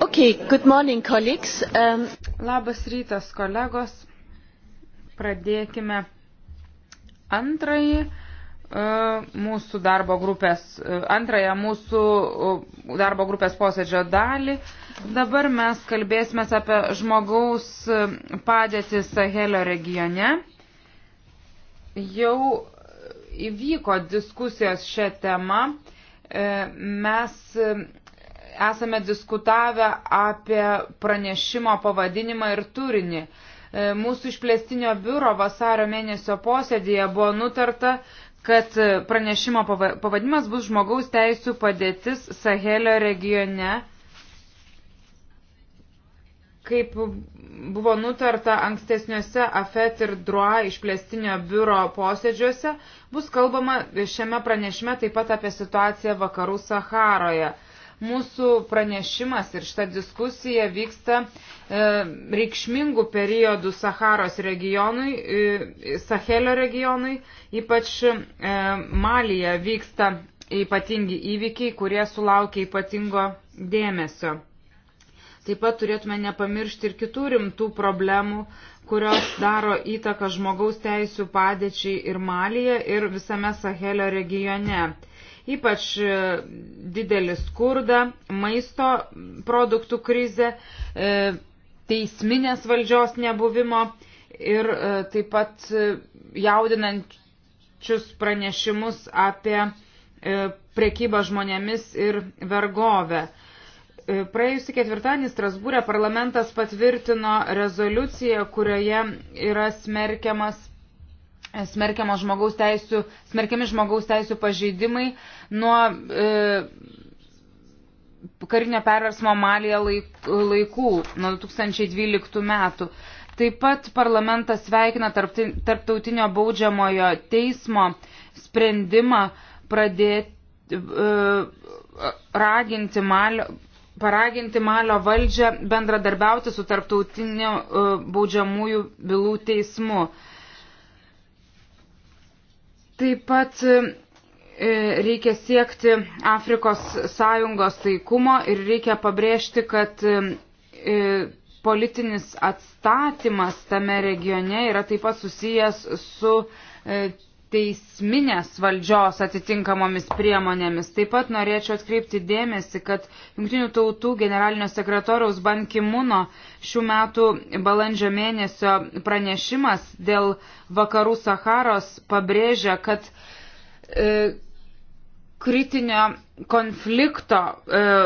Okay, good morning, colleagues. Um... Labas rytas, kolegos. Pradėkime antrąjį E, mūsų darbo grupės, e, antrąją mūsų e, darbo grupės posėdžio dalį. Dabar mes kalbėsime apie žmogaus padėtį Sahelio regione. Jau įvyko diskusijos šią temą. Mes esame diskutavę apie pranešimo pavadinimą ir turinį. Mūsų išplėstinio biuro vasario mėnesio posėdėje buvo nutarta, kad pranešimo pavadimas bus žmogaus teisų padėtis Sahelio regione, kaip buvo nutarta ankstesniuose AFET ir DROA išplėstinio biuro posėdžiuose, bus kalbama šiame pranešime taip pat apie situaciją vakarų Saharoje. Mūsų pranešimas ir šita diskusija vyksta e, reikšmingų periodų Saharos regionui, e, Sahelio regionui, ypač e, Malija vyksta ypatingi įvykiai, kurie sulaukia ypatingo dėmesio. Taip pat turėtume nepamiršti ir kitų rimtų problemų, kurios daro įtaką žmogaus teisų padėčiai ir Malyje, ir visame Sahelio regione ypač e, didelį skurdą, maisto produktų krizę, e, teisminės valdžios nebuvimo ir e, taip pat jaudinančius pranešimus apie prekybą žmonėmis ir vergovę. Praėjusį ketvirtadienį Strasbūrė parlamentas patvirtino rezoliuciją, kurioje yra smerkiamas smerkiamos žmogaus teisų, smerkiami žmogaus teisų pažeidimai nuo e, karinio perversmo Malija laik, laikų, nuo 2012 metų. Taip pat parlamentas sveikina tarptautinio baudžiamojo teismo sprendimą pradėti, e, raginti Malio, paraginti Malio valdžią bendradarbiauti su tarptautiniu e, baudžiamųjų bylų teismu. E, Taip pat e, reikia siekti Afrikos sąjungos taikumo ir reikia pabrėžti, kad e, e, politinis atstatymas tame regione yra taip pat susijęs su teisminės valdžios atitinkamomis priemonėmis. Taip pat norėčiau atkreipti dėmesį, kad Junktinių tautų generalinio sekretoriaus Bankimuno šių metų balandžio mėnesio pranešimas dėl vakarų Saharos pabrėžia, kad e, kritinio konflikto e,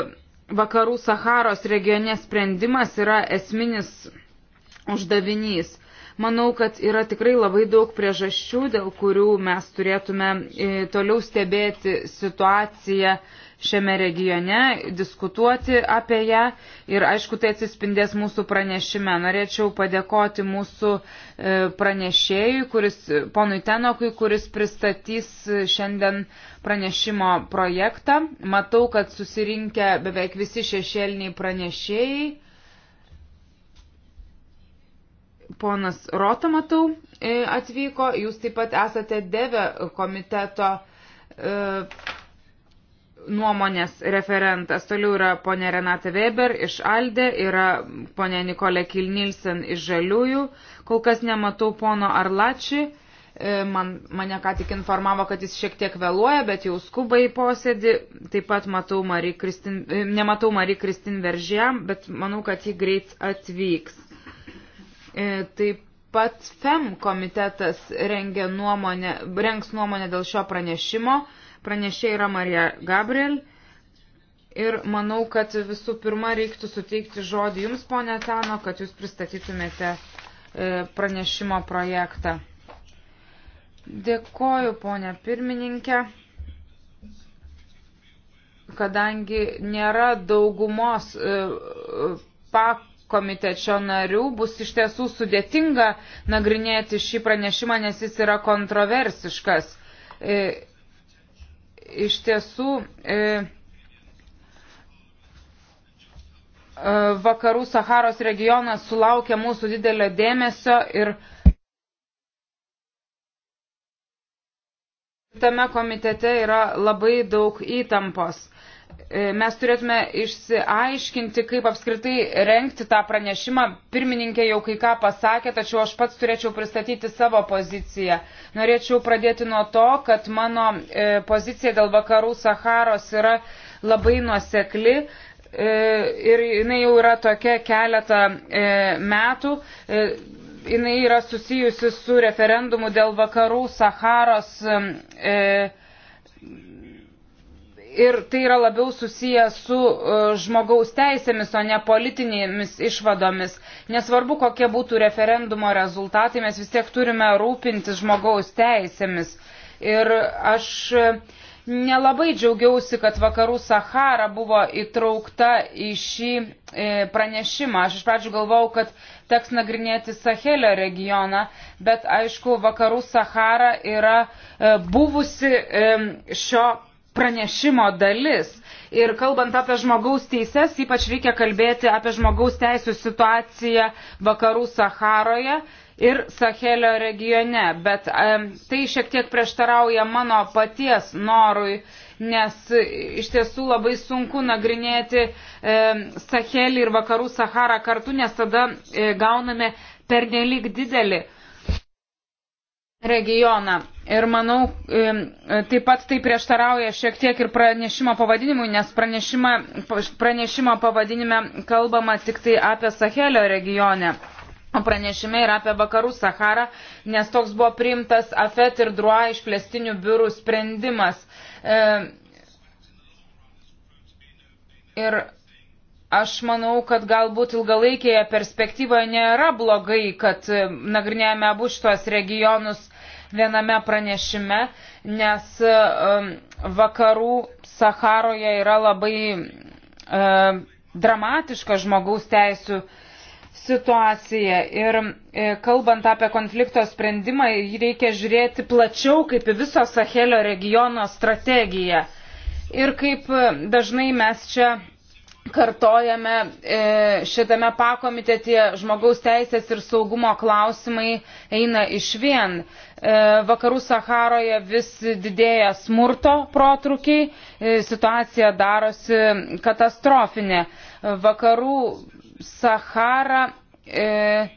vakarų Saharos regione sprendimas yra esminis uždavinys. Manau, kad yra tikrai labai daug priežasčių, dėl kurių mes turėtume e, toliau stebėti situaciją šiame regione, diskutuoti apie ją ir aišku, tai atsispindės mūsų pranešime. Norėčiau padėkoti mūsų e, pranešėjui, kuris, ponui Tenokui, kuris pristatys šiandien pranešimo projektą. Matau, kad susirinkę beveik visi šešėliniai pranešėjai ponas Roto, matau, e, atvyko. Jūs taip pat esate devę komiteto e, nuomonės referentas. Toliau yra ponė Renate Weber iš Alde, yra ponė Nikolė Kilnilsen iš Žaliųjų. Kol kas nematau pono Arlači. E, man, mane ką tik informavo, kad jis šiek tiek vėluoja, bet jau skuba į posėdį. Taip pat matau Marie Kristin, nematau Marie Kristin Veržė, bet manau, kad ji greit atvyks. E, taip pat FEM komitetas nuomonę, rengs nuomonę dėl šio pranešimo. Pranešė yra Marija Gabriel. Ir manau, kad visų pirma reiktų suteikti žodį Jums, ponė Tano, kad Jūs pristatytumėte e, pranešimo projektą. Dėkoju, ponė pirmininkė, kadangi nėra daugumos e, pak komitečio narių bus iš tiesų sudėtinga nagrinėti šį pranešimą, nes jis yra kontroversiškas. E, iš tiesų e, e, vakarų Saharos regionas sulaukia mūsų didelio dėmesio ir tame komitete yra labai daug įtampos. E, mes turėtume išsiaiškinti, kaip apskritai renkti tą pranešimą. Pirmininkė jau kai ką pasakė, tačiau aš pats turėčiau pristatyti savo poziciją. Norėčiau pradėti nuo to, kad mano e, pozicija dėl vakarų Saharos yra labai nuosekli. E, ir jinai jau yra tokia keletą metų jinai yra susijusi su referendumu dėl vakarų Saharos e, ir tai yra labiau susiję su e, žmogaus teisėmis, o ne politinėmis išvadomis. Nesvarbu, kokie būtų referendumo rezultatai, mes vis tiek turime rūpintis žmogaus teisėmis. Ir aš e, nelabai džiaugiausi, kad vakarų Sahara buvo įtraukta į šį e, pranešimą. Aš iš pradžių galvau, kad teks nagrinėti Sahelio regioną, bet aišku, vakarų Sahara yra buvusi šio pranešimo dalis. Ir kalbant apie žmogaus teises, ypač reikia kalbėti apie žmogaus teisų situaciją vakarų Saharoje ir Sahelio regione. Bet e, tai šiek tiek prieštarauja mano paties norui, nes iš tiesų labai sunku nagrinėti e, Sahelį ir vakarų Saharą kartu, nes tada e, gauname pernelyg didelį regioną. Ir manau, taip pat tai prieštarauja šiek tiek ir pranešimo pavadinimui, nes pranešima, pranešimo pavadinime kalbama tik tai apie Sahelio regionę. O pranešime yra apie vakarų Saharą, nes toks buvo priimtas AFET ir DRUA išplėstinių biurų sprendimas. E, ir Aš manau, kad galbūt ilgalaikėje perspektyvoje nėra blogai, kad e, nagrinėjame abu šitos regionus viename pranešime, nes e, e, vakarų Saharoje yra labai e, dramatiška žmogaus teisų situacija. Ir e, kalbant apie konflikto sprendimą, jį reikia žiūrėti plačiau kaip į viso Sahelio regiono strategiją. Ir kaip dažnai mes čia kartojame e, šitame pakomitetie žmogaus teisės ir saugumo klausimai eina iš vien. E, vakarų Saharoje vis didėja smurto protrukiai, e, situacija darosi katastrofinė. Vakarų Sahara. E,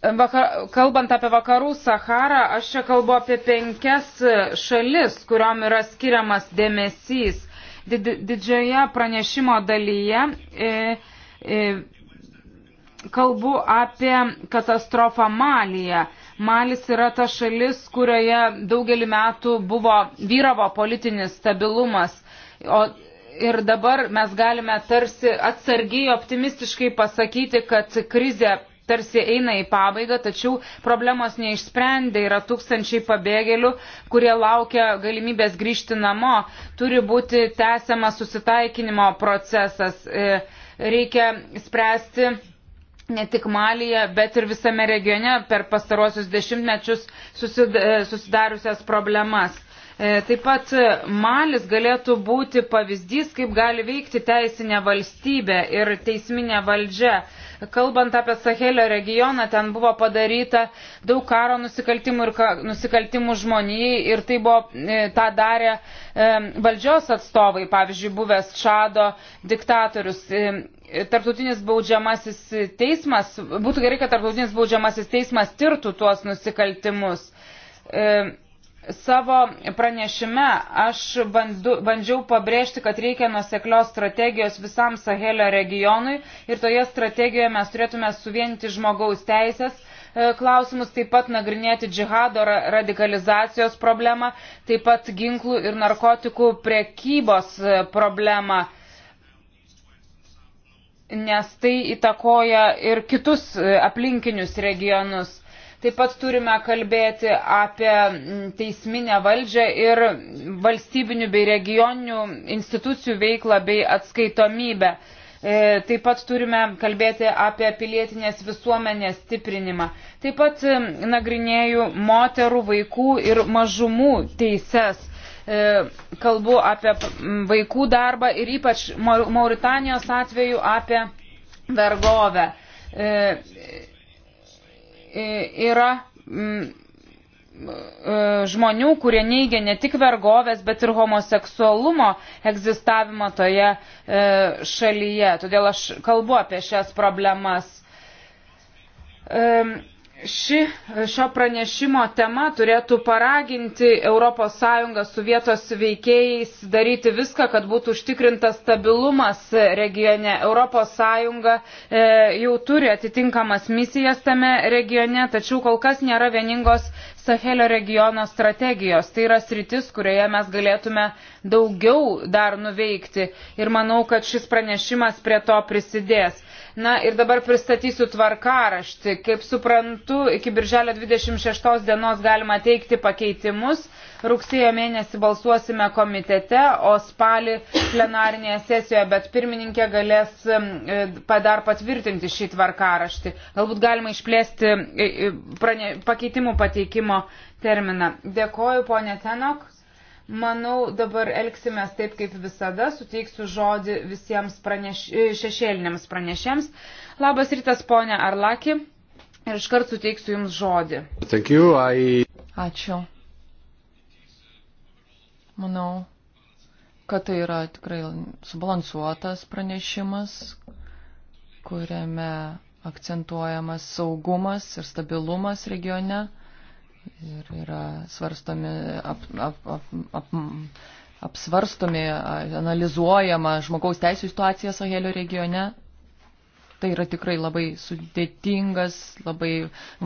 Vakar, kalbant apie vakarų Saharą, aš čia kalbu apie penkias šalis, kuriuom yra skiriamas dėmesys did, didžioje pranešimo dalyje e, e, kalbu apie katastrofą Malyje. Malis yra ta šalis, kurioje daugelį metų buvo vyravo politinis stabilumas. O ir dabar mes galime tarsi atsargiai optimistiškai pasakyti, kad krizė tarsi eina į pabaigą, tačiau problemos neišsprendė, yra tūkstančiai pabėgėlių, kurie laukia galimybės grįžti namo, turi būti tęsiamas susitaikinimo procesas, e, reikia spręsti ne tik Malyje, bet ir visame regione per pastarosius dešimtmečius e, susidariusias problemas. E, taip pat Malis galėtų būti pavyzdys, kaip gali veikti teisinė valstybė ir teisminė valdžia. Kalbant apie Sahelio regioną, ten buvo padaryta daug karo nusikaltimų ir ka, nusikaltimų žmonijai ir tai buvo, e, tą darė e, valdžios atstovai, pavyzdžiui, buvęs Čado diktatorius. E, tarptautinis baudžiamasis teismas, būtų gerai, kad tarptautinis baudžiamasis teismas tirtų tuos nusikaltimus. E, Savo pranešime aš bandu, bandžiau pabrėžti, kad reikia nuseklios strategijos visam Sahelio regionui ir toje strategijoje mes turėtume suvienyti žmogaus teisės e, klausimus, taip pat nagrinėti džihado radikalizacijos problemą, taip pat ginklų ir narkotikų prekybos e, problemą, nes tai įtakoja ir kitus e, aplinkinius regionus. Taip pat turime kalbėti apie teisminę valdžią ir valstybinių bei regioninių institucijų veiklą bei atskaitomybę. E, taip pat turime kalbėti apie pilietinės visuomenės stiprinimą. Taip pat nagrinėjau moterų, vaikų ir mažumų teises e, kalbu apie vaikų darbą ir ypač Mauritanijos atveju apie vergovę. E, yra mm, e, žmonių, kurie neigia ne tik vergovės, bet ir homoseksualumo egzistavimą toje e, šalyje. Todėl aš kalbu apie šias problemas ši šio pranešimo tema turėtų paraginti ES su vietos veikėjais daryti viską, kad būtų užtikrintas stabilumas regione. ES e, jau turi atitinkamas misijas tame regione, tačiau kol kas nėra vieningos Sahelio regiono strategijos. Tai yra sritis, kurioje mes galėtume daugiau dar nuveikti ir manau, kad šis pranešimas prie to prisidės. Na ir dabar pristatysiu tvarkaraštį. Kaip suprantu, iki birželio 26 dienos galima teikti pakeitimus. Rugsėjo mėnesį balsuosime komitete, o spalį plenarinėje sesijoje, bet pirmininkė galės e, dar patvirtinti šį tvarkaraštį. Galbūt galima išplėsti e, e, prane, pakeitimų pateikimo terminą. Dėkoju, ponė Tenok. Manau, dabar elgsime taip, kaip visada. Suteiksiu žodį visiems praneš... E, šešėliniams pranešėms. Labas rytas, ponė Arlaki. Ir iškart suteiksiu Jums žodį. You, I... Ačiū. Manau, kad tai yra tikrai subalansuotas pranešimas, kuriame akcentuojamas saugumas ir stabilumas regione ir yra svarstomi, ap, ap, ap, ap, apsvarstomi, analizuojama žmogaus teisų situacija Sahelio regione. Tai yra tikrai labai sudėtingas, labai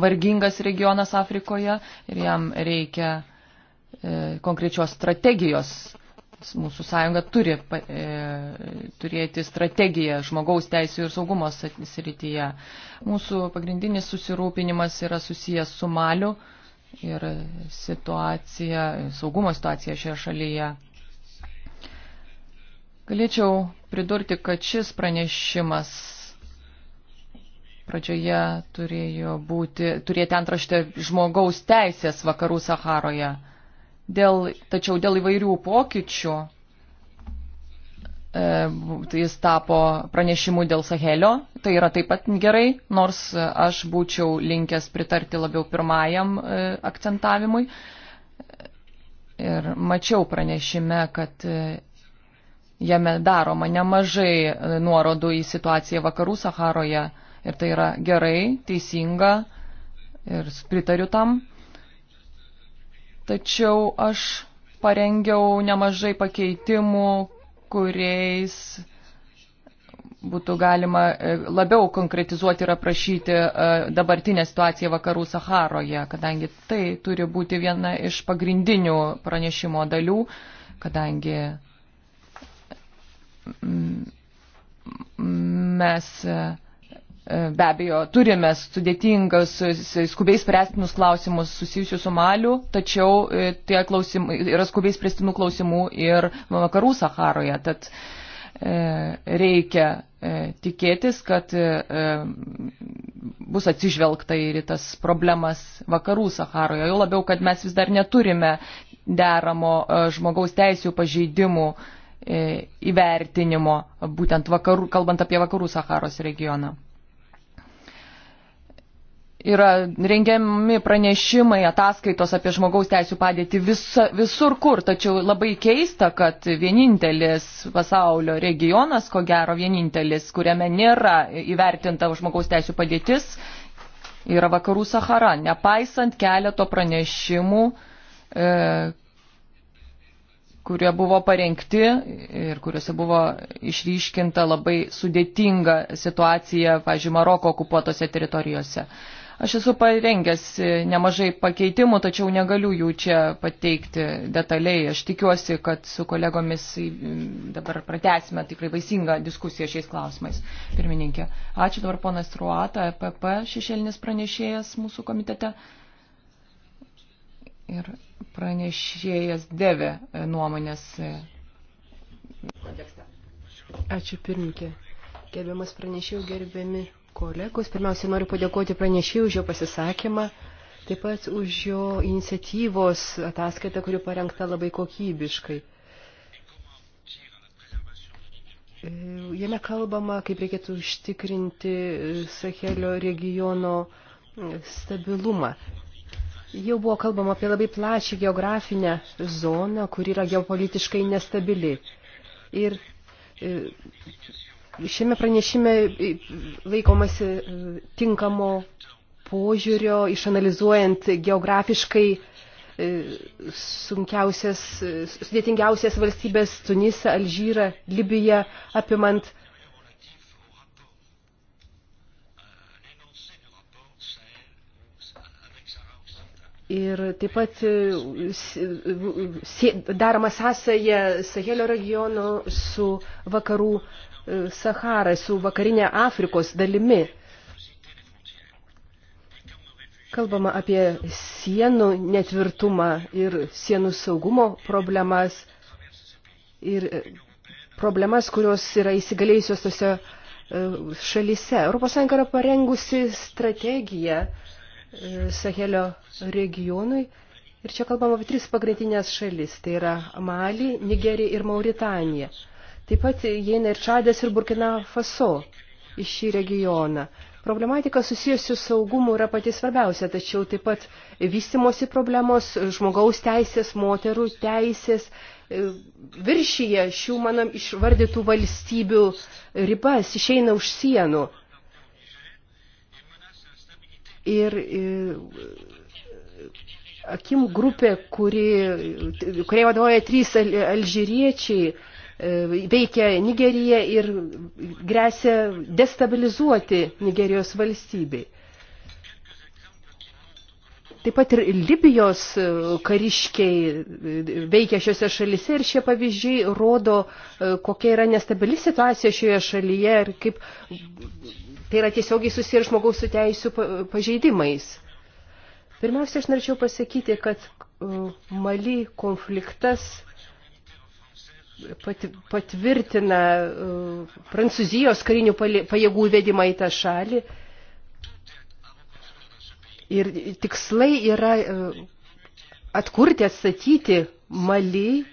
vargingas regionas Afrikoje ir jam reikia e, konkrečios strategijos. Mūsų sąjunga turi e, turėti strategiją žmogaus teisų ir saugumos srityje. Mūsų pagrindinis susirūpinimas yra susijęs su Maliu. E, ir situacija, saugumo situacija šioje šalyje. Galėčiau pridurti, kad šis pranešimas pradžioje turėjo būti, turėti antraštę žmogaus teisės vakarų Saharoje. Dėl, tačiau dėl įvairių pokyčių E, tai jis tapo pranešimu dėl Sahelio, tai yra taip pat gerai, nors aš būčiau linkęs pritarti labiau pirmajam e, akcentavimui. Ir mačiau pranešime, kad e, jame daroma nemažai nuorodų į situaciją vakarų Saharoje ir tai yra gerai, teisinga ir pritariu tam. Tačiau aš parengiau nemažai pakeitimų, kuriais būtų galima e, labiau konkretizuoti ir aprašyti e, dabartinę situaciją vakarų Saharoje, kadangi tai turi būti viena iš pagrindinių pranešimo dalių, kadangi mes E, be abejo, turime sudėtingas, skubiai spręstinus klausimus susijusius su Maliu, tačiau e, tie klausimai yra skubiai spręstinų klausimų ir vakarų Saharoje. Tad e, reikia tikėtis, kad bus atsižvelgta ir į tas problemas vakarų Saharoje. Jau labiau, kad mes vis dar neturime deramo žmogaus teisų pažeidimų įvertinimo, būtent vakarų, kalbant apie vakarų Saharos regioną yra rengiami pranešimai, ataskaitos apie žmogaus teisų padėtį visa, visur kur, tačiau labai keista, kad vienintelis pasaulio regionas, ko gero vienintelis, kuriame nėra įvertinta žmogaus teisų padėtis, yra vakarų Sahara, nepaisant keleto pranešimų, e, kurie buvo parengti ir kuriuose buvo išryškinta labai sudėtinga situacija, pažiūrėjau, Maroko okupuotose teritorijose. E, Aš esu parengęs nemažai pakeitimų, tačiau negaliu jų čia pateikti detaliai. Aš tikiuosi, kad su kolegomis dabar pratesime tikrai vaisingą diskusiją šiais klausimais. Pirmininkė, ačiū dabar ponas Ruata, EPP šešėlinis pranešėjas mūsų komitete. Ir pranešėjas devė nuomonės. Ačiū pirmininkė. Gerbiamas pranešėjų, gerbiami kolegos. Pirmiausia, noriu padėkoti pranešėjui už jo pasisakymą, taip pat už jo iniciatyvos ataskaitą, kuri parengta labai kokybiškai. E, jame kalbama, kaip reikėtų užtikrinti Sahelio regiono stabilumą. Jau buvo kalbama apie labai plačią geografinę zoną, kuri yra geopolitiškai nestabili. Ir e, Šiame pranešime laikomasi e, tinkamo požiūrio, išanalizuojant geografiškai e, sunkiausias, e, sudėtingiausias valstybės Tunisą, Alžyrą, Libiją, apimant Ir taip pat daroma sąsaja Sahelio regionu su vakarų Saharai, su vakarinė Afrikos dalimi. Kalbama apie sienų netvirtumą ir sienų saugumo problemas ir problemas, kurios yra įsigalėjusios tose e, šalyse. ES yra parengusi strategiją e, Sahelio regionui ir čia kalbama apie tris pagrindinės šalis, tai yra Mali, Nigerija ir Mauritanija. Taip pat įeina ir Čadas ir Burkina Faso į šį regioną. Problematika susijusi su saugumu yra pati svarbiausia, tačiau taip pat vystimosi problemos, žmogaus teisės, moterų teisės e, viršyje šių mano išvardytų valstybių ribas, išeina už sienų. Ir e, akim grupė, kuri, kurie vadovoja trys alžyriečiai, al E, veikia Nigeriją ir grėsia destabilizuoti Nigerijos valstybei. Taip pat ir Libijos e, kariškiai e, veikia šiuose šalise ir šie pavyzdžiai rodo, kokia yra nestabili situacija šioje šalyje ir kaip tai yra tiesiogiai susiję žmogaus su teisų pažeidimais. Pirmiausia, aš norėčiau pasakyti, kad Mali konfliktas pat, patvirtina uh, Prancūzijos karinių pajėgų vedimą į tą šalį. Ir tikslai yra uh, atkurti, atstatyti Mali.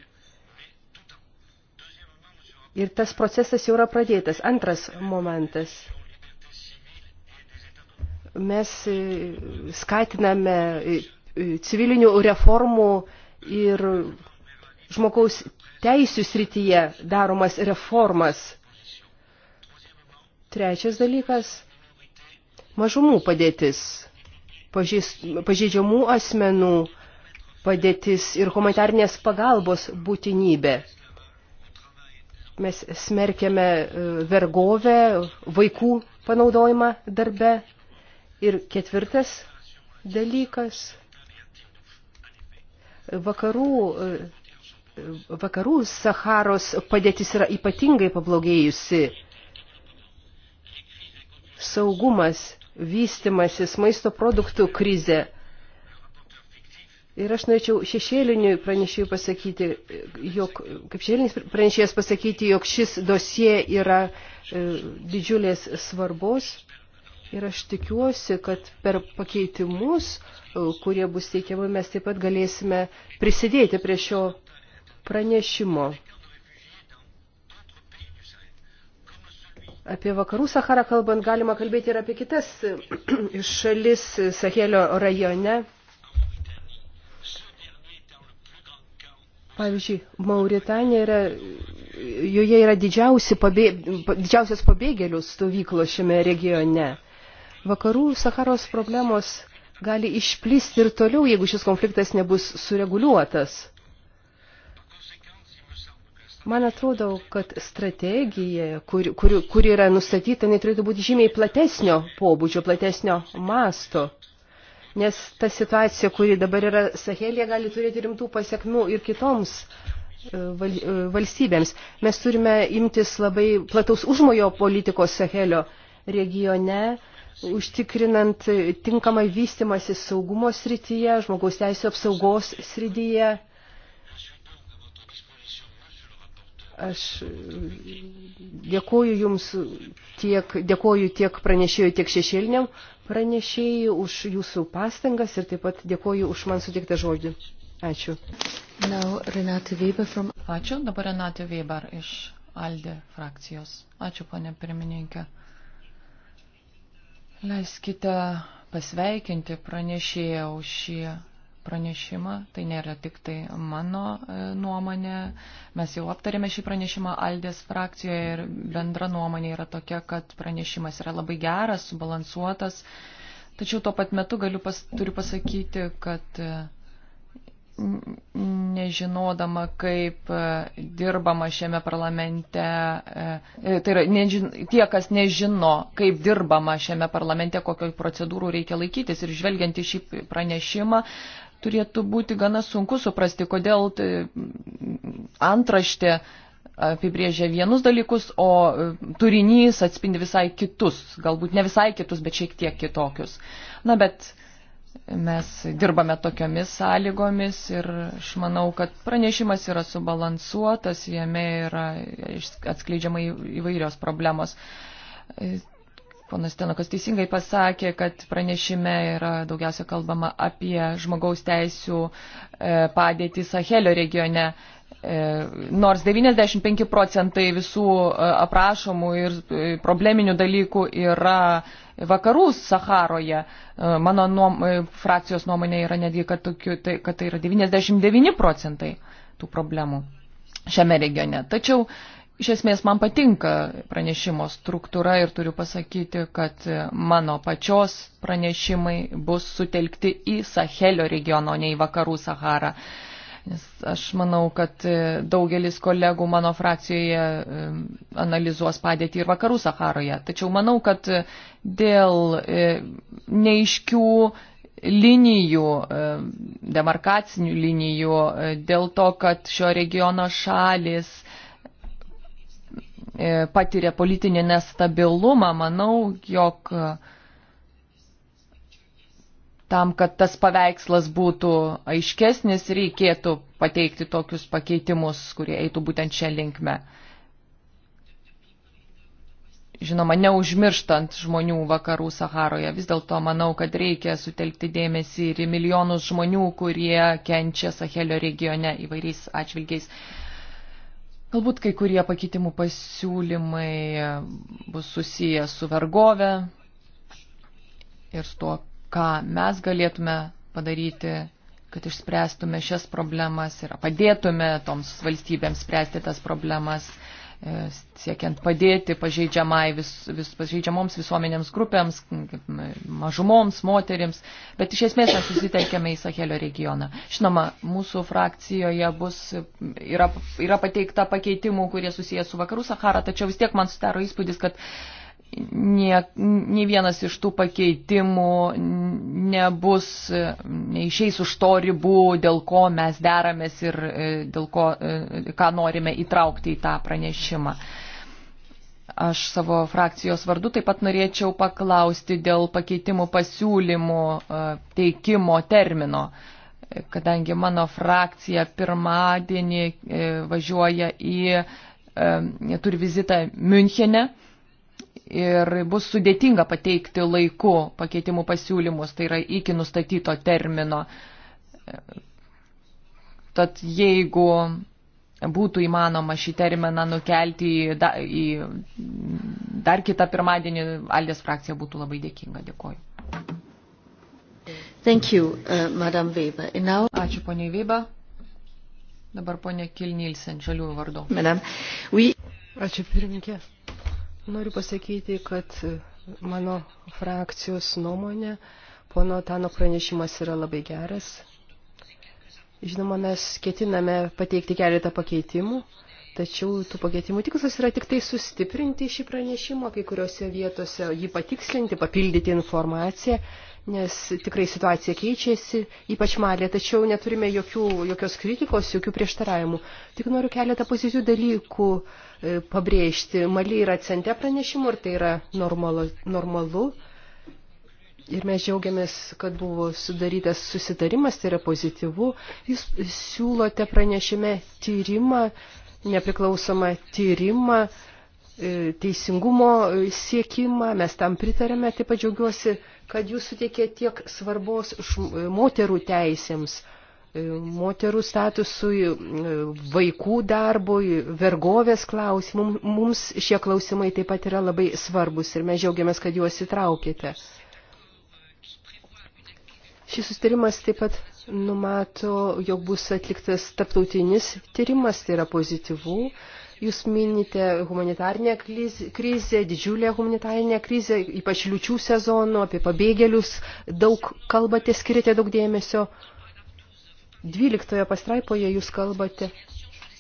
Ir tas procesas jau yra pradėtas. Antras momentas mes uh, skatiname civilinių reformų ir žmogaus teisų srityje daromas reformas. Trečias dalykas – mažumų padėtis, pažeidžiamų asmenų padėtis ir humanitarnės pagalbos būtinybė. Mes smerkėme e, vergovę, vaikų panaudojimą darbe. Ir ketvirtas dalykas – vakarų e, vakarų Saharos padėtis yra ypatingai pablogėjusi. Saugumas, vystimasis, maisto produktų krizė. Ir aš norėčiau šešėliniui pranešėjui pasakyti, jog, kaip šešėlinis pranešėjas pasakyti, jog šis dosie yra e, didžiulės svarbos. Ir aš tikiuosi, kad per pakeitimus, e, kurie bus teikiami, mes taip pat galėsime prisidėti prie šio pranešimo Apie vakarų Saharą kalbant galima kalbėti ir apie kitas šalis Sahelio rajone. Pavyzdžiui, Mauritanija yra, joje yra didžiausi pabė, didžiausios pabėgėlių stovyklos šiame regione. Vakarų Saharos problemos gali išplisti ir toliau, jeigu šis konfliktas nebus sureguliuotas. Man atrodo, kad strategija, kuri kur, kur yra nustatyta, neturėtų būti žymiai platesnio pobūdžio, platesnio masto. Nes ta situacija, kuri dabar yra Sahelėje, gali turėti rimtų pasiekmių ir kitoms e, val, e, valstybėms. Mes turime imtis labai plataus užmojo politikos Sahelio regione, užtikrinant tinkamą vystimąsi saugumo srityje, žmogaus teisų apsaugos srityje Aš dėkoju Jums tiek, dėkoju tiek pranešėjui, tiek šešėliniam pranešėjui už Jūsų pastangas ir taip pat dėkoju už man sutiktą žodį. Ačiū. Now, Renate Weber from... Ačiū. Dabar Renate Weber iš Alde frakcijos. Ačiū, ponė pirmininkė. Leiskite pasveikinti pranešėją už šį pranešimą. Tai nėra tik tai mano e, nuomonė. Mes jau aptarėme šį pranešimą Aldės frakcijoje ir bendra nuomonė yra tokia, kad pranešimas yra labai geras, subalansuotas. Tačiau tuo pat metu galiu pas, turiu pasakyti, kad e, nežinodama, kaip e, dirbama šiame parlamente, tai yra nežin, tie, kas nežino, kaip dirbama šiame parlamente, kokio procedūrų reikia laikytis. Ir žvelgiant į šį pranešimą, turėtų būti gana sunku suprasti, kodėl mm, antraštė apibrėžia vienus dalykus, o e, turinys atspindi visai kitus, galbūt ne visai kitus, bet šiek tiek kitokius. Na, bet mes dirbame tokiomis sąlygomis ir aš manau, kad pranešimas yra subalansuotas, jame yra atskleidžiama įvairios problemos. E, Ponas Tenukas teisingai pasakė, kad pranešime yra daugiausia kalbama apie žmogaus teisų e, padėtį Sahelio regione. E, nors 95 procentai visų e, aprašomų ir probleminių dalykų yra vakarų Saharoje. Mano nuom, frakcijos nuomonė yra netgi, kad, tokiu, tai, kad tai yra 99 procentai tų problemų šiame regione. Tačiau iš esmės man patinka pranešimo struktūra ir turiu pasakyti, kad mano pačios pranešimai bus sutelkti į Sahelio regioną, o ne į vakarų Saharą. Nes aš manau, kad daugelis kolegų mano frakcijoje analizuos padėtį ir vakarų Saharoje. Tačiau manau, kad dėl e, neiškių linijų, demarkacinių linijų, e, dėl to, kad šio regiono šalis E, patiria politinį nestabilumą, manau, jog e, tam, kad tas paveikslas būtų aiškesnis, reikėtų pateikti tokius pakeitimus, kurie eitų būtent šią linkmę. Žinoma, neužmirštant žmonių vakarų Saharoje, vis dėlto manau, kad reikia sutelkti dėmesį ir į milijonus žmonių, kurie kenčia Sahelio regione įvairiais atžvilgiais. Galbūt kai kurie pakeitimų pasiūlymai bus susiję su vergove ir su tuo, ką mes galėtume padaryti, kad išspręstume šias problemas ir padėtume toms valstybėms spręsti tas problemas. E, siekiant padėti pažeidžiamai vis, vis, pažeidžiamoms visuomenėms grupėms, mažumoms, moterims, bet iš esmės mes susitelkėme į Sahelio regioną. Žinoma, mūsų frakcijoje bus, yra, yra pateikta pakeitimų, kurie susijęs su vakarų Sahara, tačiau vis tiek man sudaro įspūdis, kad nie, nie vienas iš tų pakeitimų nebus, neišeis už to ribų, dėl ko mes deramės ir e, dėl ko, e, ką norime įtraukti į tą pranešimą. Aš savo frakcijos vardu taip pat norėčiau paklausti dėl pakeitimų pasiūlymų e, teikimo termino, kadangi mano frakcija pirmadienį važiuoja į, turi vizitą Münchene ir bus sudėtinga pateikti laiku pakeitimų pasiūlymus, tai yra iki nustatyto termino. Tad jeigu būtų įmanoma šį terminą nukelti į, da, į dar kitą pirmadienį, Aldės frakcija būtų labai dėkinga. Dėkoju. Thank you, uh, Madam Weber. And now... Ačiū, ponia Weber. Dabar ponia Kilnilsen, žaliųjų vardu. Madam, we... Ačiū, pirmininkė. Noriu pasakyti, kad mano frakcijos nuomonė, pono Tano pranešimas yra labai geras. Žinoma, mes ketiname pateikti keletą pakeitimų, tačiau tų pakeitimų tikslas yra tik tai sustiprinti šį pranešimą, kai kuriuose vietose jį patikslinti, papildyti informaciją, nes tikrai situacija keičiasi, ypač malė, tačiau neturime jokių, jokios kritikos, jokių prieštaravimų. Tik noriu keletą pozicijų dalykų uh, E, pabrėžti. Mali yra centre pranešimų ir tai yra normalu. normalu. Ir mes džiaugiamės, kad buvo sudarytas susitarimas, tai yra pozityvu. Jūs siūlote pranešime tyrimą, nepriklausomą tyrimą, e, teisingumo siekimą, mes tam pritarėme, taip pat džiaugiuosi, kad jūs suteikė tiek svarbos moterų teisėms E, moterų statusui, e, vaikų darbui, vergovės klausimų. Mums šie klausimai taip pat yra labai svarbus ir mes džiaugiamės, kad juos įtraukėte. Šis sustarimas taip pat numato, jog bus atliktas taptautinis tyrimas, tai yra pozityvų. Jūs minite humanitarnę krizę, didžiulę humanitarinę krizę, ypač liučių sezonų, apie pabėgėlius daug kalbate, skiriate daug dėmesio. Uh, 12 pastraipoje jūs kalbate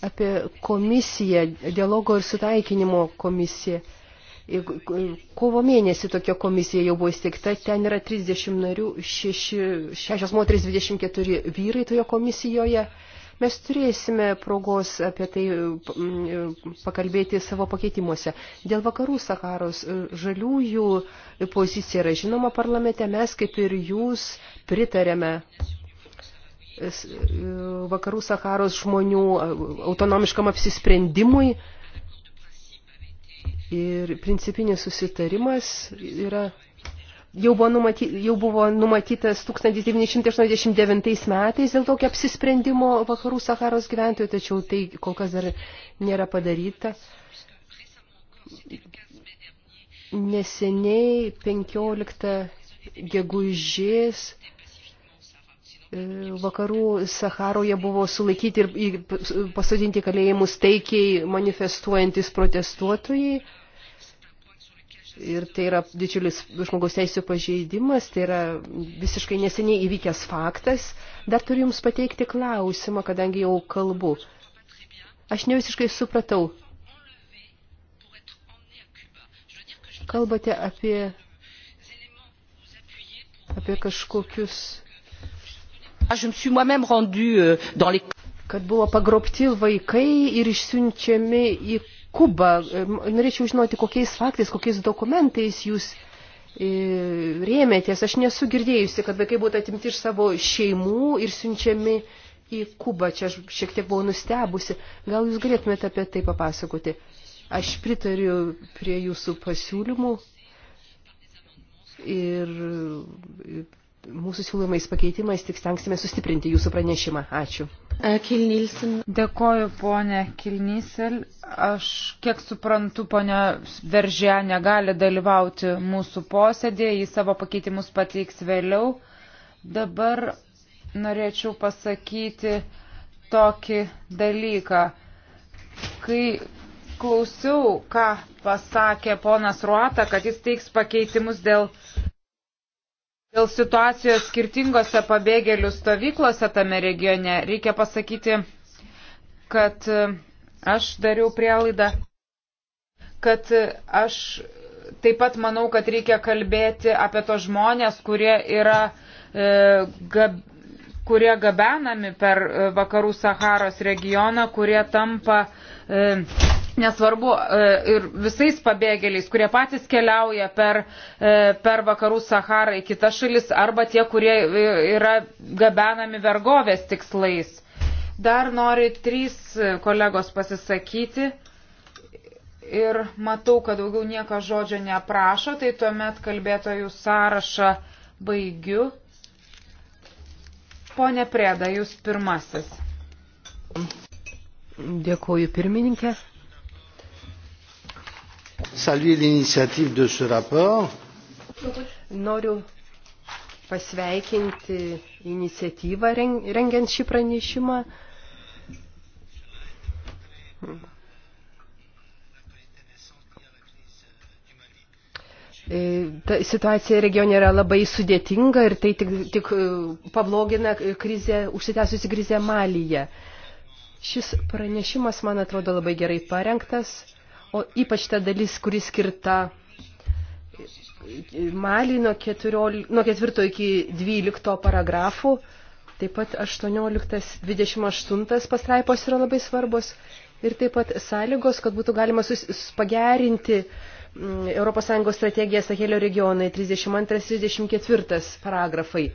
apie komisiją, dialogo ir sutaikinimo komisiją. Kovo mėnesį tokia komisija jau buvo įsteigta, ten yra 30 narių, 6, 6 moteris, 24 vyrai toje komisijoje. Mes turėsime progos apie tai mm, pakalbėti savo pakeitimuose. Dėl vakarų Sakaros e, žaliųjų pozicija yra žinoma parlamente, mes kaip ir jūs pritarėme vakarų Saharos žmonių autonomiškam apsisprendimui. Ir principinis susitarimas yra, jau buvo, numaty, jau buvo numatytas 1989 metais dėl tokio apsisprendimo vakarų Saharos gyventojų, tačiau tai kol kas dar nėra padaryta. Neseniai 15 gegužės vakarų Saharoje buvo sulaikyti ir pasodinti kalėjimus taikiai manifestuojantis protestuotojai. Ir tai yra didžiulis žmogaus teisų pažeidimas, tai yra visiškai neseniai įvykęs faktas. Dar turiu Jums pateikti klausimą, kadangi jau kalbu. Aš ne visiškai supratau. Kalbate apie, apie kažkokius E, kad buvo pagrobti vaikai ir išsiunčiami į Kubą. E, norėčiau žinoti, kokiais faktais, kokiais dokumentais jūs e, rėmėtės. Aš nesu girdėjusi, kad vaikai būtų atimti iš savo šeimų ir siunčiami į Kubą. Čia aš šiek tiek buvau nustebusi. Gal jūs galėtumėte apie tai papasakoti? Aš pritariu prie jūsų pasiūlymų ir mūsų siūlomais pakeitimais tik stengsime sustiprinti jūsų pranešimą. Ačiū. E, Kilnilsen. Dėkoju, ponė Kilnysel. Aš, kiek suprantu, ponė Veržė negali dalyvauti mūsų posėdėje, jis savo pakeitimus pateiks vėliau. Dabar norėčiau pasakyti tokį dalyką. Kai klausiau, ką pasakė ponas Ruota, kad jis teiks pakeitimus dėl Dėl situacijos skirtingose pabėgėlių stovyklose tame regione reikia pasakyti, kad e, aš dariau prielaidą, kad e, aš taip pat manau, kad reikia kalbėti apie tos žmonės, kurie yra e, gab, kurie gabenami per e, vakarų Saharos regioną, kurie tampa e, nesvarbu e, ir visais pabėgėliais, kurie patys keliauja per, e, per vakarų Saharą į kitas šalis arba tie, kurie yra gabenami vergovės tikslais. Dar nori trys kolegos pasisakyti ir matau, kad daugiau nieko žodžio neprašo, tai tuomet kalbėtojų sąrašą baigiu. Pone Preda, jūs pirmasis. Dėkuoju pirmininkė. Saluer l'initiative de ce rapport. Noriu pasveikinti iniciatyvą rengiant šį pranešimą. E, ta situacija regione yra labai sudėtinga ir tai tik, tik e, pablogina krizė, užsitęsusi krizė Malyje. Šis pranešimas, man atrodo, labai gerai parengtas, o ypač ta dalis, kuri skirta Malį nuo, 14, nuo 4 iki 12 paragrafų, taip pat 18-28 pastraipos yra labai svarbus ir taip pat sąlygos, kad būtų galima sus, pagerinti uh, ES strategija Sahelio regionai 32-34 paragrafai.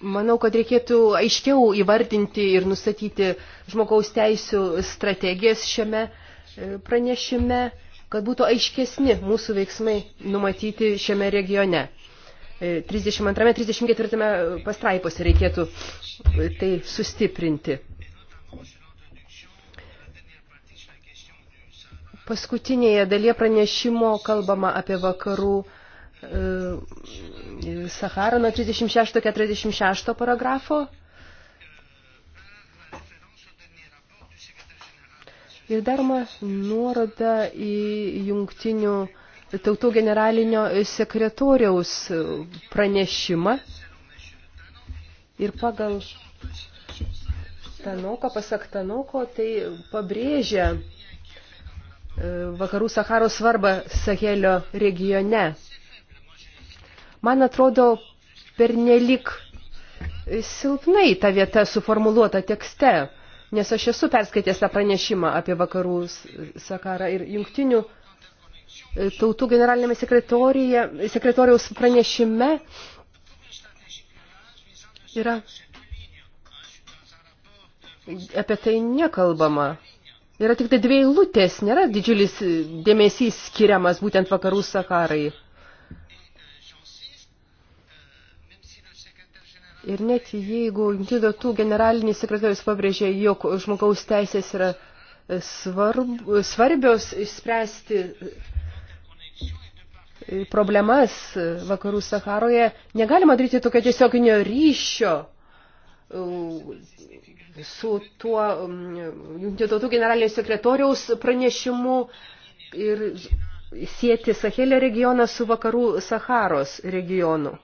Manau, kad reikėtų aiškiau įvardinti ir nustatyti žmogaus teisų strategijas šiame e, pranešime, kad būtų aiškesni mūsų veiksmai numatyti šiame regione. 32-34 e, pastraipose reikėtų tai sustiprinti. Paskutinėje dalyje pranešimo kalbama apie vakarų e, Saharą nuo 36-46 paragrafo. Ir daroma nuoroda į jungtinių tautų generalinio sekretoriaus pranešimą. Ir pagal Tanoko, pasak Tanoko, tai pabrėžia vakarų Saharo svarbą Sahelio regione. Man atrodo, pernelik silpnai ta vieta suformuluota tekste, nes aš esu perskaitęs tą pranešimą apie vakarų Sakarą ir jungtinių e, tautų generalinėme sekretoriaus pranešime yra e, apie tai nekalbama. Yra tik tai dvi eilutės, nėra didžiulis dėmesys skiriamas būtent vakarų Sakarai. Ir net jeigu jungtinių tautų generalinis sekretorius pabrėžė, jog žmogaus teisės yra svarb, svarbios išspręsti problemas vakarų Saharoje, negalima daryti tokio tiesioginio ryšio su tuo um, Junktinių tautų generalinio sekretoriaus pranešimu ir sieti Sahelio regioną su vakarų Saharos regionu.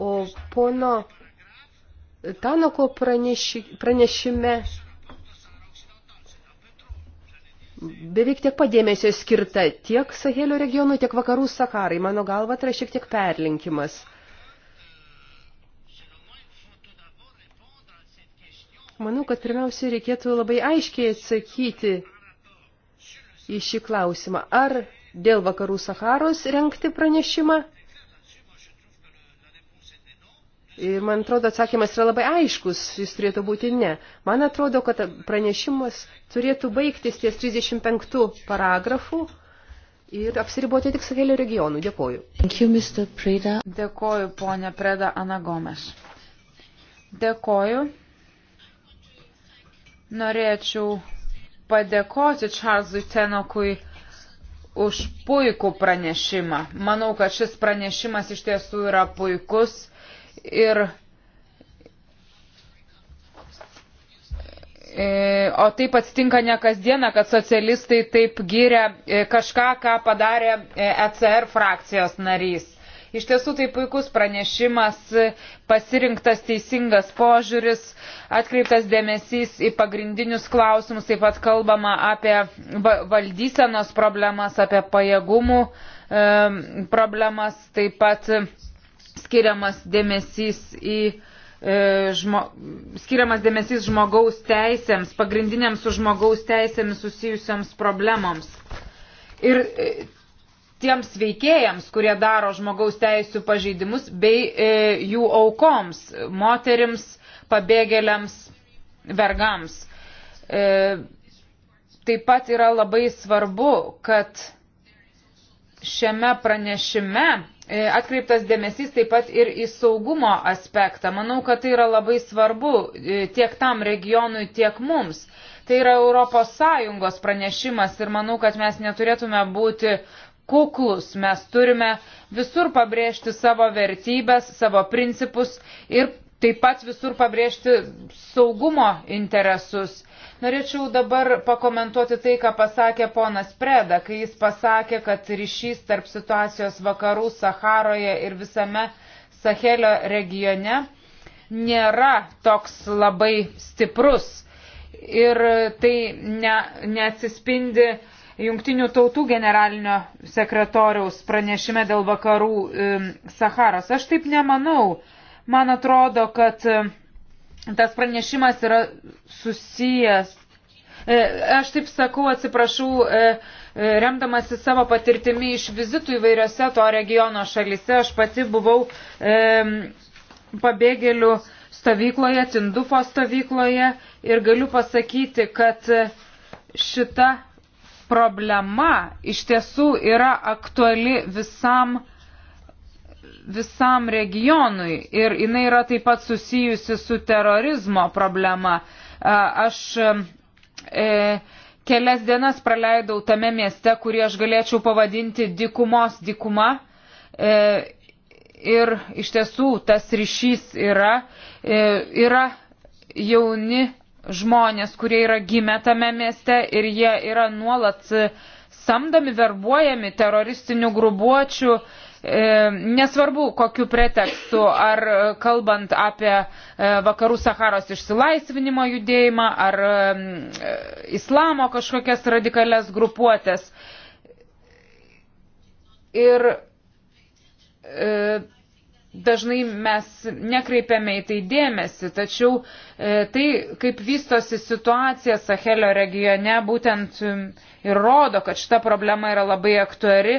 O pono Tanoko praneši, pranešime beveik tiek padėmesio skirta tiek Sahelio regionui, tiek vakarų Saharai. Mano galva, tai yra šiek tiek perlinkimas. Manau, kad pirmiausia reikėtų labai aiškiai atsakyti į šį klausimą. Ar dėl vakarų Saharos renkti pranešimą? Ir man atrodo, atsakymas yra labai aiškus, jis turėtų būti ne. Man atrodo, kad pranešimas turėtų baigtis ties 35 paragrafų ir apsiriboti tik Sahelio regionų. Dėkoju. Thank you, Mr. Preda. Dėkoju, ponė Preda Ana Gomes. Dėkoju. Norėčiau padėkoti Čarzui Tenokui už puikų pranešimą. Manau, kad šis pranešimas iš tiesų yra puikus ir e, O taip atsitinka ne kasdieną, kad socialistai taip gyrė e, kažką, ką padarė ECR e frakcijos narys. Iš tiesų tai puikus pranešimas, pasirinktas teisingas požiūris, atkreiptas dėmesys į pagrindinius klausimus, taip pat kalbama apie valdysenos problemas, apie pajėgumų problemas, taip pat skiriamas dėmesys į e, žmo, skiriamas dėmesys žmogaus teisėms, pagrindiniams su žmogaus teisėmis susijusiams problemoms. Ir e, tiems veikėjams, kurie daro žmogaus teisų pažeidimus, bei e, jų aukoms, moterims, pabėgėliams, vergams. E, taip pat yra labai svarbu, kad šiame pranešime e, atkreiptas dėmesys taip pat ir į saugumo aspektą. Manau, kad tai yra labai svarbu e, tiek tam regionui, tiek mums. Tai yra Europos Sąjungos pranešimas ir manau, kad mes neturėtume būti kuklus. Mes turime visur pabrėžti savo vertybės, savo principus ir taip pat visur pabrėžti saugumo interesus. Norėčiau dabar pakomentuoti tai, ką pasakė ponas Preda, kai jis pasakė, kad ryšys tarp situacijos vakarų Saharoje ir visame Sahelio regione nėra toks labai stiprus ir tai ne, neatsispindi Jungtinių tautų generalinio sekretoriaus pranešime dėl vakarų Saharos. Aš taip nemanau. Man atrodo, kad tas pranešimas yra susijęs. E, aš taip sakau, atsiprašau, e, e, remdamasi savo patirtimi iš vizitų įvairiose to regiono šalise, aš pati buvau pabėgėlių stovykloje, Tindufo stovykloje ir galiu pasakyti, kad šita problema iš tiesų yra aktuali visam visam regionui ir jinai yra taip pat susijusi su terorizmo problema. Aš e, kelias dienas praleidau tame mieste, kurį aš galėčiau pavadinti dikumos dikuma. E, ir iš tiesų tas ryšys yra, e, yra jauni žmonės, kurie yra gimę tame mieste ir jie yra nuolat e, samdomi, verbuojami teroristinių grubuočių, e, nesvarbu kokiu pretekstu, ar e, kalbant apie e, vakarų Saharos išsilaisvinimo judėjimą, ar e, e islamo kažkokias radikales grupuotės. Ir e, dažnai mes nekreipiame į tai dėmesį, tačiau e, tai, kaip vystosi situacija Sahelio regione, būtent ir rodo, kad šita problema yra labai aktuali,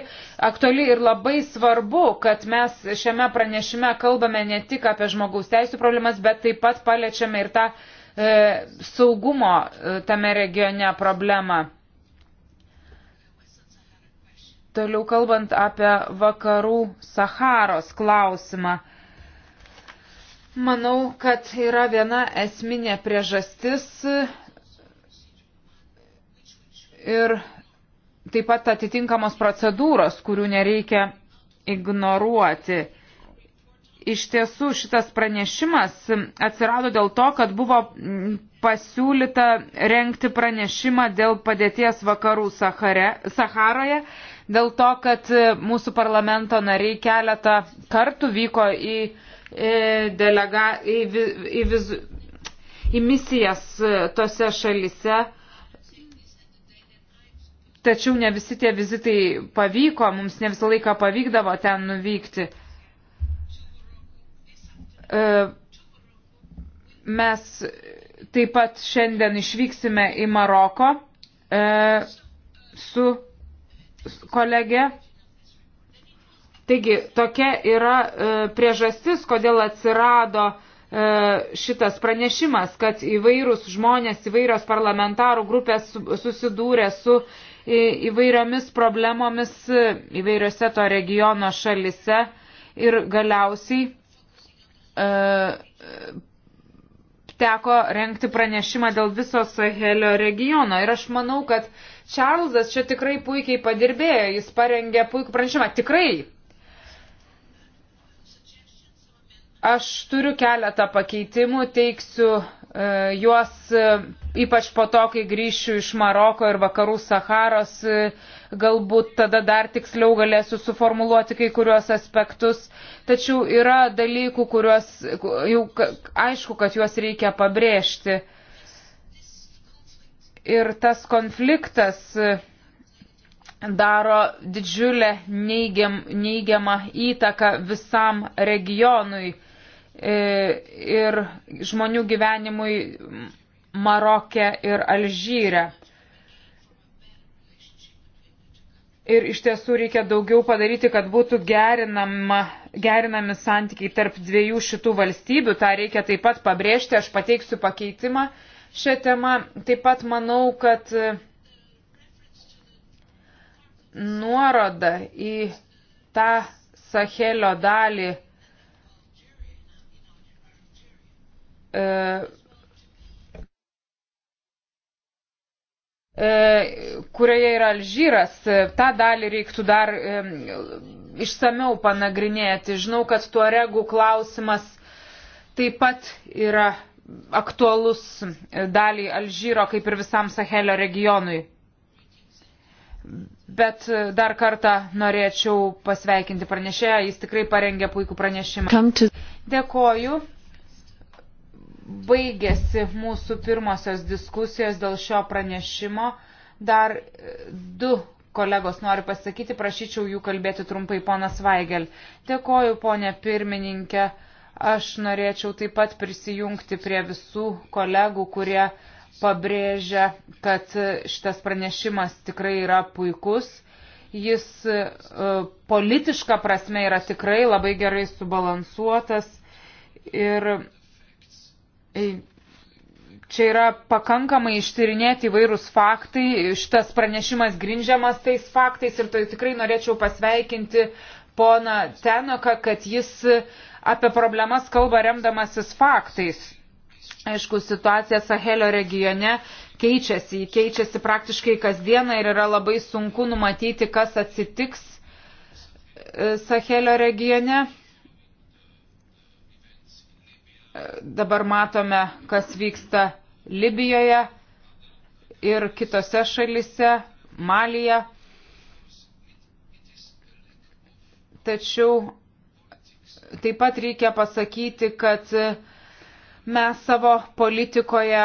aktuali ir labai svarbu, kad mes šiame pranešime kalbame ne tik apie žmogaus teisų problemas, bet taip pat paliečiame ir tą e, saugumo e, tame regione problemą. Toliau kalbant apie vakarų Saharos klausimą. Manau, kad yra viena esminė priežastis ir taip pat atitinkamos procedūros, kurių nereikia ignoruoti. Iš tiesų šitas pranešimas atsirado dėl to, kad buvo pasiūlyta renkti pranešimą dėl padėties vakarų Sahare, Saharoje dėl to, kad e, mūsų parlamento nariai keletą kartų vyko į, į, e, delega, į, į, vizu, į misijas e, tose šalise. Tačiau ne visi tie vizitai pavyko, mums ne visą laiką pavykdavo ten nuvykti. Mes taip pat šiandien išvyksime į Maroko su kolegė. Taigi, tokia yra e, priežastis, kodėl atsirado e, šitas pranešimas, kad įvairūs žmonės, įvairios parlamentarų grupės susidūrė su e, įvairiomis problemomis e, įvairiose to regiono šalise ir galiausiai e, teko renkti pranešimą dėl viso Sahelio regiono. Ir aš manau, kad Čarlzas čia tikrai puikiai padirbėjo, jis parengė puikų pranešimą. Tikrai. Aš turiu keletą pakeitimų, teiksiu e, juos e, ypač po to, kai grįšiu iš Maroko ir vakarų Saharos, e, galbūt tada dar tiksliau galėsiu suformuluoti kai kuriuos aspektus. Tačiau yra dalykų, kuriuos jau aišku, kad juos reikia pabrėžti. E, ir tas konfliktas e, daro didžiulę neigiam, neigiamą įtaką visam regionui e, ir žmonių gyvenimui Marokė ir Alžyre. Ir iš tiesų reikia daugiau padaryti, kad būtų gerinama, gerinami santykiai tarp dviejų šitų valstybių. Ta reikia taip pat pabrėžti. Aš pateiksiu pakeitimą šią temą. Taip pat manau, kad nuoroda į tą Sahelio dalį e, e kurioje yra Alžyras, e, tą dalį reiktų dar e, išsameu panagrinėti. Žinau, kad tuo regų klausimas taip pat yra aktualus daliai Alžyro, kaip ir visam Sahelio regionui. Bet e, dar kartą norėčiau pasveikinti pranešėją, jis tikrai parengė puikų pranešimą. Dėkoju. Baigėsi mūsų pirmosios diskusijos dėl šio pranešimo. Dar e, du kolegos nori pasakyti, prašyčiau jų kalbėti trumpai, ponas Vaigel. Dėkoju, ponė pirmininkė. Aš norėčiau taip pat prisijungti prie visų kolegų, kurie pabrėžia, kad šitas pranešimas tikrai yra puikus. Jis e, politiška prasme yra tikrai labai gerai subalansuotas ir e, čia yra pakankamai ištyrinėti įvairūs faktai. Šitas pranešimas grindžiamas tais faktais ir tai tikrai norėčiau pasveikinti poną Tenoką, kad jis uh, apie problemas kalba remdamasis faktais. Aišku, situacija Sahelio regione keičiasi, keičiasi praktiškai kasdieną ir yra labai sunku numatyti, kas atsitiks e, Sahelio regione. E, dabar matome, kas vyksta Libijoje ir kitose šalise, Malija. Tačiau Taip pat reikia pasakyti, kad mes savo politikoje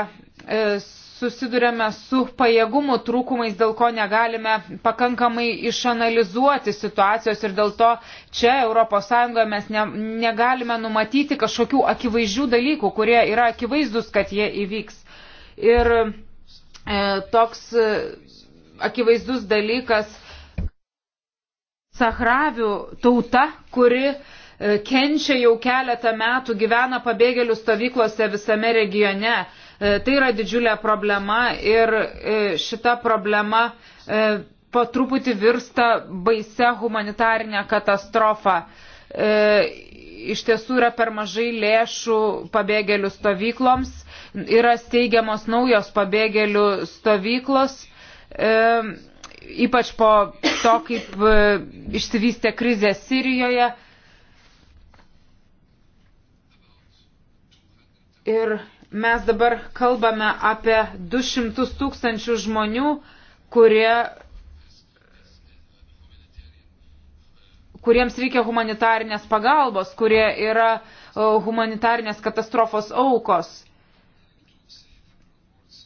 e, susidurėme su pajėgumų trūkumais, dėl ko negalime pakankamai išanalizuoti situacijos ir dėl to čia ES mes ne, negalime numatyti kažkokių akivaizdžių dalykų, kurie yra akivaizdus, kad jie įvyks. Ir e, toks e, akivaizdus dalykas Sahravių tauta, kuri e, E, kenčia jau keletą metų, gyvena pabėgėlių stovyklose visame regione. E, tai yra didžiulė problema ir e, šita problema po truputį virsta baise humanitarinė katastrofa. Iš tiesų yra per mažai lėšų pabėgėlių stovykloms, yra steigiamos naujos pabėgėlių stovyklos ypač po to, kaip išsivystė krizė Sirijoje, Ir mes dabar kalbame apie 200 tūkstančių žmonių, kurie, kuriems reikia humanitarnės pagalbos, kurie yra e, humanitarnės katastrofos aukos.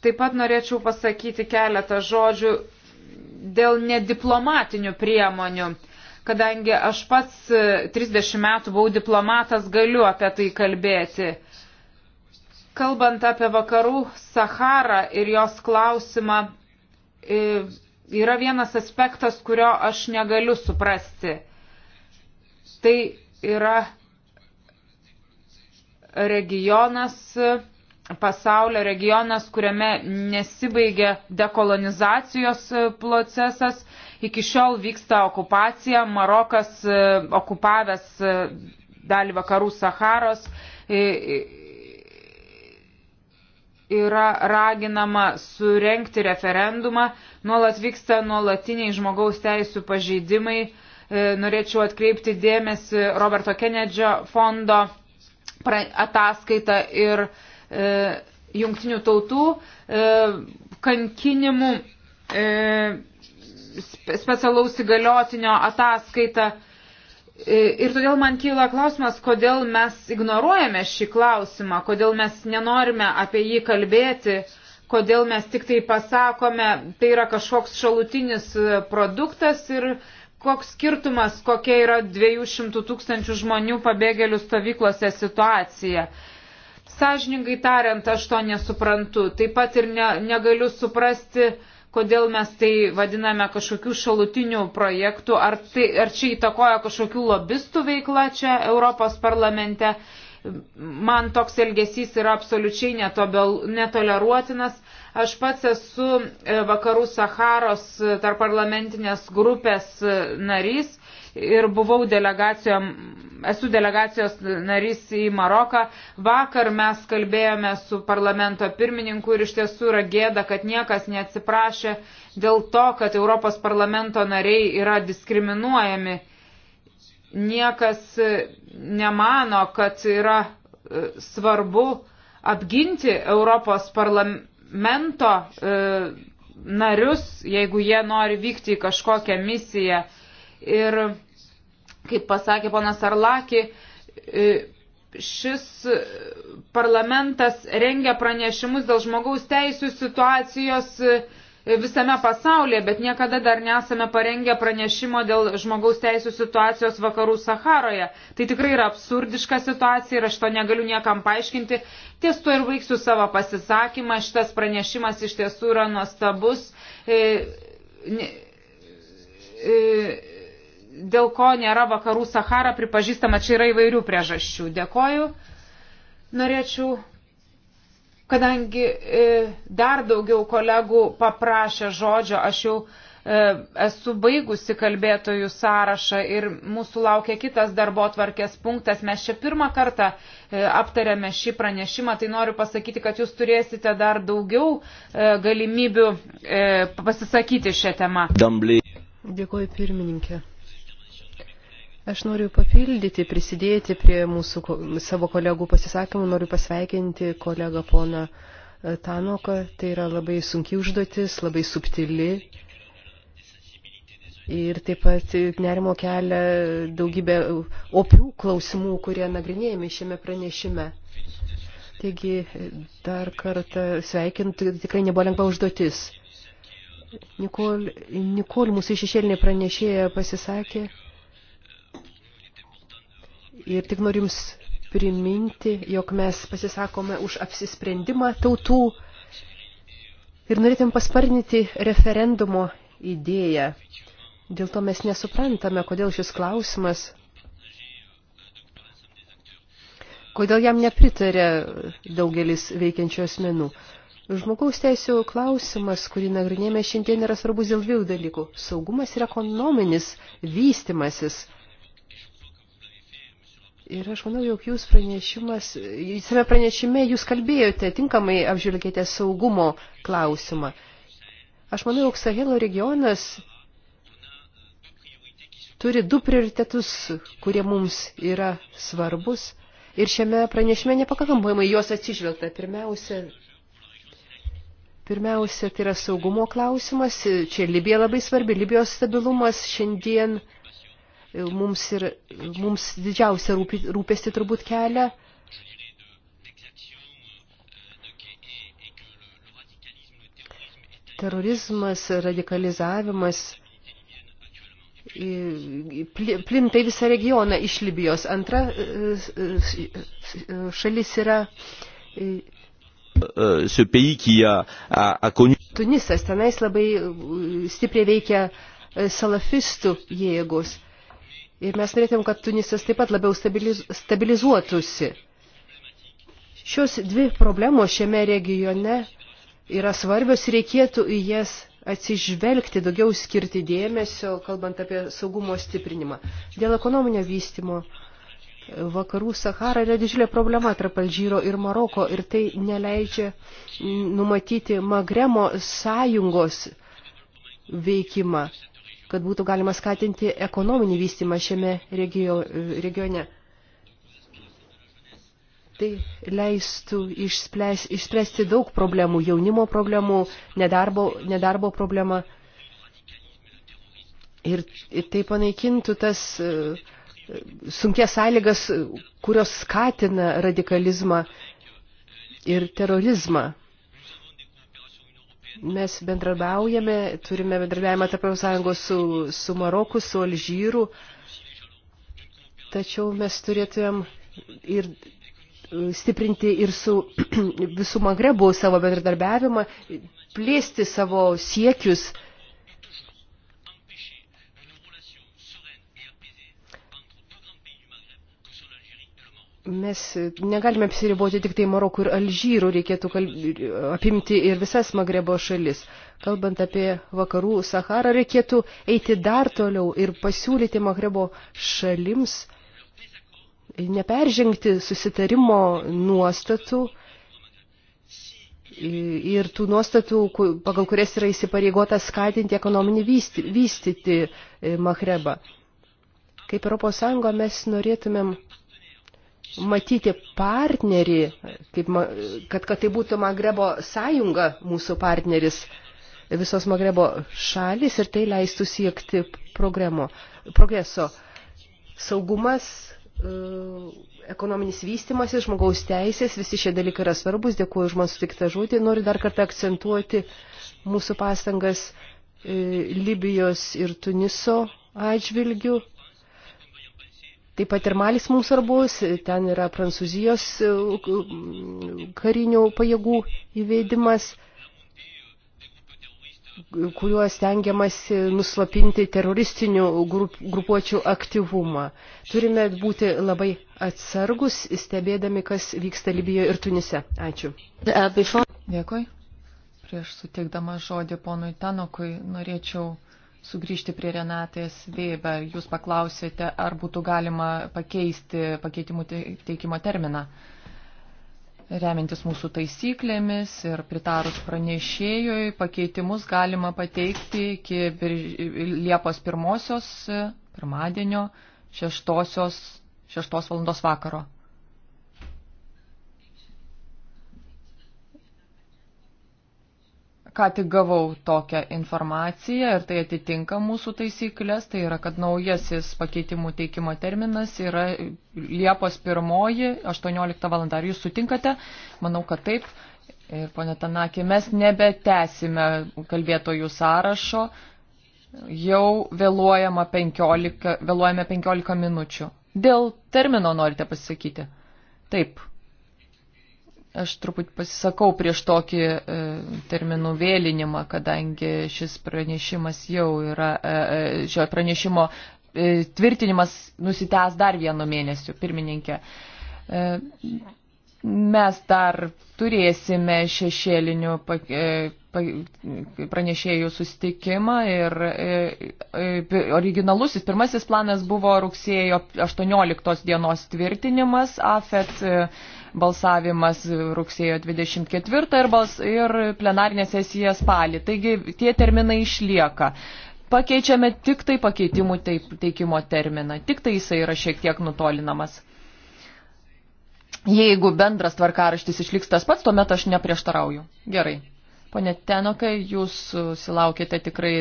Taip pat norėčiau pasakyti keletą žodžių dėl nediplomatinių priemonių. Kadangi aš pats 30 e, metų buvau diplomatas, galiu apie tai kalbėti kalbant apie vakarų Saharą ir jos klausimą, yra vienas aspektas, kurio aš negaliu suprasti. Tai yra regionas, pasaulio regionas, kuriame nesibaigia dekolonizacijos procesas. Iki šiol vyksta okupacija, Marokas e, okupavęs e, dalį vakarų Saharos yra raginama surenkti referendumą, nuolat vyksta nuolatiniai žmogaus teisų pažeidimai. E, norėčiau atkreipti dėmesį Roberto Kenedžio fondo ataskaitą ir e, jungtinių tautų e, kankinimų e, specialaus įgaliotinio ataskaitą. E, E, ir todėl man kyla klausimas, kodėl mes ignoruojame šį klausimą, kodėl mes nenorime apie jį kalbėti, kodėl mes tik tai pasakome, tai yra kažkoks šalutinis e, produktas ir koks skirtumas, kokia yra 200 tūkstančių žmonių pabėgėlių stovyklose situacija. Sažiningai tariant, aš to nesuprantu. Taip pat ir ne, negaliu suprasti, uh, kodėl mes tai vadiname kažkokių šalutinių projektų, ar, tai, ar čia įtakoja kažkokių lobistų veikla čia Europos parlamente. Man toks elgesys yra absoliučiai netoleruotinas. Aš pats esu e, vakarų Saharos e, tarp parlamentinės grupės e, narys ir buvau delegacijom, esu delegacijos narys į Maroką. Vakar mes kalbėjome su parlamento pirmininku ir iš tiesų yra gėda, kad niekas neatsiprašė dėl to, kad Europos parlamento nariai yra diskriminuojami. Niekas nemano, kad yra e, svarbu apginti Europos parlamento e, narius, jeigu jie nori vykti į kažkokią misiją. Ir, kaip pasakė ponas Arlaki, e, šis parlamentas rengia pranešimus dėl žmogaus teisų situacijos e, visame pasaulyje, bet niekada dar nesame parengę pranešimo dėl žmogaus teisų situacijos vakarų Saharoje. Tai tikrai yra absurdiška situacija ir aš to negaliu niekam paaiškinti. Ties to ir vaiksiu savo pasisakymą. Šitas pranešimas iš tiesų yra nuostabus. E, ne, e, dėl ko nėra vakarų Sahara pripažįstama, čia yra įvairių priežasčių. Dėkoju. Norėčiau, kadangi e, dar daugiau kolegų paprašė žodžio, aš jau e, esu baigusi kalbėtojų sąrašą ir mūsų laukia kitas darbo tvarkės punktas. Mes čia pirmą kartą e, aptarėme šį pranešimą, tai noriu pasakyti, kad jūs turėsite dar daugiau galimybių pasisakyti šią temą. Dėkuoju pirmininkė. Aš noriu papildyti, prisidėti prie mūsų savo kolegų pasisakymų, noriu pasveikinti kolegą poną e, Tanoką. Tai yra labai sunki užduotis, labai subtili. Ir taip pat nerimo kelia daugybė opių klausimų, kurie nagrinėjami šiame pranešime. Taigi e, dar kartą sveikint, tikrai nebuvo lengva užduotis. Nikol, Nikol mūsų šešėlinė pranešėja pasisakė Ir tik noriu Jums priminti, jog mes pasisakome už apsisprendimą tautų ir norėtum pasparnyti referendumo idėją. Dėl to mes nesuprantame, kodėl šis klausimas, kodėl jam nepritarė daugelis veikiančių asmenų. Žmogaus teisų klausimas, kurį nagrinėjame šiandien, yra svarbus dėl dviejų dalykų. Saugumas ir ekonominis vystimasis Ir aš manau, jog jūs pranešimas, jisame pranešime jūs kalbėjote, tinkamai apžvelgėte saugumo klausimą. Aš manau, jog Sahelo regionas turi du prioritetus, kurie mums yra svarbus. Ir šiame pranešime nepakankamai jos atsižvelgta. Pirmiausia, pirmiausia, tai yra saugumo klausimas. Čia Libija labai svarbi. Libijos stabilumas šiandien mums, ir, mums didžiausia rūpi, rūpesti turbūt kelia. Terorizmas, radikalizavimas plinta į visą regioną iš Libijos. Antra e, e, e, šalis yra ce pays qui a, a, a connu. Tunisas tenais labai stipriai veikia salafistų jėgos. Ir mes norėtum, kad Tunisas taip pat labiau stabiliz stabilizuotųsi. Šios dvi problemos šiame regione yra svarbios ir reikėtų į jas atsižvelgti, daugiau skirti dėmesio, kalbant apie saugumo stiprinimą. Dėl ekonominio vystimo vakarų Sahara yra didžiulė problema tarp Alžyro ir Maroko ir tai neleidžia numatyti Magremo sąjungos veikimą kad būtų galima skatinti ekonominį vystymą šiame regio, regione. Tai leistų išspręs, išspręsti daug problemų, jaunimo problemų, nedarbo, nedarbo problemą. Ir, ir tai panaikintų tas e, sunkias sąlygas, kurios skatina radikalizmą ir terorizmą. Mes bendrabiaujame, turime bendrabiavimą tarp sąjungos su, su Maroku, su Alžyru, tačiau mes turėtumėm ir e, stiprinti ir su visų Magrebu savo bendradarbiavimą, plėsti savo siekius Mes negalime apsiriboti tik tai Marokų ir Alžyrų, reikėtų kalb... apimti ir visas Magrebo šalis. Kalbant apie vakarų Saharą, reikėtų eiti dar toliau ir pasiūlyti Magrebo šalims neperžengti susitarimo nuostatų ir tų nuostatų, pagal kurias yra įsipareigota skatinti ekonominį vystyti e, Mahrebą. Kaip ES mes norėtumėm matyti partnerį, kaip, kad, kad tai būtų Magrebo sąjunga mūsų partneris, visos Magrebo šalis ir tai leistų siekti programo, progreso. Saugumas, e, ekonominis vystimasis, žmogaus teisės, visi šie dalykai yra svarbus. Dėkuoju už man sutiktą žodį. Noriu dar kartą akcentuoti mūsų pastangas e, Libijos ir Tuniso atžvilgių Taip pat ir Malis mums svarbus, ten yra Prancūzijos e, karinių pajėgų įveidimas, kuriuo stengiamasi nuslapinti teroristinių grup, grupuočių aktyvumą. Turime būti labai atsargus, stebėdami, kas vyksta Libijoje ir Tunise. Ačiū. Uh, Dėkui. Prieš sutikdama žodį ponui Tanokui norėčiau sugrįžti prie Renatės Weber. Jūs paklausėte, ar būtų galima pakeisti pakeitimų teikimo terminą. Remiantis mūsų taisyklėmis ir pritarus pranešėjui, pakeitimus galima pateikti iki Liepos pirmosios, pirmadienio, šeštosios, šeštos valandos vakaro. ką tik gavau tokią informaciją ir tai atitinka mūsų taisyklės, tai yra, kad naujasis pakeitimų teikimo terminas yra Liepos 1, 18 val. Ar jūs sutinkate? Manau, kad taip. Ir ponė Tanakė, mes nebetesime kalbėtojų sąrašo, jau vėluojama 15, vėluojame 15 minučių. Dėl termino norite pasisakyti? Taip. Aš truputį pasisakau prieš tokį e, terminų vėlinimą, kadangi šis pranešimas jau yra, e, e, šio pranešimo e, tvirtinimas nusitęs dar vienu mėnesiu, pirmininkė. E, mes dar turėsime šešėlinių pak, e, pranešėjų susitikimą ir e, e, originalusis pirmasis planas buvo rugsėjo 18 dienos tvirtinimas AFET balsavimas rugsėjo 24 ir, bals, ir plenarinė sesija spalį. Taigi tie terminai išlieka. Pakeičiame tik tai pakeitimų teikimo terminą. Tik tai jisai yra šiek tiek nutolinamas. Jeigu bendras tvarkaraštis išliks tas pats, tuomet aš neprieštarauju. Gerai. Pone Tenokai, jūs silaukėte tikrai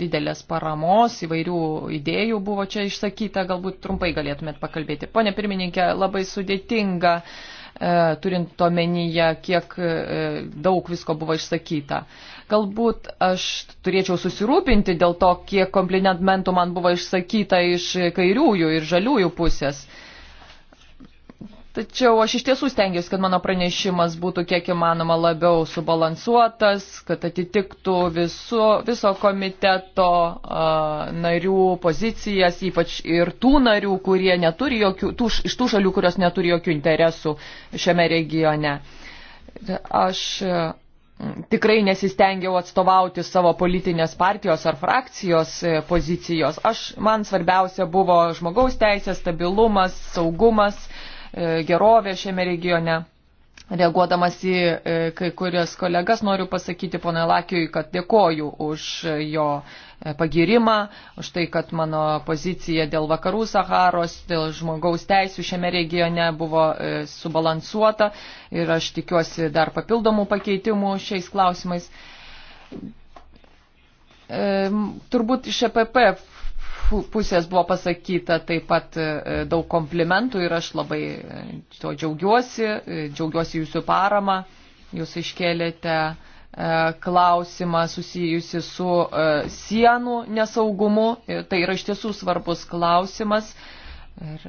didelės paramos, įvairių idėjų buvo čia išsakyta, galbūt trumpai galėtumėt pakalbėti. Pone pirmininkė, labai sudėtinga uh, E, turint omenyje, kiek e, daug visko buvo išsakyta. Galbūt aš turėčiau susirūpinti dėl to, kiek komplimentų man buvo išsakyta iš kairiųjų ir žaliųjų pusės. Tačiau aš iš tiesų stengiuosi, kad mano pranešimas būtų kiek įmanoma labiau subalansuotas, kad atitiktų viso, viso komiteto a, narių pozicijas, ypač ir tų narių, kurie neturi jokių, tų, iš tų šalių, kurios neturi jokių interesų šiame regione. Aš tikrai nesistengiau atstovauti savo politinės partijos ar frakcijos e, pozicijos. Aš, man svarbiausia buvo žmogaus teisės, stabilumas, saugumas E, gerovę šiame regione. Reaguodamas į e, kai kurias kolegas noriu pasakyti ponai Lakiui, kad dėkoju už jo e, pagirimą, už tai, kad mano pozicija dėl vakarų Saharos, dėl žmogaus teisų šiame regione buvo subalansuota ir aš tikiuosi dar papildomų pakeitimų šiais klausimais. Turbūt iš EPP pusės buvo pasakyta taip pat e, daug komplimentų ir aš labai e, to džiaugiuosi, e, džiaugiuosi jūsų parama. Jūs iškėlėte klausimą susijusi su sienų nesaugumu. Tai yra iš tiesų svarbus klausimas. Ir,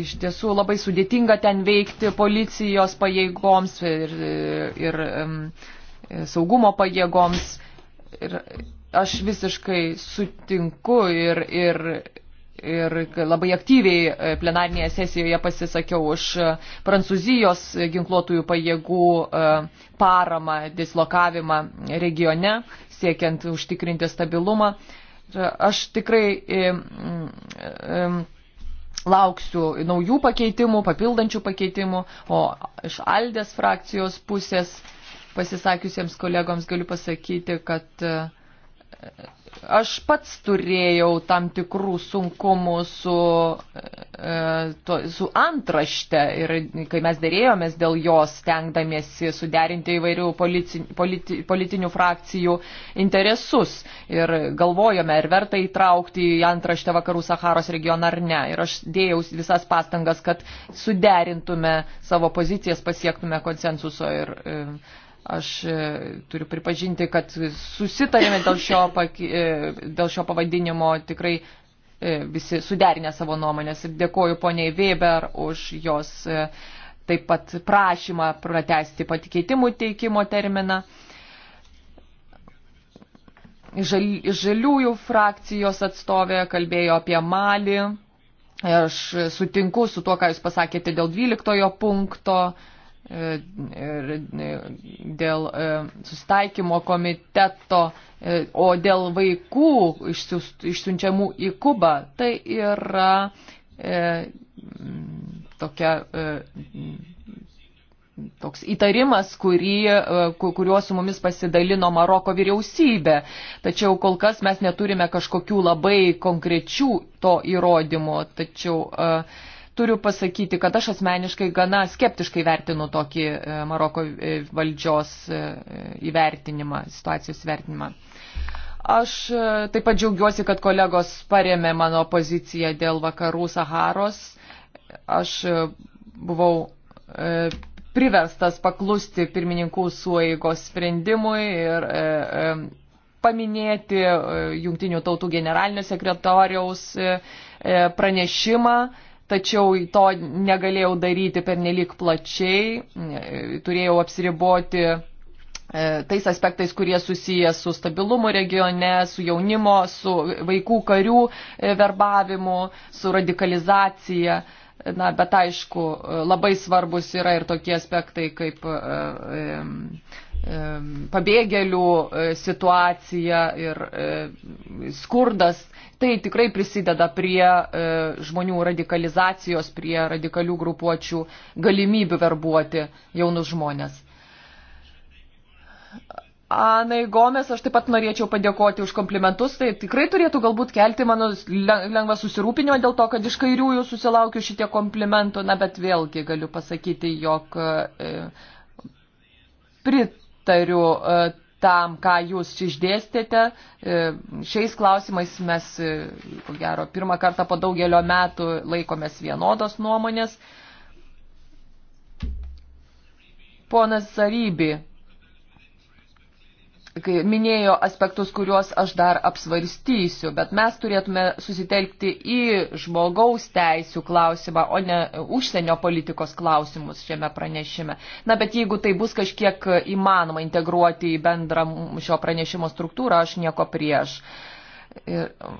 iš tiesų labai sudėtinga ten veikti policijos pajėgoms ir, ir, ir saugumo pajėgoms. Ir, Aš visiškai sutinku ir, ir, ir labai aktyviai e, plenarnėje sesijoje pasisakiau už e, Prancūzijos ginkluotųjų pajėgų e, paramą, dislokavimą regione, siekiant užtikrinti stabilumą. Aš tikrai lauksiu naujų pakeitimų, papildančių pakeitimų, o iš Aldės frakcijos pusės pasisakiusiems kolegoms galiu pasakyti, kad aš pats turėjau tam tikrų sunkumų su, e, to, su antrašte ir kai mes dėrėjomės dėl jos, stengdamiesi suderinti įvairių politi, politi, politinių frakcijų interesus ir galvojome, ar verta įtraukti į antraštę Vakarų Saharos regioną ar ne. Ir aš dėjau visas pastangas, kad suderintume savo pozicijas, pasiektume konsensuso ir. ir e, Aš e, turiu pripažinti, kad susitarėme dėl šio, e, dėl šio pavadinimo tikrai e, visi suderinę savo nuomonės. Dėkoju poniai Weber už jos taip pat prašymą pratesti patikeitimų teikimo terminą. Žal, žaliųjų frakcijos atstovė kalbėjo apie Malį. Aš sutinku su tuo, ką Jūs pasakėte dėl 12 punkto dėl e, sustaikymo komiteto, e, o dėl vaikų išsiunčiamų į Kubą, tai yra e, tokia, toks įtarimas, kurį, kuriuo su mumis pasidalino Maroko vyriausybė. Tačiau kol kas mes neturime kažkokių labai konkrečių to įrodymų. Tačiau uh, Turiu pasakyti, kad aš asmeniškai gana skeptiškai vertinu tokį e, Maroko e, valdžios e, įvertinimą, situacijos įvertinimą. Aš taip pat džiaugiuosi, kad kolegos paremė mano poziciją dėl vakarų Saharos. Aš buvau priverstas paklusti pirmininkų sueigos sprendimui ir e, e, paminėti e, Jungtinių tautų generalinio sekretoriaus e, pranešimą tačiau to negalėjau daryti pernelik plačiai, e, turėjau apsiriboti e, tais aspektais, kurie susiję su stabilumu regione, su jaunimo, su vaikų karių e, verbavimu, su radikalizacija. Na, bet aišku, labai svarbus yra ir tokie aspektai kaip pabėgėlių situacija ir skurdas tai tikrai prisideda prie e, žmonių radikalizacijos, prie radikalių grupuočių galimybių verbuoti jaunus žmonės. Anai Gomes, aš taip pat norėčiau padėkoti už komplimentus, tai tikrai turėtų galbūt kelti mano lengvą susirūpinimą dėl to, kad iš kairiųjų susilaukiu šitie komplimentų, na bet vėlgi galiu pasakyti, jog e, pritariu. E, tam, ką jūs išdėstėte. E, šiais klausimais mes, e, ko gero, pirmą kartą po daugelio metų laikomės vienodos nuomonės. Ponas Sarybi minėjo aspektus, kuriuos aš dar apsvarstysiu, bet mes turėtume susitelkti į žmogaus teisų klausimą, o ne užsienio politikos klausimus šiame pranešime. Na, bet jeigu tai bus kažkiek įmanoma integruoti į bendrą šio pranešimo struktūrą, aš nieko prieš.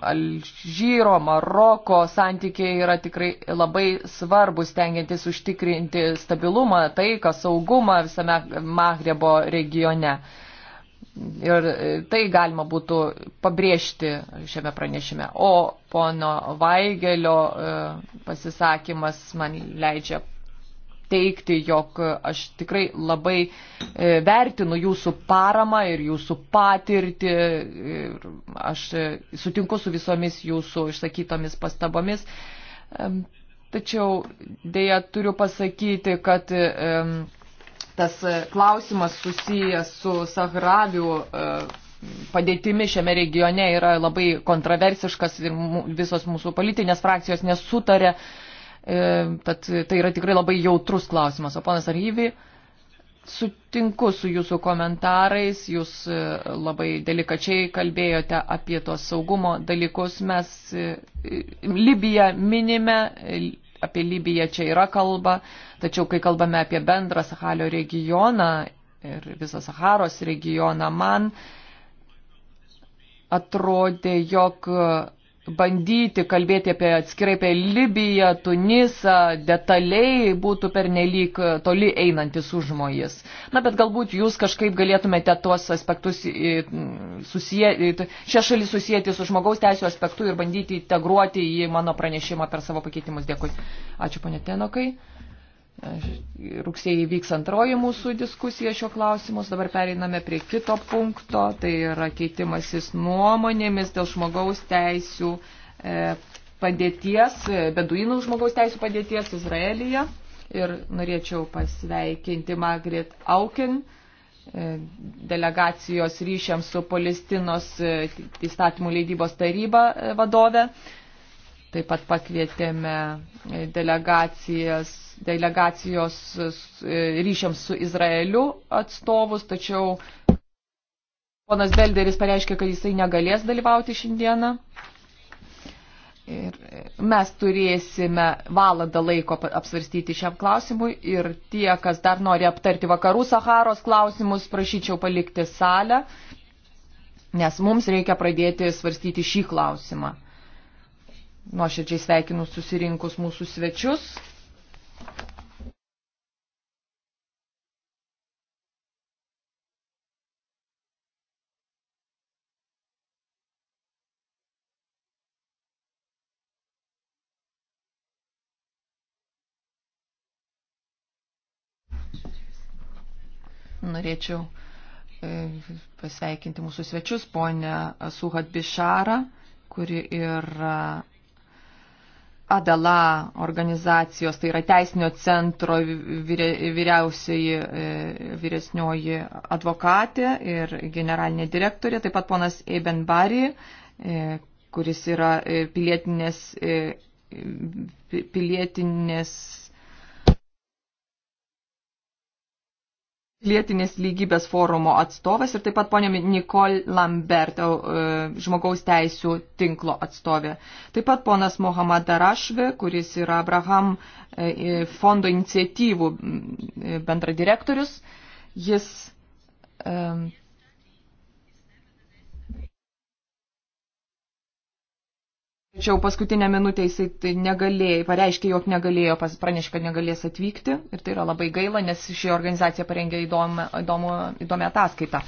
Alžyro, Maroko santykiai yra tikrai labai svarbus, tengiantis užtikrinti stabilumą, taiką, saugumą visame Magrebo regione. Ir tai galima būtų pabrėžti šiame pranešime. O pono Vaigelio e, pasisakymas man leidžia teikti, jog aš tikrai labai e, vertinu jūsų paramą ir jūsų patirtį. Ir aš e, sutinku su visomis jūsų išsakytomis pastabomis. Tačiau dėja turiu pasakyti, kad tas e, klausimas susijęs su Sahravių e, padėtimi šiame regione yra labai kontroversiškas ir visos mūsų politinės frakcijos nesutarė. E, tad tai yra tikrai labai jautrus klausimas. O ponas Argyvi, sutinku su jūsų komentarais, jūs labai delikačiai kalbėjote apie tos saugumo dalykus. Mes Libiją minime, apie Libiją čia yra kalba, tačiau kai kalbame apie bendrą Sahalio regioną ir visą Saharos regioną, man atrodė, jog bandyti kalbėti apie atskirai apie Libiją, Tunisą, detaliai būtų pernelyg toli einantis užmojis. Na, bet galbūt jūs kažkaip galėtumėte tuos aspektus susiję, šią šalį susijęti su žmogaus teisų aspektu ir bandyti integruoti į mano pranešimą per savo pakeitimus. Dėkui. Ačiū, ponė Tenokai. Rugsėjai vyks antroji mūsų diskusija šio klausimus. Dabar pereiname prie kito punkto. Tai yra keitimasis nuomonėmis dėl žmogaus teisių e, padėties, beduinų žmogaus teisų padėties Izraelyje. Ir norėčiau pasveikinti Margaret Aukin, e, delegacijos ryšiams su Palestinos e, įstatymų leidybos taryba vadovė. Taip pat pakvietėme delegacijos e, ryšiams su Izraeliu atstovus, tačiau ponas Belderis pareiškė, kad jisai negalės dalyvauti šiandieną. Ir e, mes turėsime valandą laiko apsvarstyti šiam klausimui ir tie, kas dar nori aptarti vakarų Saharos klausimus, prašyčiau palikti salę, nes mums reikia pradėti svarstyti šį klausimą. Nuoširdžiai sveikinu susirinkus mūsų svečius. Norėčiau e, pasveikinti mūsų svečius, ponę Suhat Bišarą, kuri yra Adala organizacijos, tai yra teisinio centro vyriausioji, e, vyresnioji advokatė ir generalinė direktorė, taip pat ponas Eben Bari, e, kuris yra e, pilietinės, pilietinės Lietinės lygybės forumo atstovas ir taip pat ponė Nikol Lambert, e, žmogaus teisų tinklo atstovė. Taip pat ponas Mohamed Darašvi, kuris yra Abraham e, e, fondo iniciatyvų bendradirektorius. Jis Tačiau paskutinę minutę jisai tai negalėjo, pareiškė, jog negalėjo, pranešė, kad negalės atvykti ir tai yra labai gaila, nes ši organizacija parengė įdomų, įdomų, įdomią ataskaitą.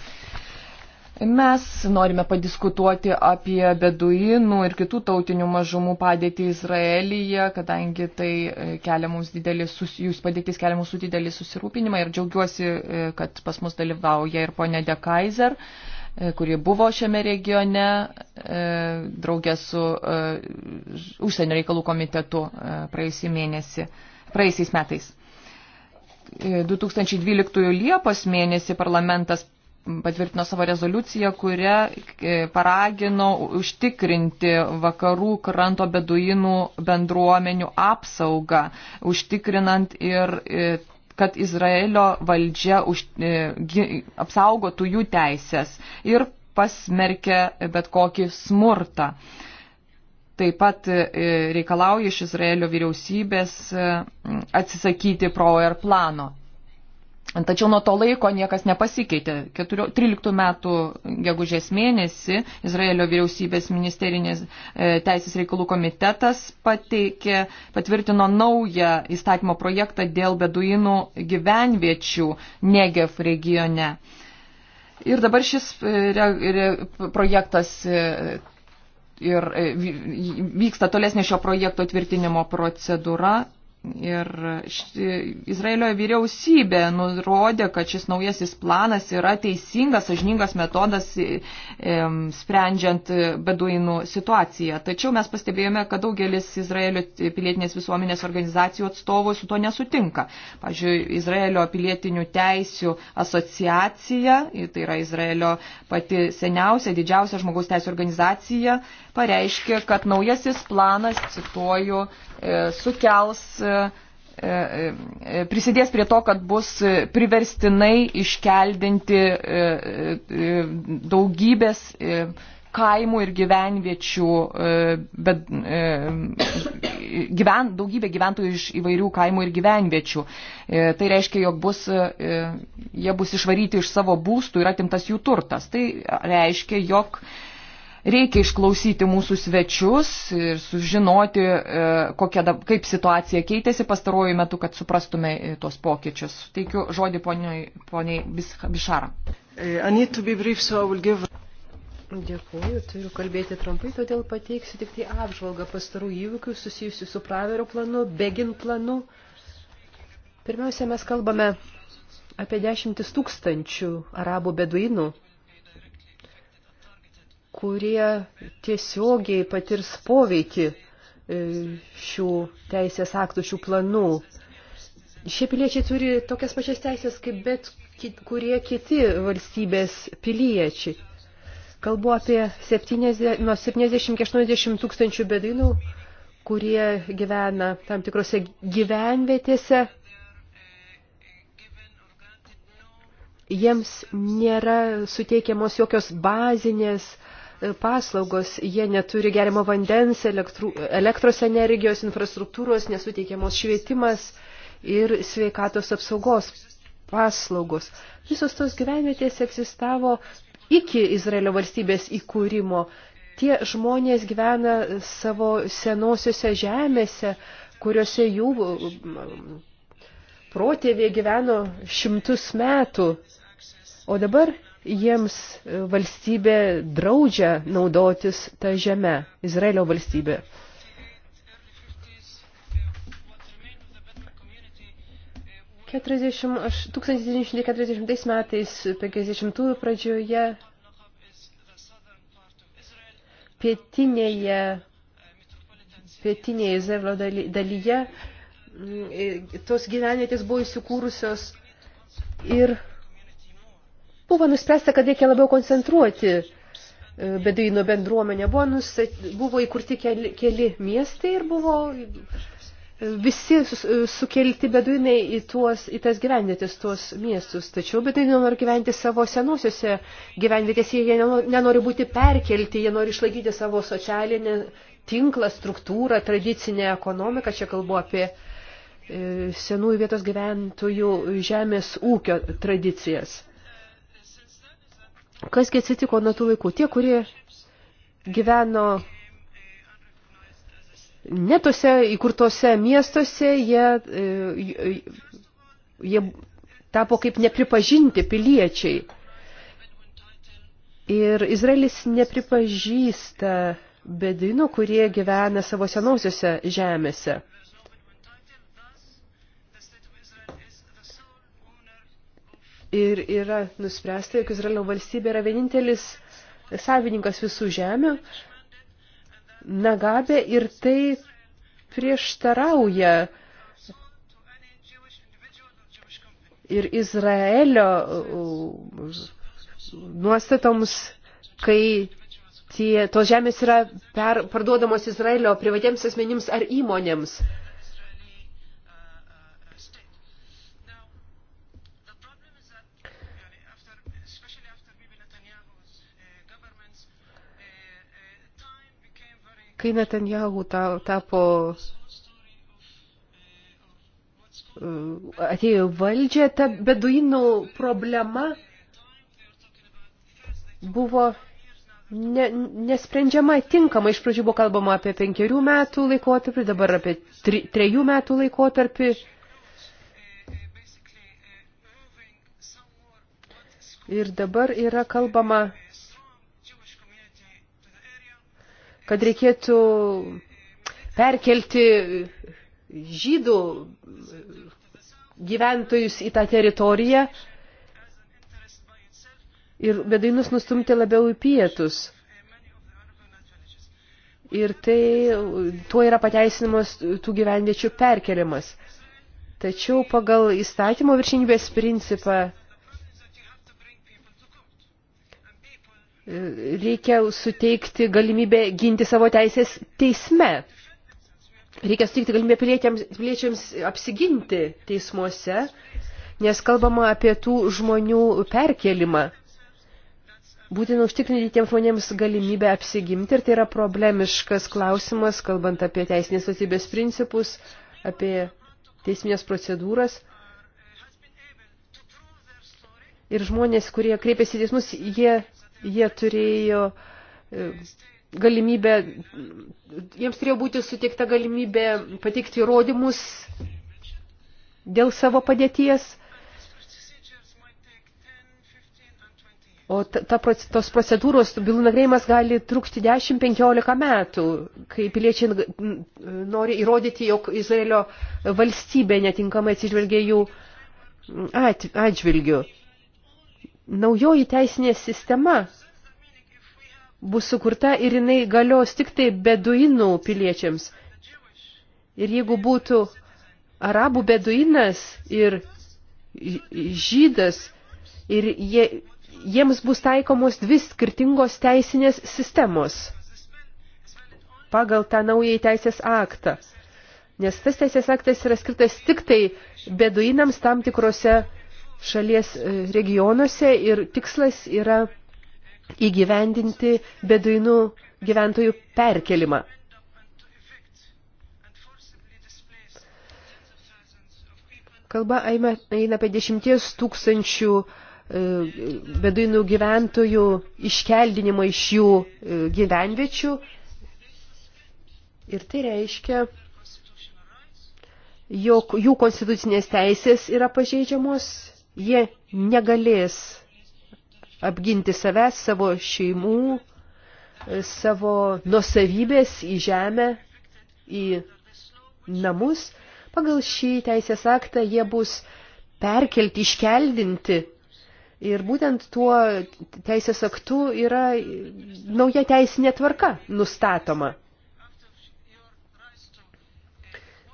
Mes norime padiskutuoti apie beduinų ir kitų tautinių mažumų padėtį Izraelyje, kadangi tai e, kelia mums didelį, sus, jūs padėtis kelia mūsų didelį susirūpinimą ir džiaugiuosi, e, kad pas mus dalyvauja ir ponė De Kaiser. Uh, E, kuri buvo šiame regione, e, draugė su e, užsienio reikalų komitetu praėjusį mėnesį, praėjusiais metais. 2012 Liepos mėnesį parlamentas patvirtino savo rezoliuciją, kuria paragino užtikrinti vakarų kranto beduinų bendruomenių apsaugą, užtikrinant ir kad Izraelio valdžia už, e, apsaugotų jų teisės ir pasmerkė bet kokį smurtą. Taip pat e, reikalauja iš Izraelio vyriausybės e, atsisakyti pro ir plano. Tačiau nuo to laiko niekas nepasikeitė. 13 metų gegužės mėnesį Izraelio vyriausybės ministerinės e, teisės reikalų komitetas pateikė, patvirtino naują įstatymo projektą dėl beduinų gyvenviečių Negev regione. Ir dabar šis e, re, re, projektas e, ir e, vyksta tolesnė šio projekto tvirtinimo procedūra Ir ši, Izraelio vyriausybė nurodė, kad šis naujasis planas yra teisingas, sažiningas metodas e, sprendžiant beduinų situaciją. Tačiau mes pastebėjome, kad daugelis Izraelio pilietinės visuomenės organizacijų atstovų su to nesutinka. Pavyzdžiui, Izraelio pilietinių teisių asociacija, tai yra Izraelio pati seniausia, didžiausia žmogaus teisų organizacija, pareiškė, kad naujasis planas, cituoju, e, sukels, e, e, prisidės prie to, kad bus priverstinai iškeldinti daugybės kaimų ir gyvenviečių, bet gyven, daugybė gyventojų iš įvairių kaimų ir gyvenviečių. Tai reiškia, jog bus, jie bus išvaryti iš savo būstų ir atimtas jų turtas. Tai reiškia, jog Reikia išklausyti mūsų svečius ir sužinoti, e, kokia, kaip situacija keitėsi pastaruoju metu, kad suprastume e, tos pokyčius. Teikiu žodį poniai, poniai Bišara. E, brief, so give... Dėkuoju, turiu kalbėti trumpai, todėl pateiksiu tik tai apžvalgą pastarų įvykių susijusių su praverio planu, begin planu. Pirmiausia, mes kalbame apie dešimtis tūkstančių arabų beduinų, kurie tiesiogiai patirs poveikį e, šių teisės aktų, šių planų. Šie piliečiai turi tokias pačias teisės, kaip bet kurie kiti valstybės piliečiai. Kalbu apie 70, nuo 70 iki 80 tūkstančių bedainų, kurie gyvena tam tikrose gyvenvietėse. Jiems nėra suteikiamos jokios bazinės uh, paslaugos, jie neturi gerimo vandens, elektru, elektros energijos, infrastruktūros, nesuteikiamos švietimas ir sveikatos apsaugos paslaugos. Visos tos gyvenvietės egzistavo iki Izraelio valstybės įkūrimo. Tie žmonės gyvena savo senosiuose žemėse, kuriuose jų protėviai gyveno šimtus metų. O dabar jiems e, valstybė draudžia naudotis tą žemę, Izraelio valstybė. Aš, 1940 metais, 50-ųjų pradžioje, pietinėje, pietinėje Izraelio dalyje tos gyvenvietės buvo įsikūrusios ir Buvo nuspręsta, kad reikia labiau koncentruoti e, beduino bendruomenę. Buvo, nusat, buvo įkurti keli, keli miestai ir buvo e, visi e, sukelti beduinai į, tuos, į tas gyvenvietės, tuos miestus. Tačiau beduinai nori gyventi savo senosiuose gyvenvietėse, jie nenori būti perkelti, jie nori išlaikyti savo socialinę tinklą, struktūrą, tradicinę ekonomiką. Čia kalbu apie senųjų vietos gyventojų žemės ūkio tradicijas. Kasgi atsitiko nuo tų laikų? Tie, kurie gyveno netose įkurtose miestuose, jie, e, jie tapo kaip nepripažinti piliečiai. Ir Izraelis nepripažįsta bedinų, kurie gyvena savo senosiuose žemėse. ir yra nuspręsta, jog Izraelio valstybė yra vienintelis savininkas visų žemių, Nagabė ir tai prieštarauja ir Izraelio uh, uh, nuostatoms, kai tie, tos žemės yra per, parduodamos Izraelio privatiems asmenims ar įmonėms. Kai Netanjahu tapo e, atėjo valdžia, ta beduinų problema buvo ne, nesprendžiama tinkamai. Iš pradžių buvo kalbama apie penkerių metų laikotarpį, dabar apie tri, trejų metų laikotarpį. Ir dabar yra kalbama kad reikėtų perkelti žydų gyventojus į tą teritoriją ir bedainus nustumti labiau į pietus. Ir tai, tuo yra pateisinimas tų gyvenviečių perkeliamas. Tačiau pagal įstatymo viršinybės principą Reikia suteikti galimybę ginti savo teisės teisme. Reikia suteikti galimybę piliečiams, piliečiams apsiginti teismuose, nes kalbama apie tų žmonių perkelimą būtina užtikrinti tiem žmonėms galimybę apsigimti ir tai yra problemiškas klausimas, kalbant apie teisinės valstybės principus, apie teisminės procedūras. Ir žmonės, kurie kreipiasi teismus, jie jie turėjo e, galimybę, jiems turėjo būti suteikta galimybė pateikti įrodymus dėl savo padėties. O ta, tos procedūros, bylų nagrėjimas gali trukti 10-15 metų, kai piliečiai nori įrodyti, jog Izraelio valstybė netinkamai atsižvelgia jų atžvilgių. Naujoji teisinė sistema bus sukurta ir jinai galios tik tai beduinų piliečiams. Ir jeigu būtų arabų beduinas ir žydas, ir jie, jiems bus taikomos dvi skirtingos teisinės sistemos pagal tą naują teisės aktą. Nes tas teisės aktas yra skirtas tik tai beduinams tam tikrose šalies e, regionuose ir tikslas yra įgyvendinti beduinų gyventojų perkelimą. Kalba eina apie dešimties tūkstančių e, beduinų gyventojų iškeldinimą iš jų e, gyvenviečių. Ir tai reiškia, jog jų konstitucinės teisės yra pažeidžiamos, jie negalės apginti savęs, savo šeimų, savo nusavybės į žemę, į namus. Pagal šį teisės aktą jie bus perkelti, iškeldinti. Ir būtent tuo teisės aktu yra nauja teisinė tvarka nustatoma.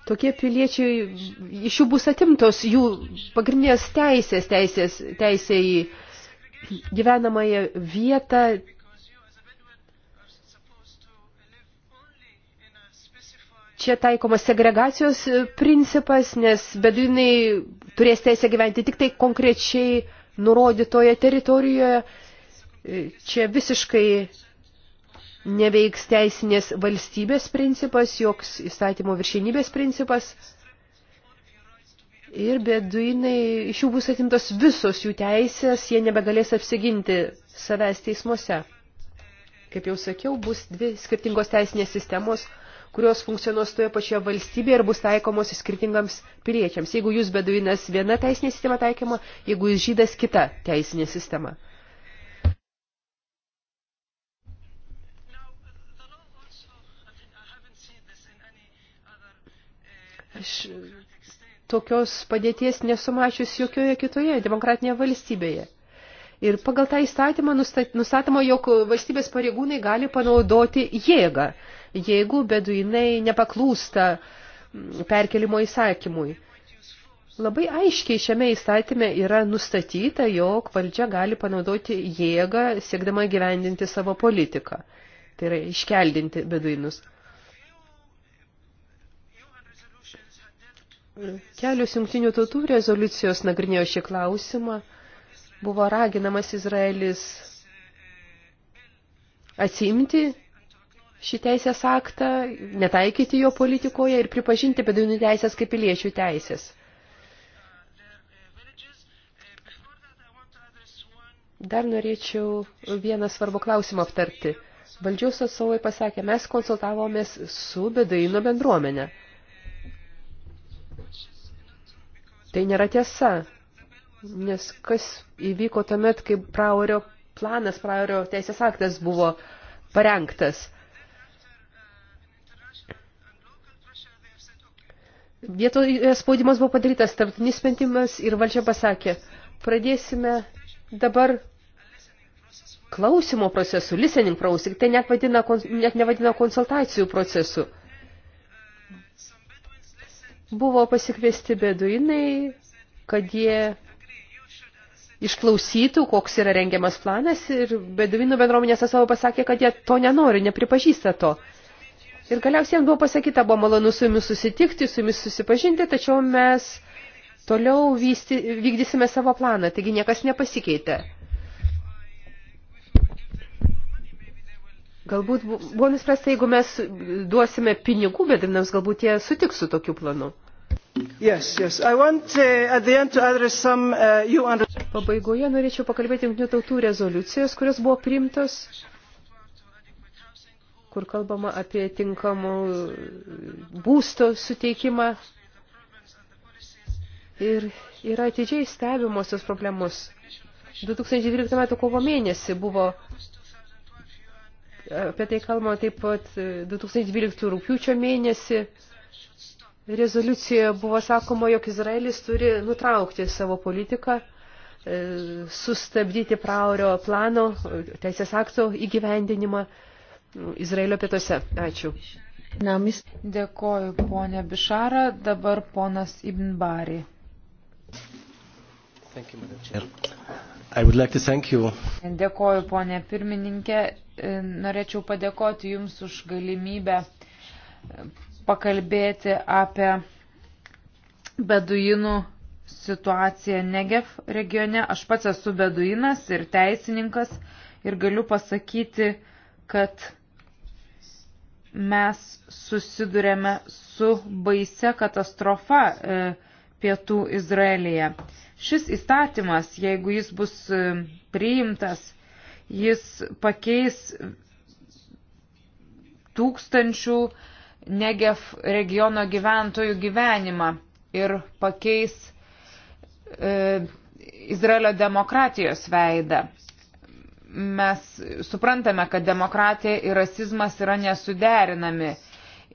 tokie piliečiai, iš jų bus atimtos jų pagrindinės teisės, teisės teisė į gyvenamąją vietą čia taikomas segregacijos principas, nes beduinai turės teisę gyventi tik tai konkrečiai nurodytoje teritorijoje. Čia visiškai neveiks teisinės valstybės principas, joks įstatymo viršinybės principas. Ir beduinai, iš jų bus atimtos visos jų teisės, jie nebegalės apsiginti savęs teismuose. Kaip jau sakiau, bus dvi skirtingos teisinės sistemos, kurios funkcionuos toje pačioje valstybėje ir bus taikomos skirtingams piliečiams. Jeigu jūs beduinas viena teisinė sistema taikoma, jeigu jūs žydas kita teisinė sistema. Aš tokios padėties nesumačius jokioje kitoje demokratinėje valstybėje. Ir pagal tą įstatymą nustatoma, jog valstybės pareigūnai gali panaudoti jėgą, jeigu beduinai nepaklūsta mm, perkelimo įsakymui. Labai aiškiai šiame įstatyme yra nustatyta, jog valdžia gali panaudoti jėgą, siekdama gyvendinti savo politiką. Tai yra iškeldinti beduinus. Kelios jungtinių tautų rezoliucijos nagrinėjo šį klausimą. Buvo raginamas Izraelis atsimti šį teisės aktą, netaikyti jo politikoje ir pripažinti bedainių teisės kaip piliečių teisės. Dar norėčiau vieną svarbų klausimą aptarti. Valdžios atstovai pasakė, mes konsultavomės su bedaino bendruomenė. Tai nėra tiesa, nes kas įvyko tuomet, kai Praurio planas, Praurio teisės aktas buvo parengtas. Vietoje spaudimas buvo padarytas, tarptinis sprendimas ir valdžia pasakė, pradėsime dabar klausimo procesų, listening procesų, tai net, vadina, net nevadina konsultacijų procesų. Buvo pasikviesti beduinai, kad jie išklausytų, koks yra rengiamas planas ir beduinų bendruomenės atstovai pasakė, kad jie to nenori, nepripažįsta to. Ir galiausiai jiems buvo pasakyta, buvo malonu su jumis susitikti, su jumis susipažinti, tačiau mes toliau vysti, vykdysime savo planą, taigi niekas nepasikeitė. Galbūt buvo nuspręsta, jeigu mes duosime pinigų bedimnams, galbūt jie sutiks su tokiu planu. Yes, yes. Want, uh, some, uh, under... Pabaigoje norėčiau pakalbėti jungtinių tautų rezoliucijas, kurios buvo priimtos, kur kalbama apie tinkamų uh, būsto suteikimą. Ir yra atidžiai stebimosios problemos. 2012 m. kovo mėnesį buvo Apie tai kalbama taip pat 2012 e, rūpiučio mėnesį. Rezoliucijoje buvo sakoma, jog Izraelis turi nutraukti savo politiką, e, sustabdyti praurio plano, e, teisės akto įgyvendinimą Izraelio pietuose. Ačiū. Namis. Dėkoju, ponė Bišara. Dabar ponas Ibn Bari. Thank you, like Dėkoju, ponė pirmininkė. E, norėčiau padėkoti Jums už galimybę e, pakalbėti apie beduinų situaciją Negev regione. Aš pats esu beduinas ir teisininkas ir galiu pasakyti, kad mes susidurėme su baise katastrofa. E, pietų Izraelyje. Šis įstatymas, jeigu jis bus e, priimtas, jis pakeis tūkstančių Negev regiono gyventojų gyvenimą ir pakeis e, Izraelio demokratijos veidą. Mes suprantame, kad demokratija ir rasizmas yra nesuderinami.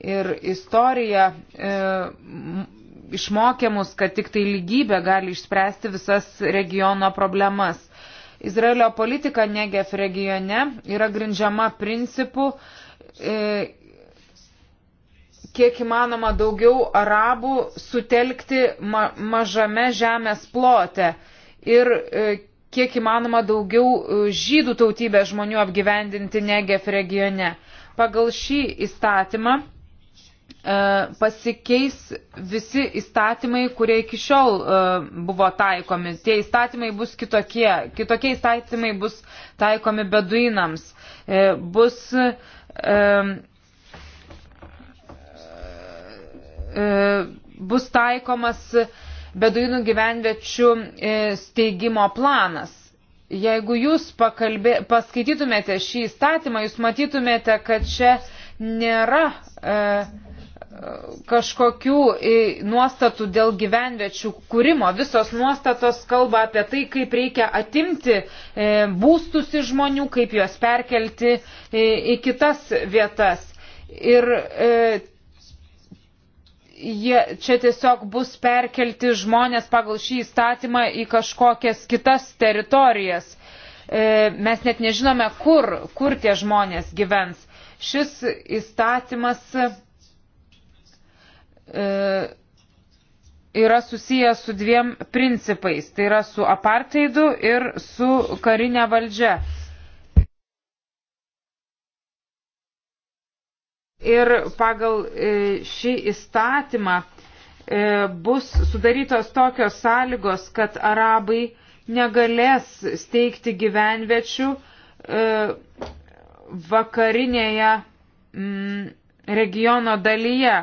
Ir istorija e, išmokė mus, kad tik tai lygybė gali išspręsti visas regiono problemas. Izraelio politika Negev regione yra grindžiama principu, e, kiek įmanoma daugiau arabų sutelkti ma mažame žemės plote ir e, kiek įmanoma daugiau e, žydų tautybės žmonių apgyvendinti Negev regione. Pagal šį įstatymą E, pasikeis visi įstatymai, kurie iki šiol e, buvo taikomi. Tie įstatymai bus kitokie. Kitokie įstatymai bus taikomi beduinams. E, bus bus taikomas beduinų gyvenviečių steigimo planas. Jeigu jūs pakalbė, paskaitytumėte šį įstatymą, jūs matytumėte, kad čia nėra e, kažkokių nuostatų dėl gyvenviečių kūrimo. Visos nuostatos kalba apie tai, kaip reikia atimti e, būstus iš žmonių, kaip juos perkelti e, į kitas vietas. Ir e, jie čia tiesiog bus perkelti žmonės pagal šį įstatymą į kažkokias kitas teritorijas. Mes net nežinome, kur, kur tie žmonės gyvens. Šis įstatymas E, yra susijęs su dviem principais, tai yra su apartheidu ir su karinė valdžia. Ir pagal e, šį įstatymą e, bus sudarytos tokios sąlygos, kad arabai negalės steigti gyvenviečių vakarinėje mm, regiono dalyje,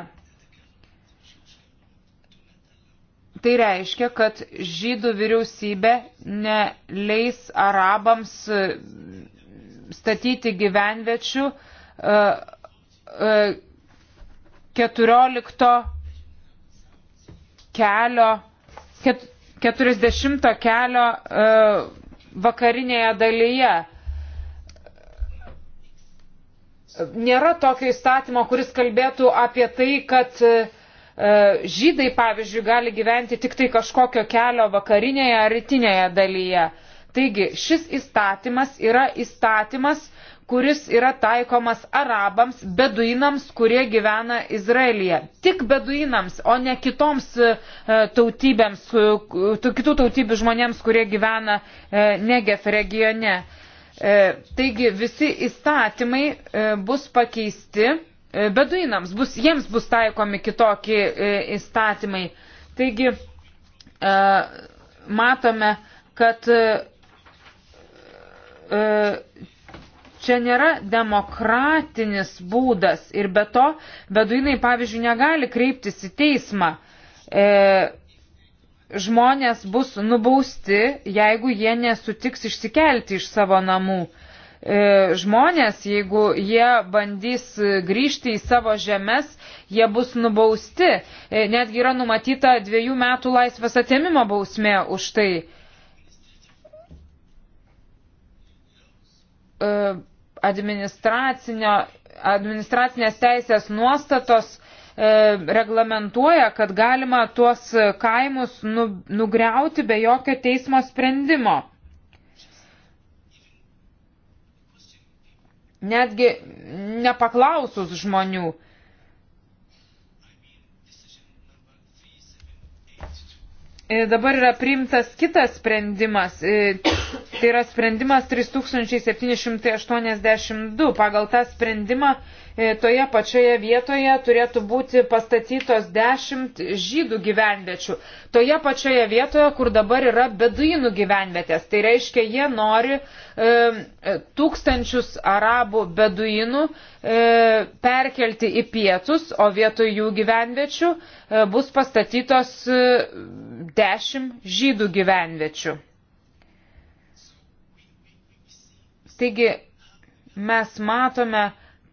Tai reiškia, kad žydų vyriausybė neleis arabams e, statyti gyvenvečių 14 e, e, kelio, 40 kelio vakarinėje dalyje. Nėra tokio įstatymo, kuris kalbėtų apie tai, kad uh, E, žydai, pavyzdžiui, gali gyventi tik tai kažkokio kelio vakarinėje ar rytinėje dalyje. Taigi šis įstatymas yra įstatymas, kuris yra taikomas arabams, beduinams, kurie gyvena Izraelyje. Tik beduinams, o ne kitoms e, tautybėms, e, kitų tautybių žmonėms, kurie gyvena Negef regione. Taigi visi įstatymai bus pakeisti E, beduinams, bus, jiems bus taikomi kitokie e, įstatymai. Taigi e, matome, kad čia nėra demokratinis būdas ir be to beduinai, pavyzdžiui, negali kreiptis į teismą. Žmonės bus nubausti, jeigu jie nesutiks išsikelti iš savo namų. E, žmonės, jeigu jie bandys grįžti į savo žemės, jie bus nubausti. E, netgi yra numatyta dviejų metų laisvės atėmimo bausmė už tai. E, administracinės teisės nuostatos reglamentuoja, kad galima tuos kaimus nu, nugriauti be jokio teismo sprendimo. netgi nepaklausus žmonių. E, dabar yra priimtas kitas sprendimas, e, tai yra sprendimas 3782. Pagal tą sprendimą E, toje pačioje vietoje turėtų būti pastatytos dešimt žydų gyvenviečių. Toje pačioje vietoje, kur dabar yra beduinų gyvenvietės. Tai reiškia, jie nori e, tūkstančius arabų beduinų e, perkelti į pietus, o vietoj jų gyvenviečių e, bus pastatytos e, dešimt žydų gyvenviečių. Taigi mes matome,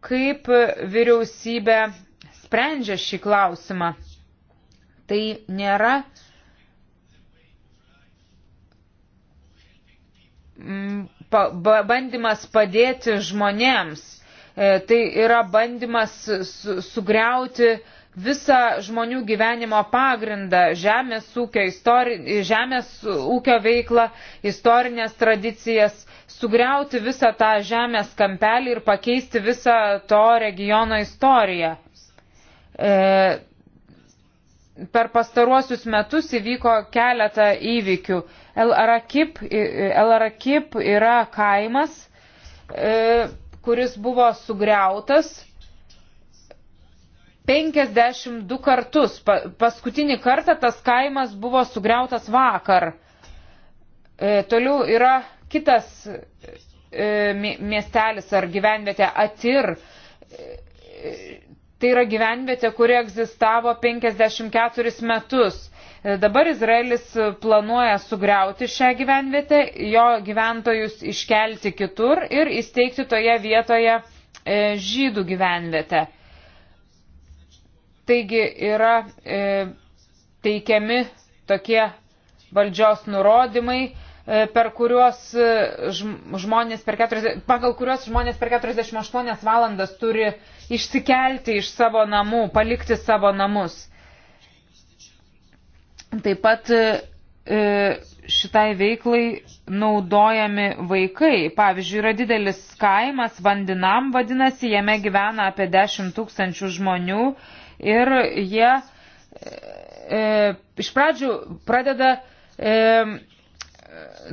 kaip vyriausybė sprendžia šį klausimą. Tai nėra bandymas padėti žmonėms, e, tai yra bandymas sugriauti su visą žmonių gyvenimo pagrindą - žemės ūkio, istori, žemės ūkio veiklą, istorinės tradicijas, sugriauti visą tą žemės kampelį ir pakeisti visą to regiono istoriją. E, per pastaruosius metus įvyko keletą įvykių. El Arakip, El Arakip yra kaimas, e, kuris buvo sugriautas 52 kartus. Pa, paskutinį kartą tas kaimas buvo sugriautas vakar. E, toliau yra kitas e, miestelis ar gyvenvietė Atir. E, tai yra gyvenvietė, kuri egzistavo 54 metus. E, dabar Izraelis planuoja sugriauti šią gyvenvietę, jo gyventojus iškelti kitur ir įsteigti toje vietoje e, žydų gyvenvietę. Taigi yra e, teikiami tokie valdžios nurodymai, e, per kuriuos e, žmonės per 40, pagal kuriuos žmonės per 48 valandas turi išsikelti iš savo namų, palikti savo namus. Taip pat e, e, šitai veiklai naudojami vaikai. Pavyzdžiui, yra didelis kaimas, vandinam vadinasi, jame gyvena apie 10 tūkstančių žmonių ir jie e, e, iš pradžių pradeda e,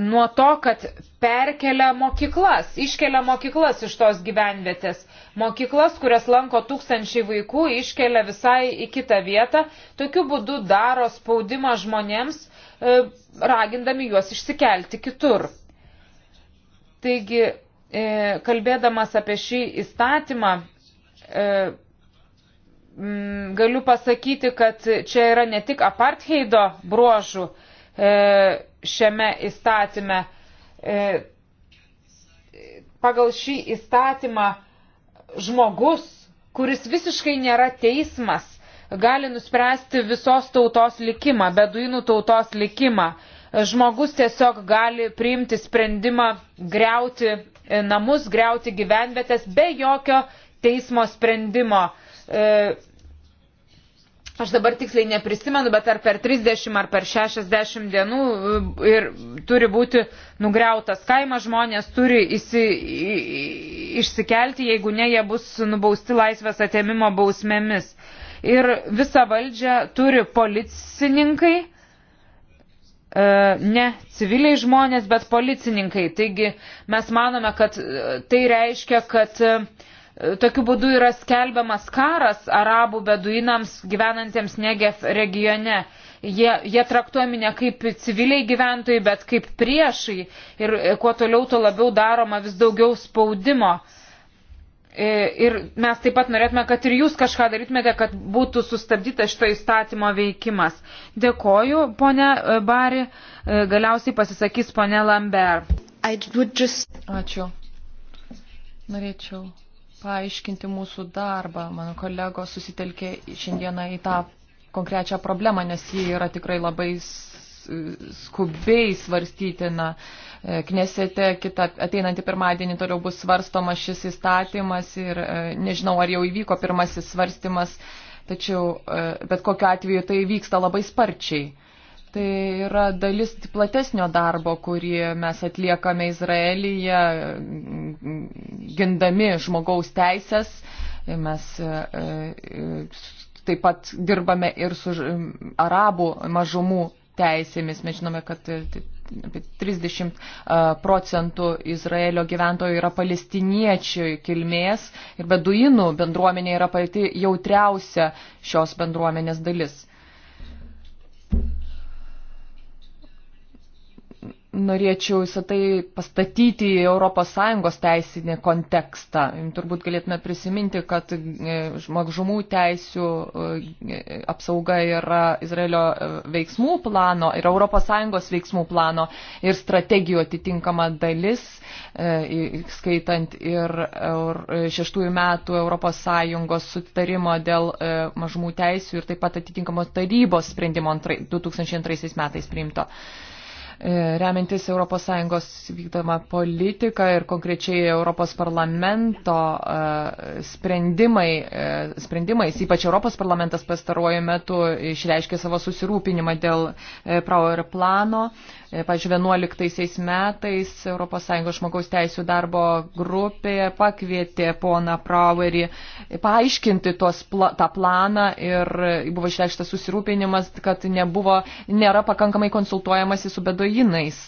nuo to, kad perkelia mokyklas, iškelia mokyklas iš tos gyvenvietės. Mokyklas, kurias lanko tūkstančiai vaikų, iškelia visai į kitą vietą. Tokiu būdu daro spaudimą žmonėms, e, ragindami juos išsikelti kitur. Taigi, e, kalbėdamas apie šį įstatymą, e, Mm, galiu pasakyti, kad čia yra ne tik apartheido bruožų e, šiame įstatyme. E, pagal šį įstatymą žmogus, kuris visiškai nėra teismas, gali nuspręsti visos tautos likimą, beduinų tautos likimą. Žmogus tiesiog gali priimti sprendimą greuti e, namus, greuti gyvenvietės be jokio teismo sprendimo. E, aš dabar tiksliai neprisimenu, bet ar per 30 ar per 60 dienų e, ir turi būti nugriautas kaimas, žmonės turi įsi, išsikelti, jeigu ne, jie bus nubausti laisvės atėmimo bausmėmis. Ir visą valdžią turi policininkai, e, ne civiliai žmonės, bet policininkai. Taigi mes manome, kad tai reiškia, kad Tokiu būdu yra skelbiamas karas arabų beduinams gyvenantiems Negev regione. Jie, jie traktuojami ne kaip civiliai gyventojai, bet kaip priešai ir kuo toliau, tuo labiau daroma vis daugiau spaudimo. E, ir mes taip pat norėtume, kad ir jūs kažką darytumėte, kad būtų sustabdyta šito įstatymo veikimas. Dėkoju, ponė e, Bari. E, galiausiai pasisakys ponė Lambert. Just... Ačiū. Norėčiau paaiškinti mūsų darbą. Mano kolegos susitelkė šiandieną į tą konkrečią problemą, nes ji yra tikrai labai skubiai svarstytina. E, Knesete kitą ateinantį pirmadienį toliau bus svarstomas šis įstatymas ir e, nežinau, ar jau įvyko pirmasis svarstymas, tačiau e, bet kokiu atveju tai vyksta labai sparčiai. Tai yra dalis platesnio darbo, kurį mes atliekame Izraelyje, gindami žmogaus teisės. Mes e, e, taip pat dirbame ir su arabų mažumų teisėmis. Mes žinome, kad e, apie 30 procentų Izraelio gyventojų yra palestiniečių kilmės ir beduinų bendruomenė yra pati jautriausia šios bendruomenės dalis. norėčiau visą tai pastatyti į ES teisinį kontekstą. Turbūt galėtume prisiminti, kad žmogžumų e, teisių e, apsauga yra Izraelio e, veiksmų plano ir ES veiksmų plano ir strategijų atitinkama dalis, skaitant ir šeštųjų metų ES sutarimo dėl mažumų teisių ir taip pat atitinkamos tarybos sprendimo 2002 metais priimto. E, remiantis ES vykdoma politika ir konkrečiai Europos parlamento e, sprendimai, e, sprendimais, ypač Europos parlamentas pastaruoju metu išreiškė savo susirūpinimą dėl Prauer plano, E, pavyzdžiui, 11 metais ES žmogaus teisų darbo grupė pakvietė poną Prowerį paaiškinti tos, pla, tą planą ir buvo išreikštas susirūpinimas, kad nebuvo, nėra pakankamai konsultuojamasi su beduinais.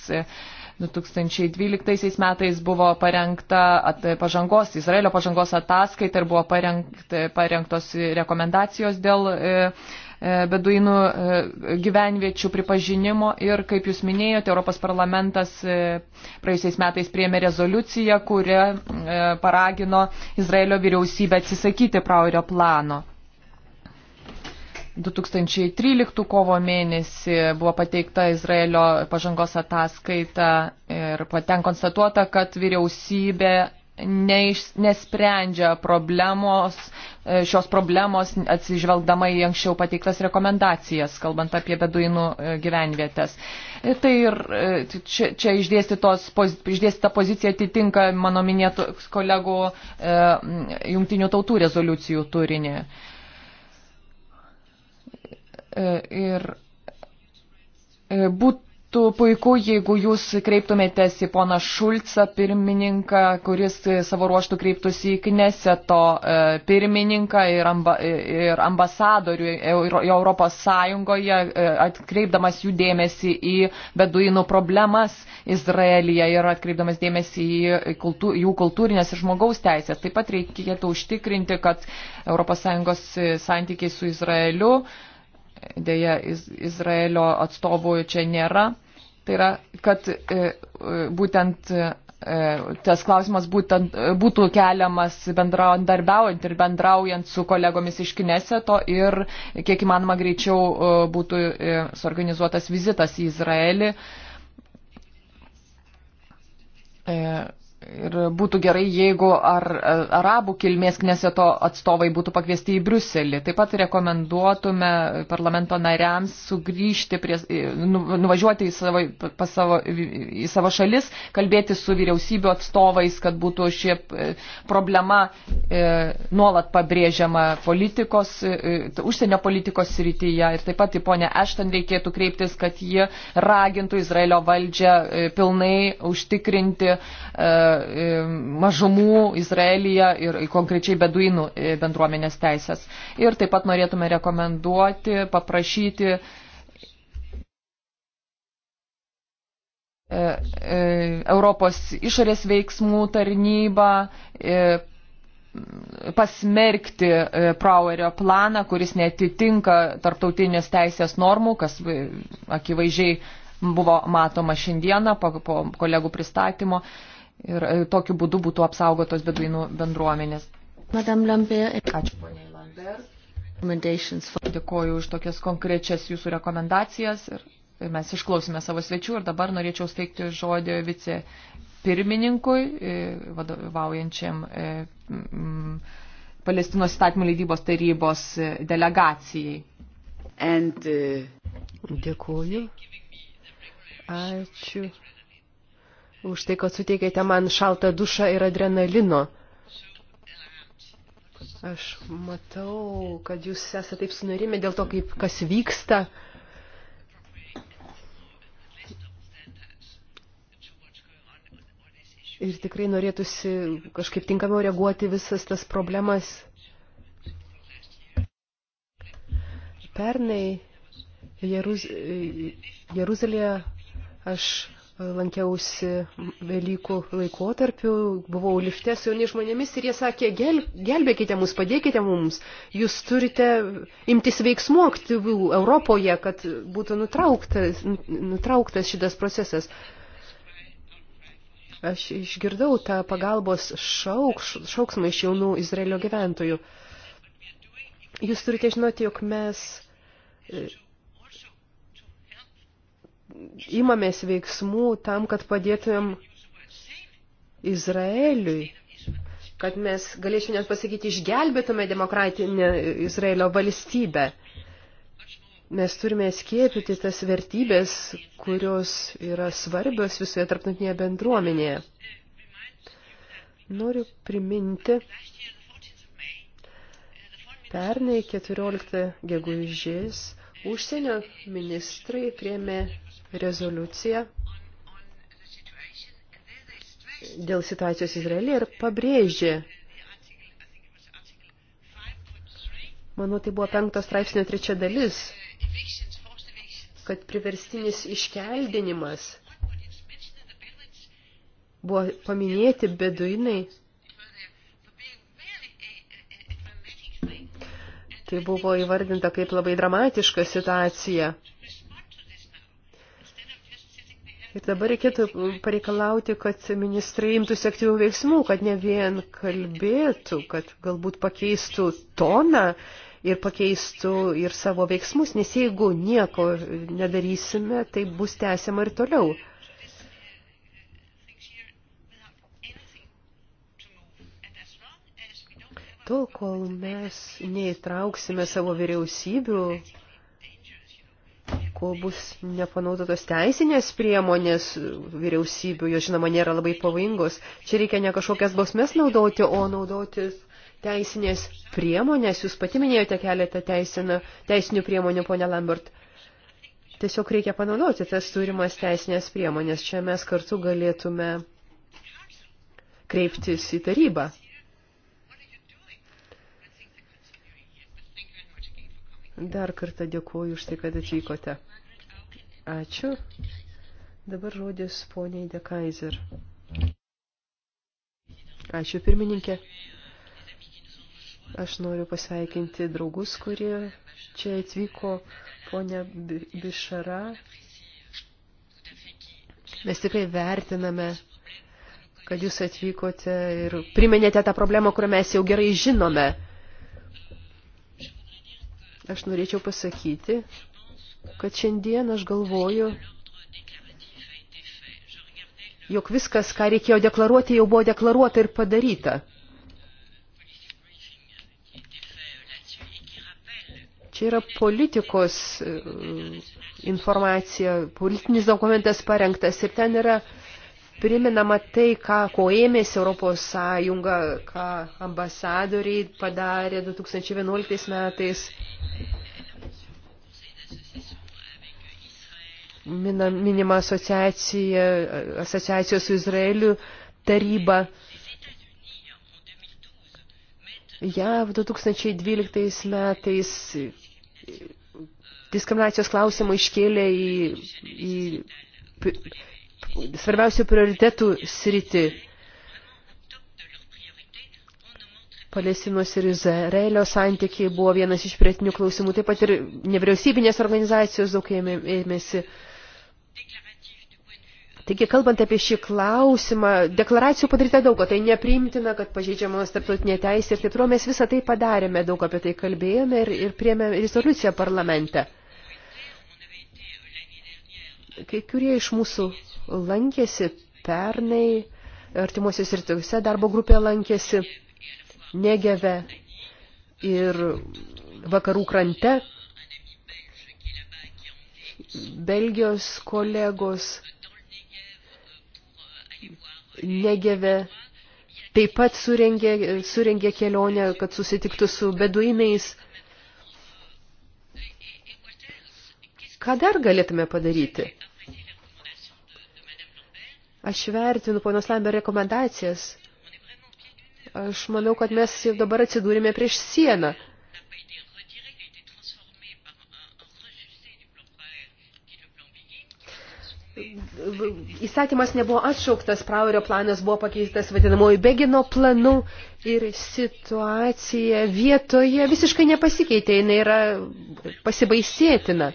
2012 metais buvo parengta at, pažangos, Izraelio pažangos ataskaita ir buvo parengt, parengtos rekomendacijos dėl e, E, beduinų e, gyvenviečių pripažinimo ir, kaip jūs minėjote, Europos parlamentas e, praėjusiais metais priėmė rezoliuciją, kuria paragino Izraelio vyriausybę atsisakyti praurio plano. 2013 kovo mėnesį buvo pateikta Izraelio pažangos ataskaita ir ten konstatuota, kad vyriausybė neiš, nesprendžia problemos E, šios problemos atsižvelgdama į anksčiau pateiktas rekomendacijas, kalbant apie beduinų e, gyvenvietės. E, tai ir čia, čia išdėstyta pozicija atitinka mano minėtų kolegų jungtinių tautų rezoliucijų turinį. Ir būt, būtų puiku, jeigu jūs kreiptumėtės į poną Šulcą pirmininką, kuris savo ruoštų kreiptųsi į Kneseto e, pirmininką ir, amba, ir ambasadorių Europos Sąjungoje, e, atkreipdamas jų dėmesį į beduinų problemas Izraelyje ir atkreipdamas dėmesį į kultū, jų kultūrinės ir žmogaus teisės. Taip pat reikėtų užtikrinti, kad Europos Sąjungos santykiai su Izraeliu dėja iz, Izraelio atstovų čia nėra. Tai yra, kad e, e, būtent e, tas klausimas būtent, būtų keliamas bendraujandarbiaujant ir bendraujant su kolegomis iš Kineseto ir kiek įmanoma greičiau būtų suorganizuotas vizitas į Izraelį Ir būtų gerai, jeigu ar, e, arabų kilmės kneseto atstovai būtų pakviesti į Bruselį. Taip pat rekomenduotume parlamento nariams sugrįžti, prie, e, nu, nuvažiuoti į savo, pas savo, į savo šalis, kalbėti su vyriausybių atstovais, kad būtų šie e, problema nuolat pabrėžiama politikos, užsienio politikos srityje. Ir taip pat į ponę Ešton reikėtų kreiptis, kad jie ragintų Izraelio valdžią pilnai užtikrinti E, mažumų Izraelyje ir konkrečiai beduinų e, bendruomenės teisės. Ir taip pat norėtume rekomenduoti, paprašyti e, Europos išorės veiksmų tarnybą pasmerkti Prauerio planą, kuris netitinka tarptautinės teisės normų, kas akivaizdžiai buvo matoma šiandieną po, po kolegų pristatymo ir e, tokiu būdu būtų apsaugotos beduinų bendruomenės. Ačiū, poniai Lambert. Dėkoju už tokias konkrečias jūsų rekomendacijas ir mes išklausime savo svečių ir dabar norėčiau steigti žodį vice pirmininkui, e, vadovaujančiam e, Palestinos statymų leidybos tarybos delegacijai. And, uh... Dėkuoju. Ačiū už tai, kad suteikėte man šaltą dušą ir adrenalino. Aš matau, kad jūs esate taip sunerimi dėl to, kaip kas vyksta. Ir tikrai norėtųsi kažkaip tinkamiau reaguoti visas tas problemas. Pernai Jeruz... Jeruzalėje aš lankiausi Velykų laikotarpiu, buvau lifte su jauni žmonėmis ir jie sakė, gel, gelbėkite mus, padėkite mums, jūs turite imtis veiksmų aktyvių Europoje, kad būtų nutrauktas, nutrauktas šitas procesas. Aš išgirdau tą pagalbos šauk, šauksmą iš jaunų Izraelio gyventojų. Jūs turite žinoti, jog mes imamės veiksmų tam, kad padėtumėm Izraeliui, kad mes, galėčiau net pasakyti, išgelbėtume demokratinę Izraelio valstybę. Mes turime skiepyti tas vertybės, kurios yra svarbios visoje tarptautinėje bendruomenėje. Noriu priminti, pernai 14 gegužės užsienio ministrai priemė rezoliuciją dėl situacijos Izraelyje ir pabrėžė, manau, tai buvo penktos straipsnio trečia dalis, kad priverstinis iškeldinimas buvo paminėti beduinai. Tai buvo įvardinta kaip labai dramatiška situacija. Ir dabar reikėtų pareikalauti, kad ministrai imtųsi aktyvių veiksmų, kad ne vien kalbėtų, kad galbūt pakeistų toną ir pakeistų ir savo veiksmus, nes jeigu nieko nedarysime, tai bus tęsiama ir toliau. Tol, kol mes neįtrauksime savo vyriausybių kol bus nepanaudotos teisinės priemonės vyriausybių, jos žinoma nėra labai pavojingos. Čia reikia ne kažkokias bausmes naudoti, o naudotis teisinės priemonės. Jūs pati minėjote keletą teisiną, teisinių priemonių, ponė Lambert. Tiesiog reikia panaudoti tas turimas teisinės priemonės. Čia mes kartu galėtume kreiptis į tarybą. Dar kartą dėkuoju už tai, kad atvykote. Ačiū. Dabar žodis poniai De Kaiser. Ačiū pirmininkė. Aš noriu pasveikinti draugus, kurie čia atvyko, ponia Bišara. Mes tikrai vertiname, kad jūs atvykote ir priminėte tą problemą, kurią mes jau gerai žinome. Aš norėčiau pasakyti, kad šiandien aš galvoju, jog viskas, ką reikėjo deklaruoti, jau buvo deklaruota ir padaryta. Čia yra politikos e, informacija, politinis dokumentas parengtas ir ten yra uh, priminama tai, ką, ko ėmėsi Europos Sąjunga, ką ambasadoriai padarė 2011 metais. Minima asociacija, asociacijos su Izraeliu taryba. JAV 2012 metais diskriminacijos klausimą iškėlė į, į svarbiausių prioritetų sritį Palestinos ir Izraelio santykiai buvo vienas iš prietinių klausimų, taip pat ir nevyriausybinės organizacijos daug ėmėsi. Taigi, kalbant apie šį klausimą, deklaracijų padaryta daug, tai nepriimtina, kad pažeidžiamos tarptautinė teisė ir taip toliau. Mes visą tai padarėme, daug apie tai kalbėjome ir, ir priėmėme rezoliuciją parlamente. Kai kurie iš mūsų lankėsi pernai, artimuosios rytuose darbo grupė lankėsi Negeve ir vakarų krante. Belgijos kolegos Negeve taip pat surengė, surengė kelionę, kad susitiktų su beduinais. Ką dar galėtume padaryti? Aš vertinu ponos Lambert rekomendacijas. Aš manau, kad mes jau dabar atsidūrime prieš sieną. Įstatymas nebuvo atšauktas, Praurio planas buvo pakeistas vadinamoju Begino planu ir situacija vietoje visiškai nepasikeitė, jinai yra pasibaisėtina.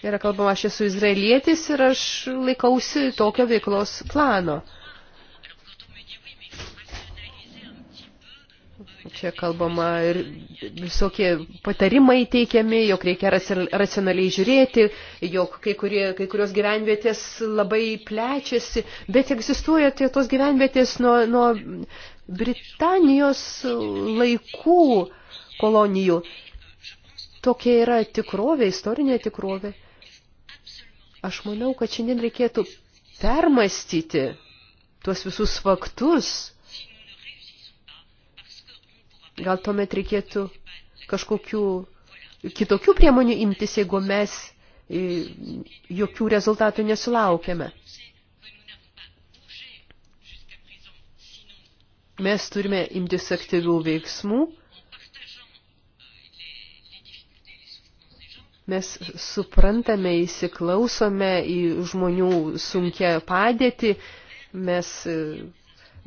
Yra kalbama, aš esu izraelietis ir aš laikausi tokio veiklos plano. Čia kalbama ir visokie patarimai teikiami, jog reikia racionaliai žiūrėti, jog kai, kurie, kai kurios gyvenvietės labai plečiasi, bet egzistuoja tie tos gyvenvietės nuo, nuo Britanijos laikų kolonijų. Tokia yra tikrovė, istorinė tikrovė. Aš manau, kad šiandien reikėtų permastyti tuos visus faktus. Gal tuomet reikėtų kažkokių kitokių priemonių imtis, jeigu mes e, jokių rezultatų nesulaukiame. Mes turime imtis aktyvių veiksmų, Mes suprantame, įsiklausome į žmonių sunkę padėtį, mes e,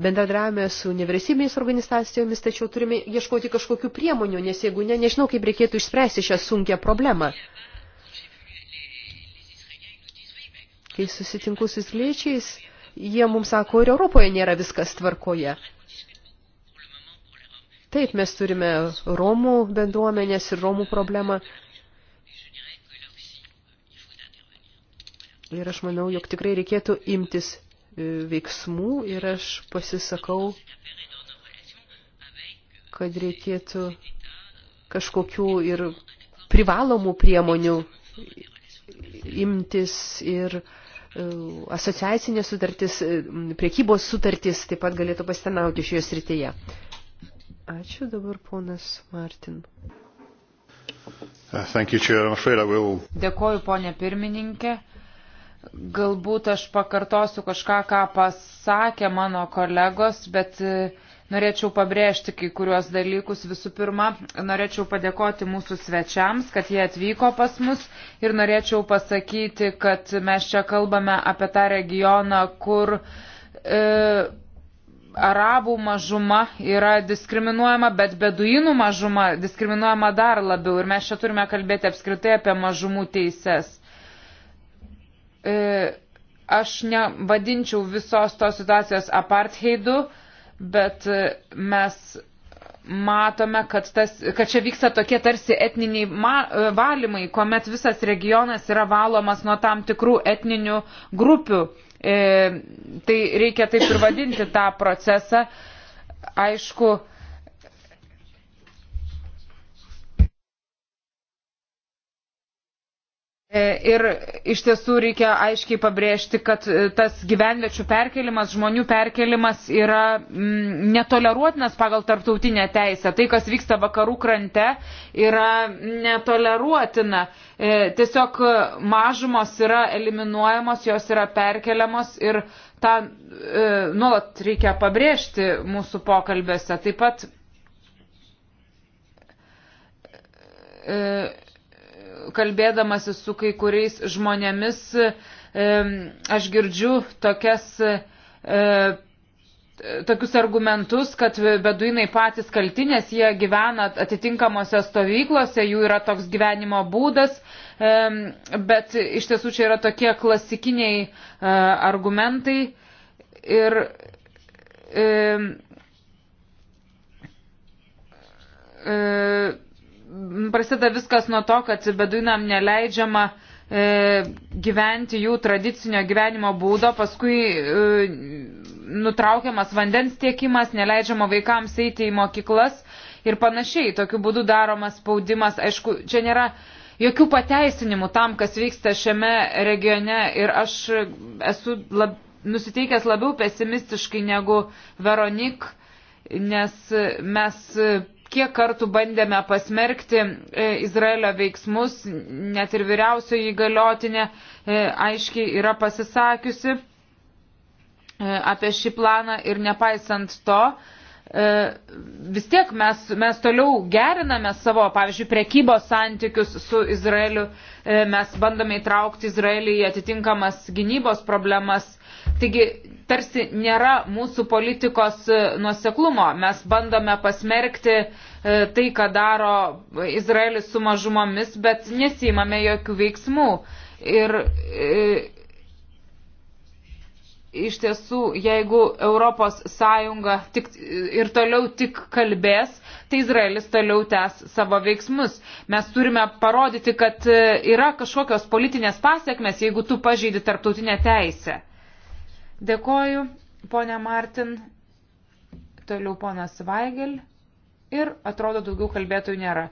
bendradravome su nevyriausybiniais organizacijomis, tačiau turime ieškoti kažkokių priemonių, nes jeigu ne, nežinau, kaip reikėtų išspręsti šią sunkę problemą. Kai susitinku su izraeliečiais, jie mums sako, ir Europoje nėra viskas tvarkoje. Taip, mes turime Romų bendruomenės ir Romų problemą, Ir aš manau, jog tikrai reikėtų imtis e, veiksmų ir aš pasisakau, kad reikėtų kažkokių ir privalomų priemonių imtis ir e, asociacinės sutartis, e, priekybos sutartis taip pat galėtų pasitarnauti šioje srityje. Ačiū dabar ponas Martin. Uh, you, Dėkoju, ponė pirmininkė. Galbūt aš pakartosiu kažką, ką pasakė mano kolegos, bet e, norėčiau pabrėžti kai kuriuos dalykus. Visų pirma, norėčiau padėkoti mūsų svečiams, kad jie atvyko pas mus ir norėčiau pasakyti, kad mes čia kalbame apie tą regioną, kur. E, arabų mažuma yra diskriminuojama, bet beduinų mažuma diskriminuojama dar labiau. Ir mes čia turime kalbėti apskritai apie mažumų teises. E, aš nevadinčiau visos tos situacijos apartheidu, bet e, mes matome, kad, tas, kad čia vyksta tokie tarsi etniniai ma, e, valymai, kuomet visas regionas yra valomas nuo tam tikrų etninių grupių. E, tai reikia taip ir vadinti tą procesą. Aišku, e, E, ir iš tiesų reikia aiškiai pabrėžti, kad e, tas gyvenviečių perkelimas, žmonių perkelimas yra mm, netoleruotinas pagal tarptautinę teisę. Tai, kas vyksta vakarų krante, yra netoleruotina. E, tiesiog mažumos yra eliminuojamos, jos yra perkeliamos ir tą nuolat reikia pabrėžti mūsų pokalbėse. Taip pat kalbėdamasi su kai kuriais žmonėmis, aš girdžiu tokias, e, tokius argumentus, kad beduinai patys kaltinės, jie gyvena atitinkamose stovyklose, jų yra toks gyvenimo būdas, bet iš tiesų čia yra tokie klasikiniai e, argumentai. Ir e, prasideda viskas nuo to, kad beduinam neleidžiama e, gyventi jų tradicinio gyvenimo būdo, paskui e, nutraukiamas vandens tiekimas, neleidžiama vaikams eiti į mokyklas ir panašiai. Tokiu būdu daromas spaudimas, aišku, čia nėra jokių pateisinimų tam, kas vyksta šiame regione ir aš esu lab, nusiteikęs labiau pesimistiškai negu Veronik, nes mes kiek kartų bandėme pasmerkti e, Izraelio veiksmus, net ir vyriausioji įgaliotinė e, aiškiai yra pasisakiusi e, apie šį planą ir nepaisant to, vis tiek mes, mes toliau geriname savo, pavyzdžiui, prekybos santykius su Izraeliu, mes bandome įtraukti Izraelį į atitinkamas gynybos problemas Taigi, tarsi nėra mūsų politikos e, nuoseklumo. Mes bandome pasmerkti e, tai, ką daro Izraelis su mažumomis, bet nesimame jokių veiksmų. Ir e, iš tiesų, jeigu Europos Sąjunga tik, ir toliau tik kalbės, tai Izraelis toliau tęs savo veiksmus. Mes turime parodyti, kad yra kažkokios politinės pasiekmes, jeigu tu pažeidi tarptautinę teisę. Dėkoju, ponė Martin, toliau ponas Vaigel ir atrodo daugiau kalbėtojų nėra.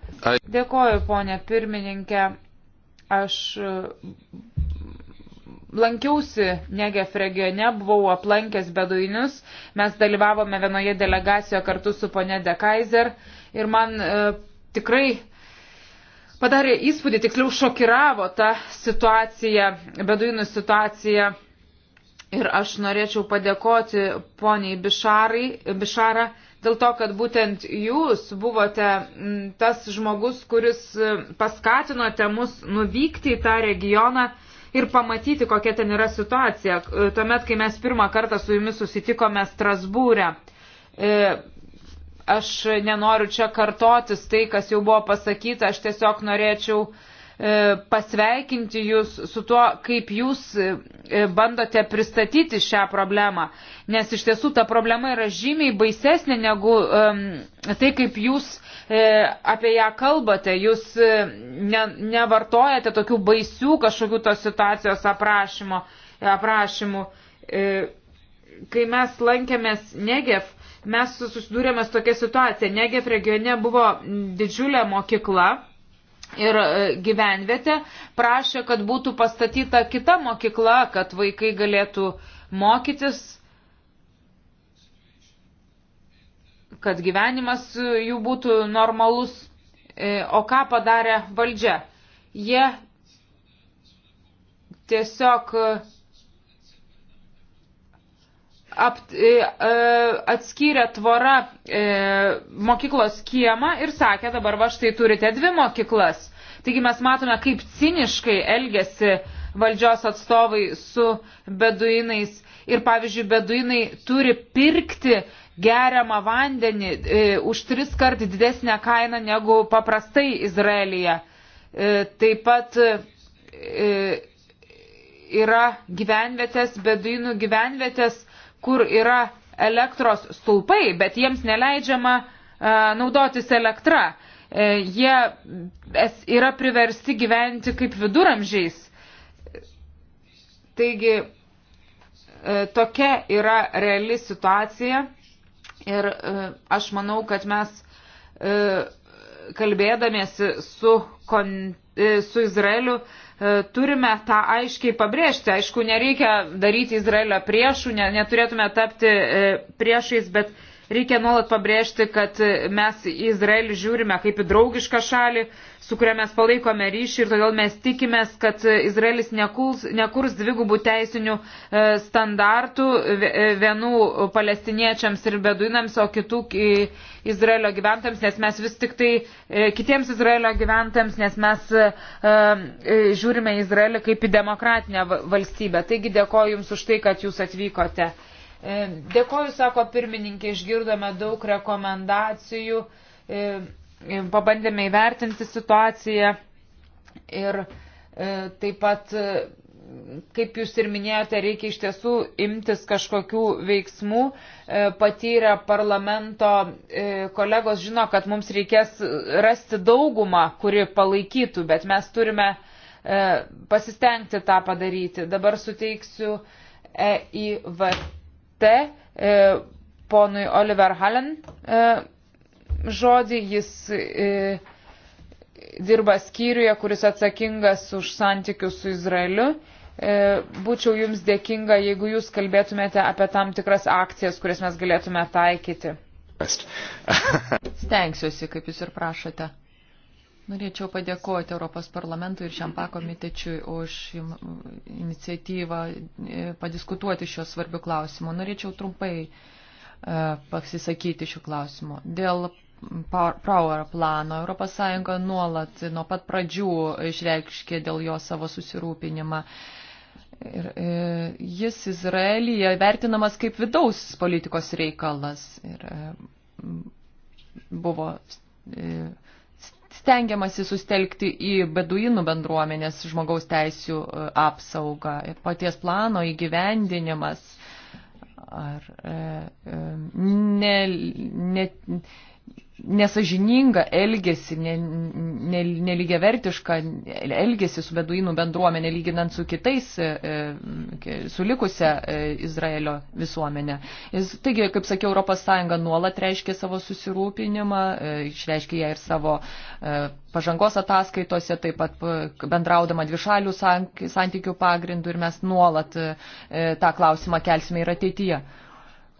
Dėkoju, ponė pirmininkė, aš e, lankiausi Negef regione, buvau aplankęs beduinius, mes dalyvavome vienoje delegacijoje kartu su ponė De Kaiser ir man e, tikrai padarė įspūdį, tiksliau šokiravo ta situacija, beduinų situacija Ir aš norėčiau padėkoti poniai Bišarai, Bišara dėl to, kad būtent jūs buvote mm, tas žmogus, kuris e, paskatinote mus nuvykti į tą regioną ir pamatyti, kokia ten yra situacija. E, tuomet, kai mes pirmą kartą su jumis susitikome Strasbūrę, e, aš nenoriu čia kartotis tai, kas jau buvo pasakyta, aš tiesiog norėčiau uh, E, pasveikinti jūs su tuo, kaip jūs e, e, bandote pristatyti šią problemą, nes iš tiesų ta problema yra žymiai baisesnė negu tai, kaip jūs apie ją kalbate, jūs ne, nevartojate tokių baisių kažkokių tos situacijos aprašymo, aprašymų. Kai mes lankėmės Negev, mes susidūrėme su tokia situacija. Negev regione buvo didžiulė mokykla ir e, gyvenvietė, prašė, kad būtų pastatyta kita mokykla, kad vaikai galėtų mokytis, kad gyvenimas jų būtų normalus. E, o ką padarė valdžia? Jie tiesiog ap, e, e, atskyrė tvorą e, mokyklos kiemą ir sakė, dabar va štai turite dvi mokyklas. Taigi mes matome, kaip ciniškai elgesi valdžios atstovai su beduinais. Ir pavyzdžiui, beduinai turi pirkti geriamą vandenį e, už tris kart didesnę kainą negu paprastai Izraelyje. E, taip pat e, e yra gyvenvietės, beduinų gyvenvietės, kur yra elektros stulpai, bet jiems neleidžiama e, naudotis elektra. E, jie yra priversti gyventi kaip viduramžiais. Taigi, e, tokia yra reali situacija ir aš manau, kad mes kalbėdamiesi su, su Izraeliu E, turime tą aiškiai pabrėžti. Aišku, nereikia daryti Izraelio priešų, neturėtume tapti e, priešais, bet Reikia nuolat pabrėžti, kad mes į Izraelį žiūrime kaip į draugišką šalį, su kuria mes palaikome ryšį ir todėl mes tikimės, kad Izraelis nekurs, nekurs dvigubų teisinių e, standartų e, vienų palestiniečiams ir beduinams, o kitų Izraelio gyventams, nes mes vis tik tai e, kitiems Izraelio gyventams, nes mes žiūrime Izraelį kaip į demokratinę valstybę. Taigi dėkoju Jums už tai, kad Jūs atvykote. E, dėkoju, sako pirmininkė, išgirdome daug rekomendacijų, e, e, pabandėme įvertinti situaciją ir taip pat, kaip jūs ir minėjote, reikia iš tiesų imtis kažkokių veiksmų. Patyrę parlamento kolegos žino, kad mums reikės rasti daugumą, kuri palaikytų, bet mes turime pasistengti tą padaryti. Dabar suteiksiu EIVT komitete e, ponui Oliver Hallen e, žodį. Jis e, dirba skyriuje, kuris atsakingas už santykius su Izraeliu. E, būčiau jums dėkinga, jeigu jūs kalbėtumėte apie tam tikras akcijas, kurias mes galėtume taikyti. Stengsiuosi, kaip jūs ir prašote. Norėčiau padėkoti Europos parlamentui ir šiam pakomitečiui už iniciatyvą e, padiskutuoti šio svarbių klausimų. Norėčiau trumpai e, pasisakyti šių klausimų. Dėl Power plano ES nuolat nuo pat pradžių išreikškė dėl jo savo susirūpinimą. Ir e, jis Izraelyje vertinamas kaip vidaus politikos reikalas. Ir buvo stengiamasi sustelkti į beduinų bendruomenės žmogaus teisų e, apsaugą ir paties plano įgyvendinimas ar e, e, ne, ne, nesažiningą elgesį, ne, ne, neligiavertišką elgesį su beduinų bendruomenė, lyginant su kitais, e, e, su likusia e, Izraelio visuomenė. Taigi, kaip sakiau, ES nuolat reiškia savo susirūpinimą, išreiškia ją ir savo pažangos ataskaitose, taip pat bendraudama dvišalių santykių pagrindų ir mes nuolat tą klausimą kelsime ir ateityje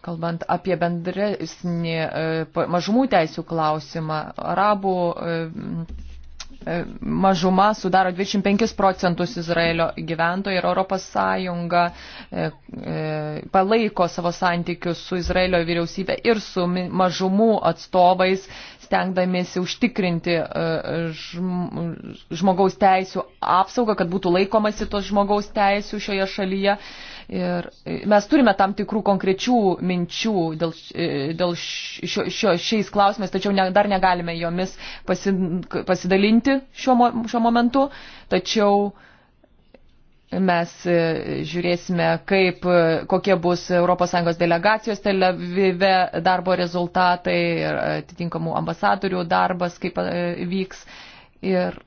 kalbant apie bendresnį e, mažumų teisų klausimą, arabų e, e, mažuma sudaro 25 procentus Izraelio gyventojų ir Europos Sąjunga palaiko savo santykius su Izraelio vyriausybė ir su mažumų atstovais, stengdamėsi užtikrinti žmogaus teisų apsaugą, kad būtų laikomasi tos žmogaus teisų šioje šalyje. Ir mes turime tam tikrų konkrečių minčių dėl, e, dėl šio, šio, šiais klausimais, tačiau ne, dar negalime jomis pasi, pasidalinti šiuo, šiuo momentu. Tačiau mes e, žiūrėsime, kaip, e, kokie bus ES delegacijos Tel Avive darbo rezultatai ir atitinkamų ambasadorių darbas, kaip vyks. Ir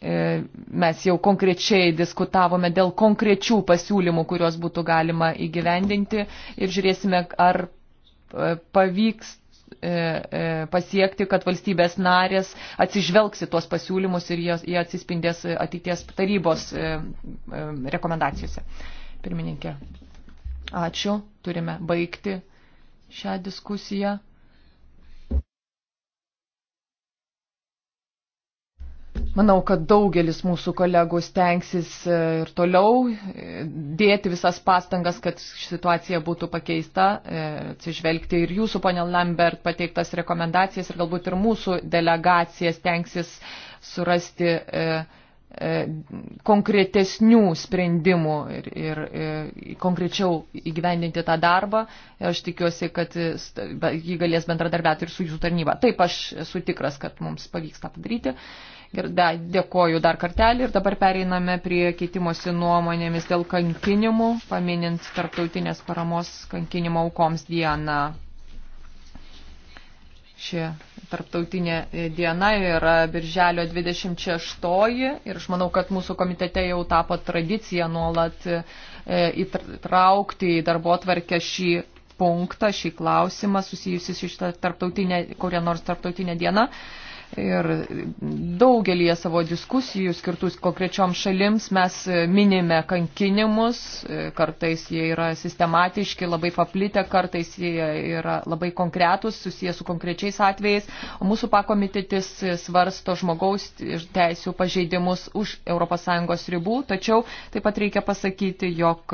E, mes jau konkrečiai diskutavome dėl konkrečių pasiūlymų, kuriuos būtų galima įgyvendinti ir žiūrėsime, ar e, pavyks e, pasiekti, kad valstybės narės atsižvelgsi tuos pasiūlymus ir jie atsispindės ateities tarybos rekomendacijose. Pirmininkė, ačiū, turime baigti šią diskusiją. Manau, kad daugelis mūsų kolegų stengsis e, ir toliau e, dėti visas pastangas, kad situacija būtų pakeista, e, atsižvelgti ir jūsų, ponė Lambert, pateiktas rekomendacijas ir galbūt ir mūsų delegacija stengsis surasti konkretesnių sprendimų ir, ir, ir konkrečiau įgyvendinti tą darbą. Aš tikiuosi, kad jį galės bendradarbiauti ir su jūsų tarnyba. Taip, aš esu tikras, kad mums pavyks tą padaryti. Uh, Dėkoju dar kartelį ir dabar pereiname prie keitimosi nuomonėmis dėl kankinimų, paminint tarptautinės paramos kankinimo aukoms dieną. Ši tarptautinė diena yra birželio 26 ir aš manau, kad mūsų komitete jau tapo tradicija nuolat e, įtraukti į darbo tvarkę šį punktą, šį klausimą susijusi su šitą tarptautinę, kurią nors tarptautinę dieną. Ir daugelį savo diskusijų skirtus konkrečiom šalims mes minime kankinimus, kartais jie yra sistematiški, labai paplitę, kartais jie yra labai konkretus, susijęs su konkrečiais atvejais. O mūsų pakomitetis svarsto žmogaus teisų pažeidimus už ES ribų, tačiau taip pat reikia pasakyti, jog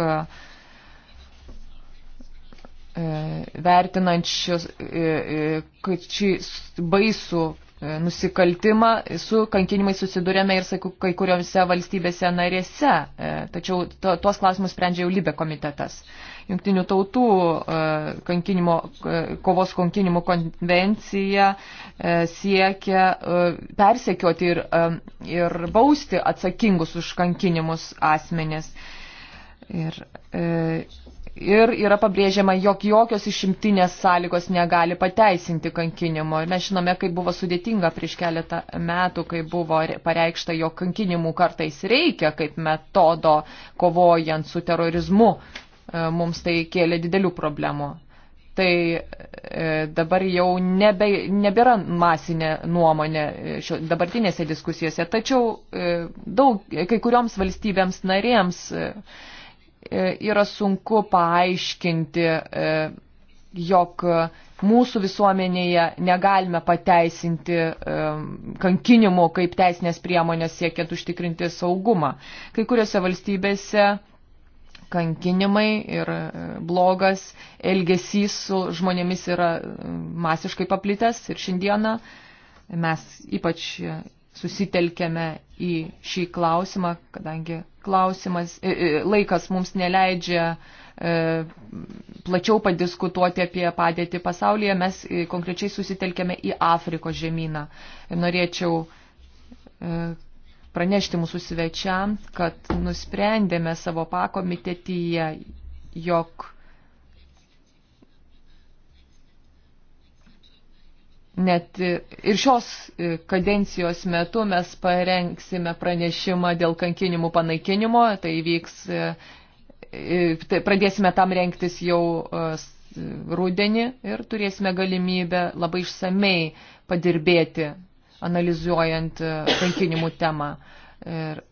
e, vertinant e, e, šį baisų E, nusikaltimą su kankinimais susidurėme ir sakau, kai kuriuose valstybėse narėse. E, tačiau to, tuos klausimus sprendžia jau Libė komitetas. Junktinių tautų e, kankinimo, kovos kankinimų konvencija siekia persekioti ir, ir bausti atsakingus už kankinimus asmenis. Ir, e, ir yra pabrėžiama, jog jokios išimtinės sąlygos negali pateisinti kankinimo. Ir mes žinome, kaip buvo sudėtinga prieš keletą metų, kai buvo pareikšta, jog kankinimų kartais reikia kaip metodo kovojant su terorizmu. E, mums tai kėlė didelių problemų. Tai e, dabar jau nebe, nebėra masinė nuomonė e, šio, dabartinėse diskusijose, tačiau daug, kai kurioms valstybėms narėms E, yra sunku paaiškinti, e, jog mūsų visuomenėje negalime pateisinti e, kankinimų kaip teisinės priemonės siekiant užtikrinti saugumą. Kai kuriuose valstybėse kankinimai ir blogas elgesys su žmonėmis yra masiškai paplitęs ir šiandieną mes ypač susitelkėme į šį klausimą, kadangi klausimas, e, e, laikas mums neleidžia e, plačiau padiskutuoti apie padėtį pasaulyje, mes konkrečiai susitelkėme į Afrikos žemyną. Norėčiau pranešti mūsų svečiam, kad nusprendėme savo pakomitetyje, jog Net ir šios e, kadencijos metu mes parengsime pranešimą dėl kankinimų panaikinimo, tai vyks, e, e, tai pradėsime tam renktis jau rudenį ir turėsime galimybę labai išsamei padirbėti, analizuojant kankinimų temą ir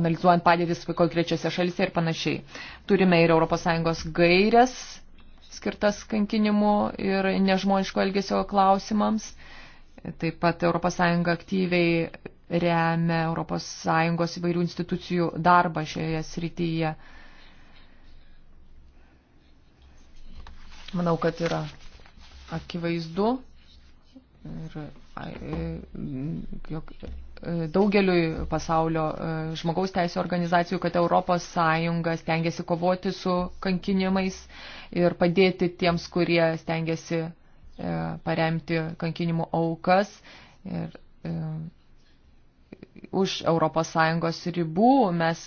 analizuojant padėtis konkrečiose šalise ir panašiai. Turime ir ES gairias skirtas kankinimu ir nežmoniško elgesio klausimams. Taip pat ES aktyviai remia ES įvairių institucijų darbą šioje srityje. Manau, kad yra akivaizdu ir e, jog E, daugeliui pasaulio e, žmogaus teisų organizacijų, kad Europos Sąjunga stengiasi kovoti su kankinimais ir padėti tiems, kurie stengiasi e, paremti kankinimų aukas. Ir, už Europos Sąjungos ribų mes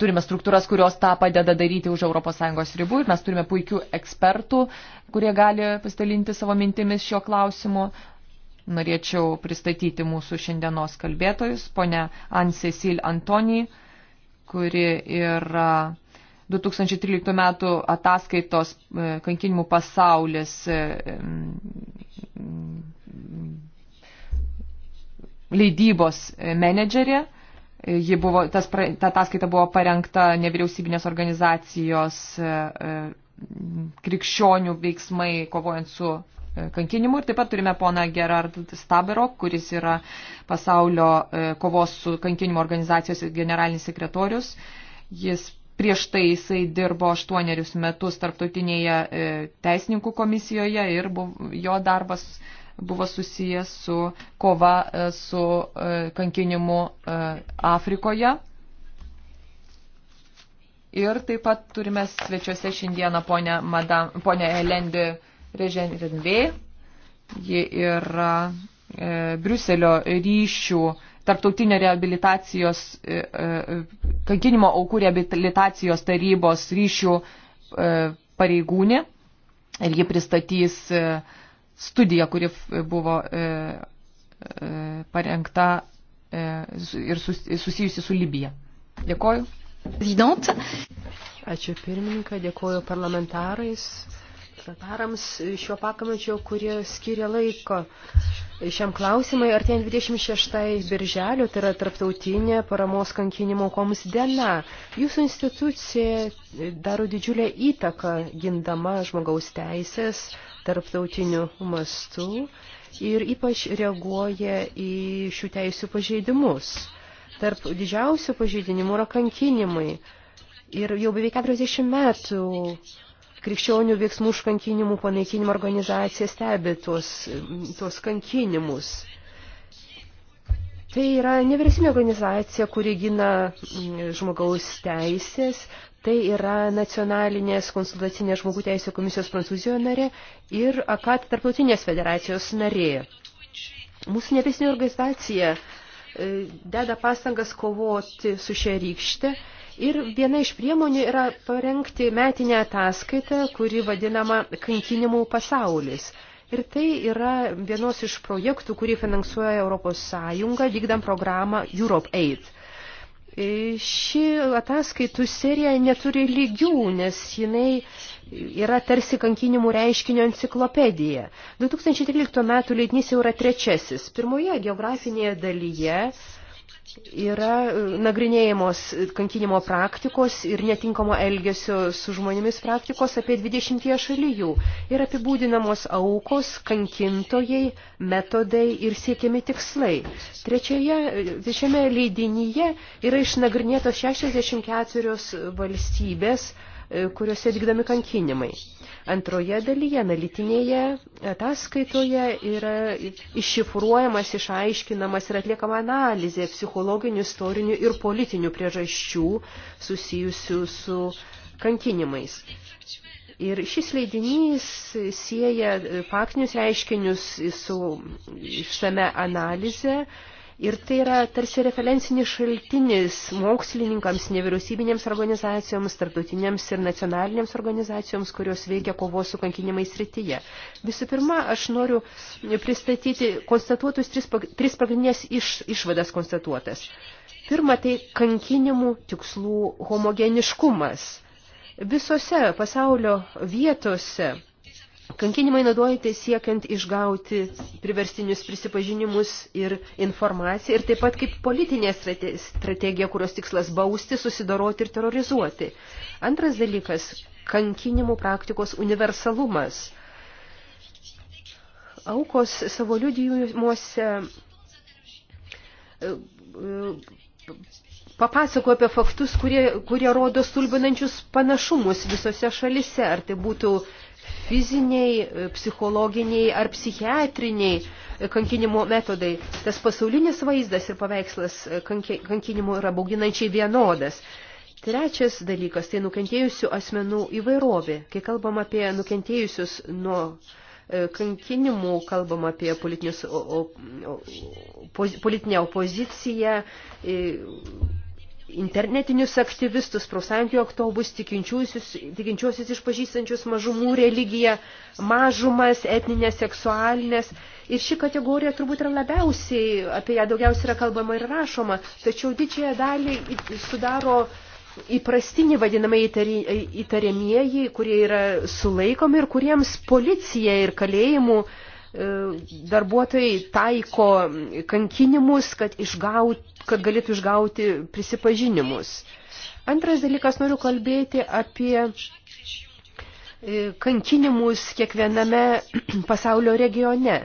turime struktūras, kurios tą padeda daryti už ES ribų ir mes turime puikių ekspertų, kurie gali pasidalinti savo mintimis šiuo klausimu. Norėčiau pristatyti mūsų šiandienos kalbėtojus, ponę Ansesil Antoni, kuri yra 2013 metų ataskaitos e, kankinimų pasaulis e, mm, leidybos menedžerė. Ji buvo, tas, ta ataskaita buvo parengta nevyriausybinės organizacijos e, krikščionių veiksmai kovojant su kankinimų. Ir taip pat turime poną Gerard Stabero, kuris yra pasaulio e, kovos su kankinimo organizacijos generalinis sekretorius. Jis prieš tai jisai dirbo aštuonerius metus tarptautinėje e, teisininkų komisijoje ir buvo, jo darbas buvo susijęs su kova e, su kankinimu Afrikoje. Ir taip pat turime svečiuose šiandieną ponę, madam, ponę Elendi Režen Renvė. Ji yra e, Briuselio ryšių tarptautinio reabilitacijos, e, e, kankinimo aukų reabilitacijos tarybos ryšių e, pareigūnė. Ir ji pristatys e, studiją, kuri buvo e, e, parengta e, ir sus, susijusi su Libija. Dėkoju. Ačiū pirmininką, dėkoju parlamentarais parlamentarams šio pakamečio, kurie skiria laiko šiam klausimai. Artėjant 26 birželio, tai yra tarptautinė paramos kankinimo komus diena. Jūsų institucija daro didžiulę įtaką gindama žmogaus teisės tarptautiniu mastu ir ypač reaguoja į šių teisių pažeidimus. Tarp didžiausių pažeidinimų yra kankinimai. Ir jau beveik 40 metų krikščionių veiksmų užkankinimų panaikinimo organizacija stebi tuos, tuos kankinimus. Tai yra nevyriausybinė organizacija, kuri gina mm, žmogaus teisės, tai yra nacionalinės konsultacinės žmogų teisės komisijos Prancūzijoje narė ir AKAT tarptautinės federacijos narė. Mūsų nevyriausybinė organizacija e, deda pastangas kovoti su šia rykšte Ir viena iš priemonių yra parengti metinę ataskaitą, kuri vadinama kankinimų pasaulis. Ir tai yra vienos iš projektų, kurį finansuoja Europos Sąjunga, vykdam programą Europe Aid. E, ši ataskaitų serija neturi lygių, nes jinai yra tarsi kankinimų reiškinio enciklopedija. 2013 metų leidinys jau yra trečiasis. Pirmoje geografinėje dalyje yra e, nagrinėjamos kankinimo praktikos ir netinkamo elgesio su žmonėmis praktikos apie 20 šalyjų ir apibūdinamos aukos, kankintojai, metodai ir siekiami tikslai. Trečioje, e, šiame leidinyje yra išnagrinėtos 64 valstybės E, kuriuose vykdomi kankinimai. Antroje dalyje, analitinėje ataskaitoje yra iššifruojamas, išaiškinamas ir atliekama analizė psichologinių, istorinių ir politinių priežasčių susijusių su kankinimais. Ir šis leidinys sieja e, faktinius reiškinius su išsame analize, Ir tai yra tarsi referencinis šaltinis mokslininkams, nevyriausybinėms organizacijoms, tarptautinėms ir nacionalinėms organizacijoms, kurios veikia kovos su kankinimais srityje. Visų pirma, aš noriu pristatyti konstatuotus tris, tris pagrindinės iš, išvadas konstatuotas. Pirma, tai kankinimų tikslų homogeniškumas. Visose pasaulio vietose Kankinimai naudojate siekiant išgauti priverstinius prisipažinimus ir informaciją ir taip pat kaip politinė strategija, kurios tikslas bausti, susidoroti ir terrorizuoti. Antras dalykas – kankinimų praktikos universalumas. Aukos savo liudijimuose e, e, papasako apie faktus, kurie, kurie rodo stulbinančius panašumus visose šalise, ar tai būtų uh, fiziniai, e, psichologiniai ar psichiatriniai e, kankinimo metodai. Tas pasaulinis vaizdas ir paveikslas e, kankinimo yra bauginančiai vienodas. Trečias dalykas – tai nukentėjusių asmenų įvairovė. Kai kalbam apie nukentėjusius nuo kankinimų, kalbam apie politinius, o, o, o, politinę opoziciją, internetinius aktyvistus, prosantijų aktovus, tikinčiuosius išpažįstančius mažumų religiją, mažumas, etninės, seksualinės. Ir ši kategorija turbūt yra labiausiai, apie ją daugiausiai yra kalbama ir rašoma, tačiau didžiąją dalį sudaro įprastiniai vadinamai įtariamieji, kurie yra sulaikomi ir kuriems policija ir kalėjimų uh, darbuotojai taiko kankinimus, kad, išgaut, kad galėtų išgauti prisipažinimus. Antras dalykas, noriu kalbėti apie e, kankinimus kiekviename pasaulio regione.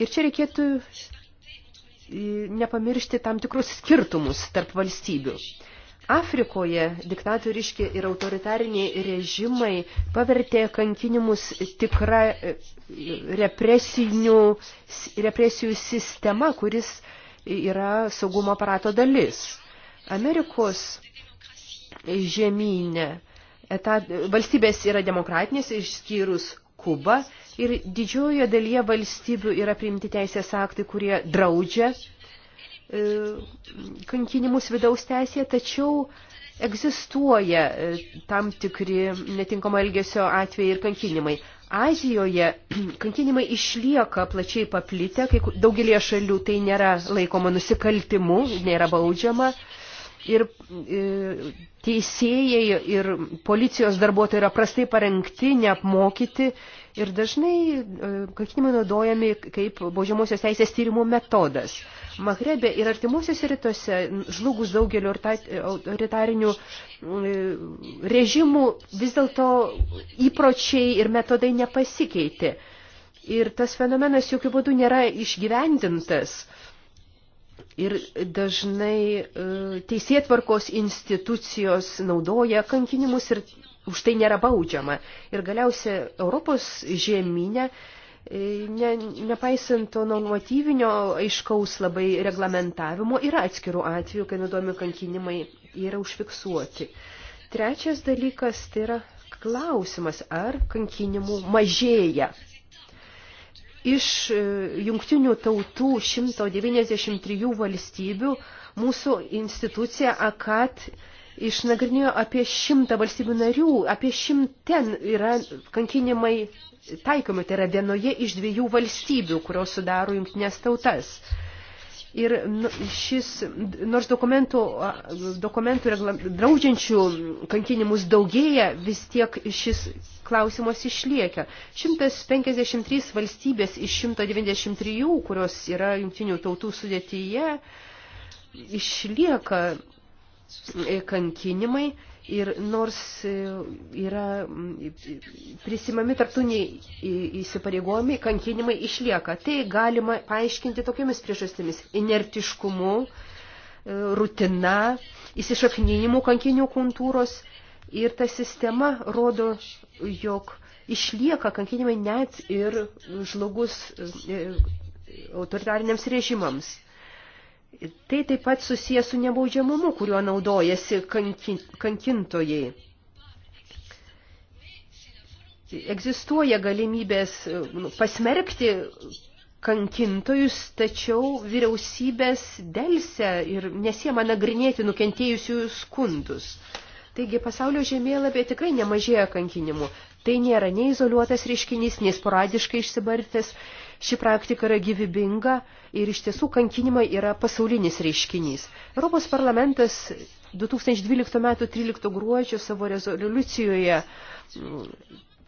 Ir čia reikėtų e, nepamiršti tam tikrus skirtumus tarp valstybių. Afrikoje diktatoriški ir autoritariniai režimai pavertė kankinimus tikrą e, represijų sistema, kuris yra saugumo aparato dalis. Amerikos žemynė etat, valstybės yra demokratinės, išskyrus Kuba, ir didžiojo dalyje valstybių yra priimti teisės aktai, kurie draudžia E, kankinimus vidaus teisėje, tačiau egzistuoja e, tam tikri netinkamo elgesio atvejai ir kankinimai. Azijoje kankinimai išlieka plačiai paplitę, kai daugelie šalių tai nėra laikoma nusikaltimu, nėra baudžiama. Ir e, teisėjai ir policijos darbuotojai yra prastai parengti, neapmokyti Ir dažnai e, kankinimai naudojami kaip baudžiamosios teisės tyrimų metodas. Magrebe ir artimuosiuose rytuose žlugus daugelio autoritarinių e, režimų vis dėlto įpročiai ir metodai nepasikeitė. Ir tas fenomenas jokių būdų nėra išgyvendintas. Ir dažnai e, teisėtvarkos institucijos naudoja kankinimus ir už tai nėra baudžiama. Ir galiausia Europos žemynė, e, ne, nepaisant to normatyvinio aiškaus labai reglamentavimo, yra atskirų atvejų, kai nudomi kankinimai yra užfiksuoti. Trečias dalykas tai yra klausimas, ar kankinimų mažėja. Iš e, jungtinių tautų 193 valstybių mūsų institucija AKAT išnagrinėjo apie šimtą valstybių narių, apie šimten yra kankinimai taikomi, tai yra vienoje iš dviejų valstybių, kurios sudaro jungtinės tautas. Ir nu, šis, nors dokumentų, dokumentų reglam, draudžiančių kankinimus daugėja, vis tiek šis klausimas išlieka. 153 valstybės iš 193, kurios yra jungtinių tautų sudėtyje, išlieka E, kankinimai ir nors e, yra prisimami tarptautiniai įsipareigojimai, kankinimai išlieka. Tai galima paaiškinti tokiamis priežastimis – inertiškumu, e, rutina, įsišaknyjimu kankinių kultūros ir ta sistema rodo, jog išlieka kankinimai net ir žlugus autoritariniams režimams. Tai taip pat susijęs su nebaudžiamumu, kuriuo naudojasi kankin, kankintojai. Egzistuoja galimybės nu, pasmerkti kankintojus, tačiau vyriausybės delsia ir nesiema nagrinėti nukentėjusių skundus. Taigi pasaulio žemėlapyje tikrai nemažėja kankinimų. Tai nėra nei izoliuotas reiškinys, nei sporadiškai išsibartęs Ši praktika yra gyvybinga ir iš tiesų kankinimai yra pasaulinis reiškinys. Europos parlamentas 2012 m. 13 gruodžio savo rezoliucijoje,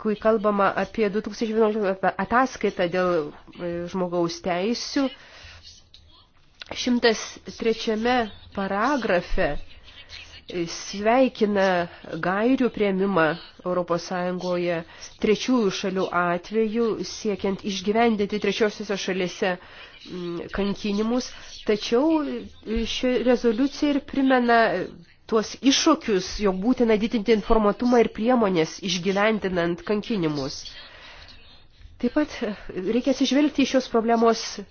kai kalbama apie 2011 ataskaitą dėl e, žmogaus teisių, 103 paragrafe sveikina gairių prieimimą ES trečiųjų šalių atveju, siekiant išgyvendinti trečiosiuose šalėse mm, kankinimus, tačiau e, ši rezoliucija ir primena tuos iššūkius, jog būtina didinti informatumą ir priemonės išgyvendinant kankinimus. Taip pat e, reikia atsižvelgti į šios problemos e,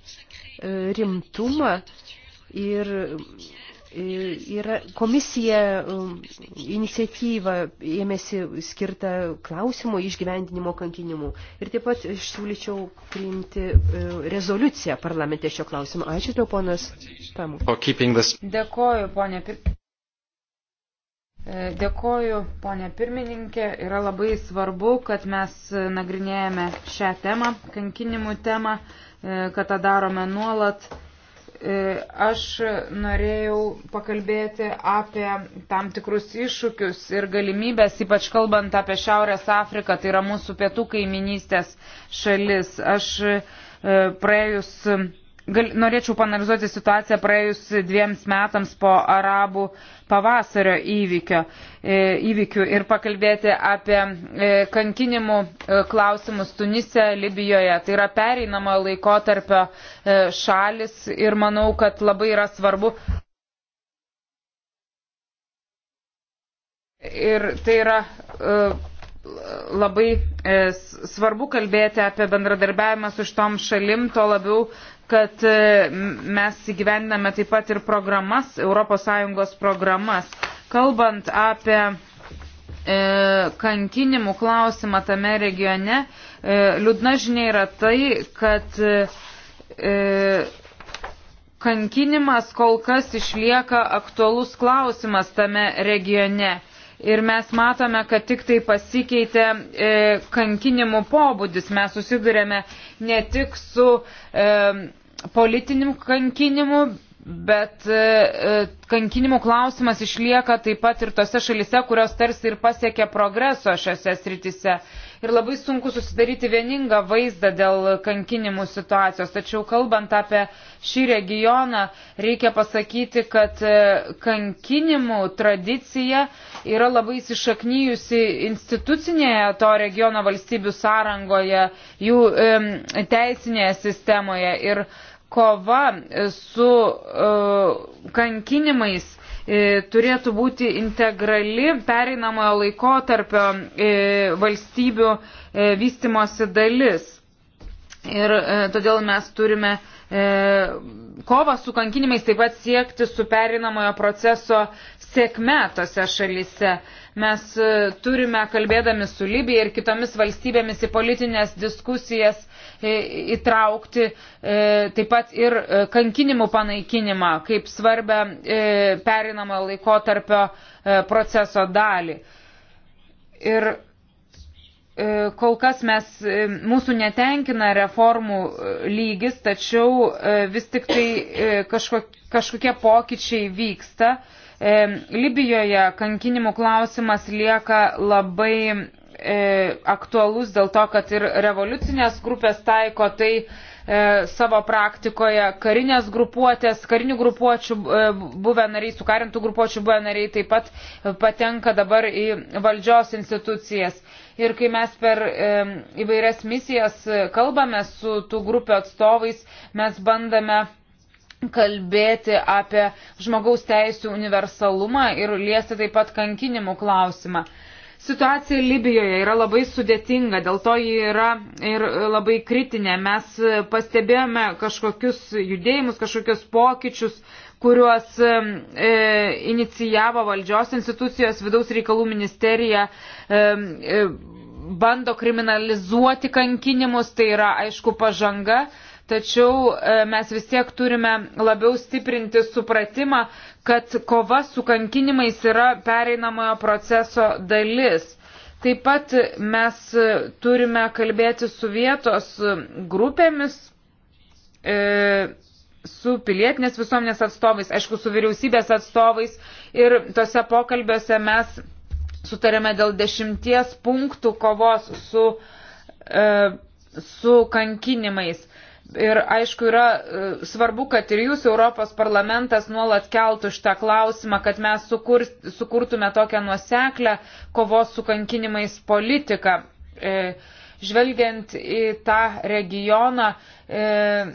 rimtumą ir E, yra komisija e, iniciatyva ėmėsi skirtą klausimo išgyvendinimo kankinimu. Ir taip pat aš siūlyčiau priimti e, rezoliuciją parlamente šio klausimo. Ačiū tau, ponas Tamu. Dėkoju, ponė Pirmininkė. Dėkoju, ponė pirmininkė. Yra labai svarbu, kad mes nagrinėjame šią temą, kankinimų temą, kad tą darome nuolat E, aš norėjau pakalbėti apie tam tikrus iššūkius ir galimybės, ypač kalbant apie Šiaurės Afriką, tai yra mūsų pietų kaiminystės šalis. Aš e, praėjus gal, norėčiau panalizuoti situaciją praėjus dviems metams po arabų pavasario įvykio, e, įvykių ir pakalbėti apie e, kankinimų e, klausimus Tunise, Libijoje. Tai yra pereinamo laikotarpio šalis ir manau, kad labai yra svarbu. Ir tai yra labai svarbu kalbėti apie bendradarbiavimą su šitom šalim, tuo labiau, kad e, mes įgyvendiname taip pat ir programas, ES programas. Kalbant apie e, kankinimų klausimą tame regione, e, liūdna žinia yra tai, kad kankinimas kol kas išlieka aktualus klausimas tame regione. Ir mes matome, kad tik tai pasikeitė e, kankinimų pobūdis. Mes susidurėme ne tik su e, politinių kankinimų, bet e, e, kankinimų klausimas išlieka taip pat ir tose šalise, kurios tarsi ir pasiekė progreso šiose sritise. Ir labai sunku susidaryti vieningą vaizdą dėl kankinimų situacijos. Tačiau kalbant apie šį regioną, reikia pasakyti, kad e, kankinimų tradicija yra labai įsišaknyjusi institucinėje to regiono valstybių sąrangoje, jų teisinėje sistemoje. Ir kova e, su e, kankinimais e, turėtų būti integrali pereinamojo laikotarpio valstybių vystimosi dalis. Ir todėl mes turime kovą su kankinimais taip pat siekti su pereinamojo proceso sėkme tose šalise. Mes e, turime, kalbėdami su Libija ir kitomis valstybėmis, į politinės diskusijas e, įtraukti e, taip pat ir kankinimų panaikinimą kaip svarbę perinamą laikotarpio proceso dalį. Ir kol kas mes, mūsų netenkina reformų lygis, tačiau vis tik tai kažkokie pokyčiai vyksta. E, Libijoje kankinimų klausimas lieka labai e, aktualus dėl to, kad ir revoliucinės grupės taiko tai e, savo praktikoje, karinės grupuotės, karinių grupuočių e, buvę nariai, sukarintų grupuočių buvę nariai taip pat patenka dabar į valdžios institucijas. Ir kai mes per e, įvairias misijas kalbame su tų grupių atstovais, mes bandame kalbėti apie žmogaus teisų universalumą ir liesti taip pat kankinimų klausimą. Situacija Libijoje yra labai sudėtinga, dėl to ji yra ir labai kritinė. Mes pastebėjome kažkokius judėjimus, kažkokius pokyčius, kuriuos e, inicijavo valdžios institucijos, vidaus reikalų ministerija. E, e, bando kriminalizuoti kankinimus, tai yra aišku pažanga, tačiau e, mes vis tiek turime labiau stiprinti supratimą, kad kova su kankinimais yra pereinamojo proceso dalis. Taip pat mes e, turime kalbėti su vietos e, grupėmis, su pilietinės visuomenės atstovais, aišku, su vyriausybės atstovais ir tose pokalbiuose mes sutarėme dėl dešimties punktų kovos su, su kankinimais. Ir aišku, yra e, svarbu, kad ir jūs, Europos parlamentas, nuolat keltų šitą klausimą, kad mes sukur, sukurtume tokią nuoseklę kovos su kankinimais politiką. E, žvelgiant į tą regioną, e,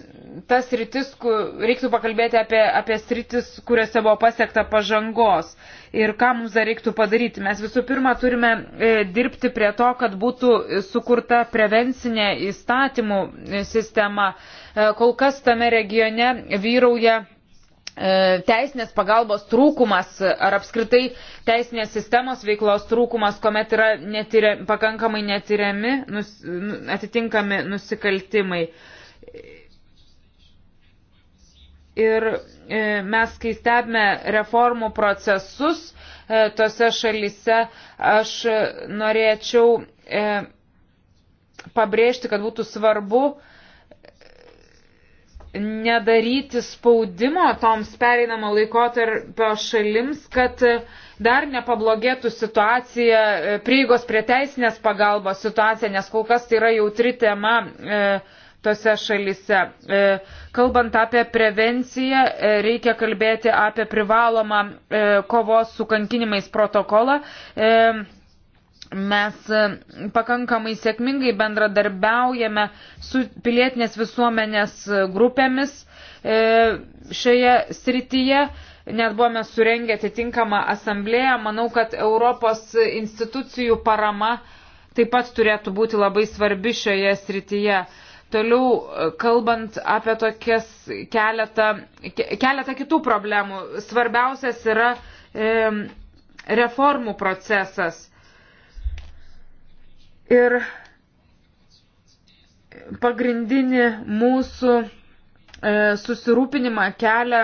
tas rytis, kur reiktų pakalbėti apie, apie sritis, kuriuose buvo pasiekta pažangos ir ką mums dar reiktų padaryti. Mes visų pirma turime e, dirbti prie to, kad būtų sukurta prevencinė įstatymų sistema. E, kol kas tame regione vyrauja E, teisinės pagalbos trūkumas ar apskritai teisinės sistemos veiklos trūkumas, kuomet yra netyria, pakankamai netyriami nus, nu, atitinkami nusikaltimai. Ir e, mes, kai stebime reformų procesus e, tose šalise, aš norėčiau pabrėžti, kad būtų svarbu, nedaryti spaudimo toms pereinamo laikotarpio šalims, kad e, dar nepablogėtų situacija, e, prieigos prie teisinės pagalbos situacija, nes kol kas tai yra jautri tema e, tose šalise. E, kalbant apie prevenciją, e, reikia kalbėti apie privalomą e, kovos su kankinimais protokolą. E, Mes e, pakankamai sėkmingai bendradarbiaujame su pilietinės visuomenės e, grupėmis e, šioje srityje net buvome surengę atitinkamą asamblėją. Manau, kad Europos institucijų parama taip pat turėtų būti labai svarbi šioje srityje. Toliau, kalbant apie tokias keletą, keletą kitų problemų, svarbiausias yra e, reformų procesas. Ir pagrindinį mūsų e, susirūpinimą kelia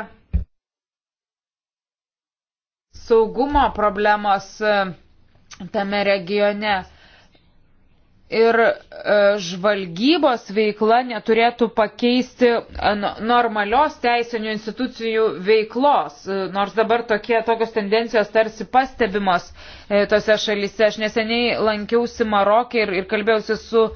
saugumo problemos e, tame regione ir e, žvalgybos veikla neturėtų pakeisti normalios teisinių institucijų veiklos, e, nors dabar tokie, tokios tendencijos tarsi pastebimos e, tose šalyse. Aš neseniai lankiausi Marokė ir, ir kalbėjausi su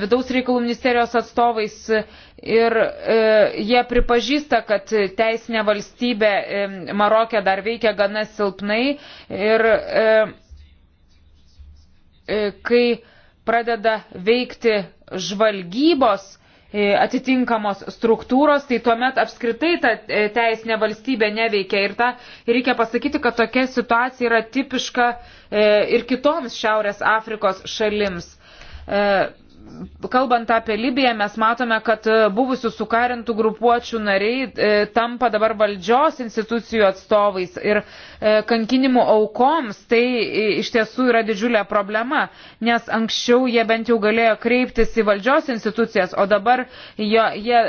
vidaus reikalų ministerijos atstovais ir e, jie pripažįsta, kad teisinė valstybė e, Marokė dar veikia gana silpnai ir e, e, kai pradeda veikti žvalgybos e, atitinkamos struktūros, tai tuomet apskritai ta e, teisinė valstybė neveikia. Ir, ta, ir reikia pasakyti, kad tokia situacija yra tipiška e, ir kitoms Šiaurės Afrikos šalims kalbant apie Libiją, mes matome, kad e, buvusių sukarintų grupuočių nariai e, tampa dabar valdžios institucijų atstovais ir e, kankinimų aukoms tai iš tiesų yra didžiulė problema, nes anksčiau jie bent jau galėjo kreiptis į valdžios institucijas, o dabar jie, jie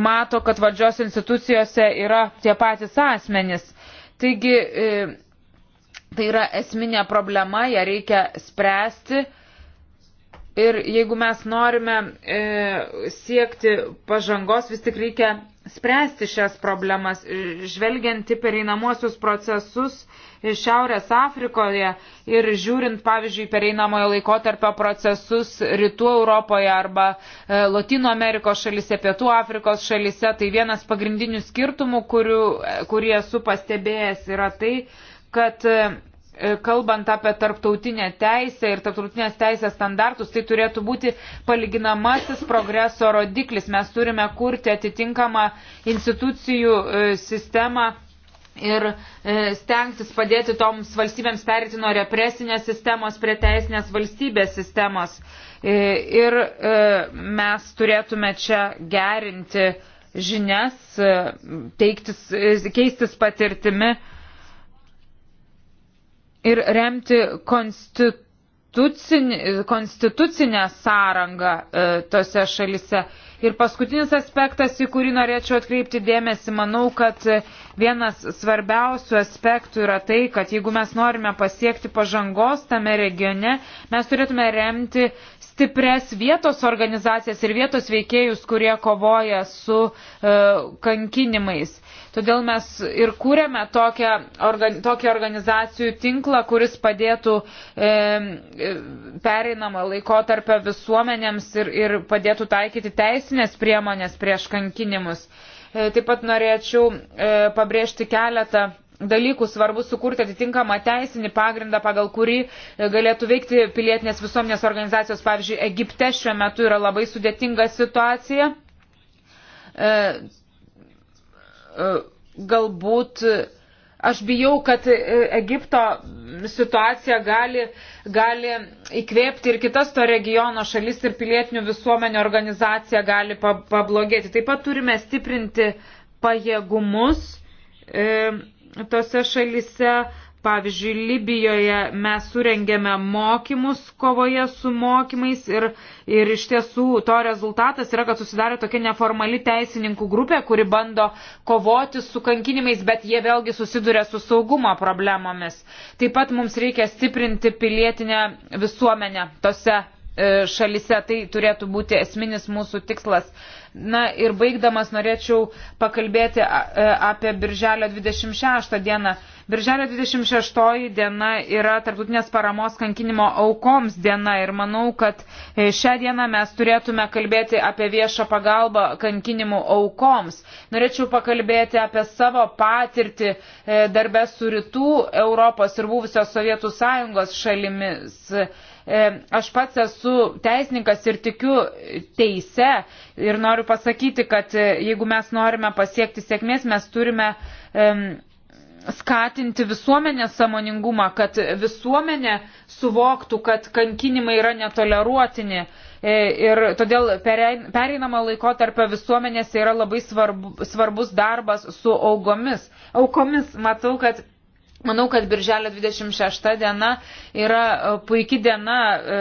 mato, kad valdžios institucijose yra tie patys asmenys. Taigi tai yra esminė problema, ją reikia spręsti Ir jeigu mes norime e, siekti pažangos, vis tik reikia spręsti šias problemas. Žvelgiant į pereinamosius procesus Šiaurės Afrikoje ir žiūrint, pavyzdžiui, pereinamojo laikotarpio procesus Rytų Europoje arba e, Latino Amerikos šalise, Pietų Afrikos šalise, tai vienas pagrindinių skirtumų, kurių, e, kurį esu pastebėjęs, yra tai, kad e, E, kalbant apie tarptautinę teisę ir tarptautinės teisės standartus, tai turėtų būti palyginamasis progreso rodiklis. Mes turime kurti atitinkamą institucijų e, sistemą ir e, stengtis padėti toms valstybėms perėti nuo represinės sistemos prie teisinės valstybės sistemos. Ir mes turėtume čia gerinti žinias, teiktis, keistis patirtimi ir remti konstitucinę, konstitucinę sąrangą e, tose šalise. Ir paskutinis aspektas, į kurį norėčiau atkreipti dėmesį, manau, kad vienas svarbiausių aspektų yra tai, kad jeigu mes norime pasiekti pažangos tame regione, mes turėtume remti stipres vietos organizacijas ir vietos veikėjus, kurie kovoja su e, kankinimais. Todėl mes ir kūrėme tokią, organ, tokį organizacijų tinklą, kuris padėtų e, e pereinamą laikotarpę visuomenėms ir, ir padėtų taikyti teisinės priemonės prieš kankinimus. E, taip pat norėčiau e, pabrėžti keletą dalykų svarbu sukurti atitinkamą teisinį pagrindą, pagal kurį e, galėtų veikti pilietinės visuomenės organizacijos. Pavyzdžiui, Egipte šiuo metu yra labai sudėtinga situacija. E, E, galbūt e, aš bijau, kad e, Egipto situacija gali, gali įkvėpti ir kitas to regiono šalis ir pilietinių visuomenio organizacija gali pablogėti. Taip pat turime stiprinti pajėgumus e, tose šalise. Pavyzdžiui, Libijoje mes surengėme mokymus kovoje su mokymais ir, ir iš tiesų to rezultatas yra, kad susidarė tokia neformali teisininkų grupė, kuri bando kovoti su kankinimais, bet jie vėlgi susiduria su saugumo problemomis. Taip pat mums reikia stiprinti pilietinę visuomenę tose e, šalise. Tai turėtų būti esminis mūsų tikslas. Na ir baigdamas norėčiau pakalbėti e, apie Birželio 26 dieną Birželio 26 diena yra tarptautinės paramos kankinimo aukoms diena ir manau, kad e, šią dieną mes turėtume kalbėti apie viešą pagalbą kankinimų aukoms. Norėčiau pakalbėti apie savo patirtį e, darbę su rytų Europos ir buvusios Sovietų sąjungos šalimis e, aš pats esu teisininkas ir tikiu teise ir noriu pasakyti, kad jeigu mes norime pasiekti sėkmės, mes turime skatinti visuomenės samoningumą, kad visuomenė suvoktų, kad kankinimai yra netoleruotini. E, ir todėl pereinama laikotarpio visuomenėse yra labai svarbu, svarbus darbas su augomis. aukomis. Matau, kad Manau, kad birželio 26 diena yra e, puikia diena e,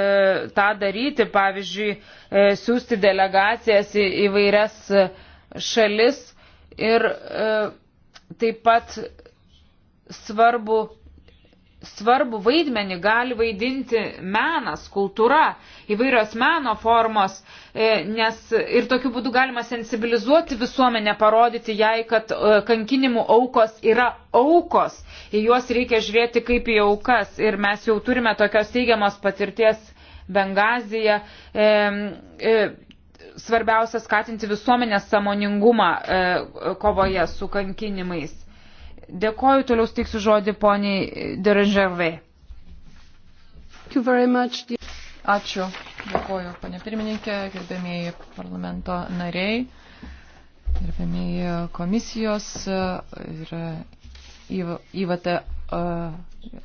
tą daryti, pavyzdžiui, e, siūsti delegacijas į įvairias e, šalis ir e, taip pat svarbu, svarbu vaidmenį gali vaidinti menas, kultūra, įvairios meno formos, e, nes ir tokiu būdu galima sensibilizuoti visuomenę, parodyti jai, kad e, kankinimų aukos yra aukos, į juos reikia žiūrėti kaip į aukas ir mes jau turime tokios teigiamos patirties Bengazija. E, e, svarbiausia skatinti visuomenės samoningumą e, kovoje su kankinimais. Dėkoju, toliau steiksiu žodį poniai Deranžervai. Ačiū. Dėkoju, ponė pirmininkė, gerbėmėjai parlamento nariai, gerbėmėjai komisijos ir IVT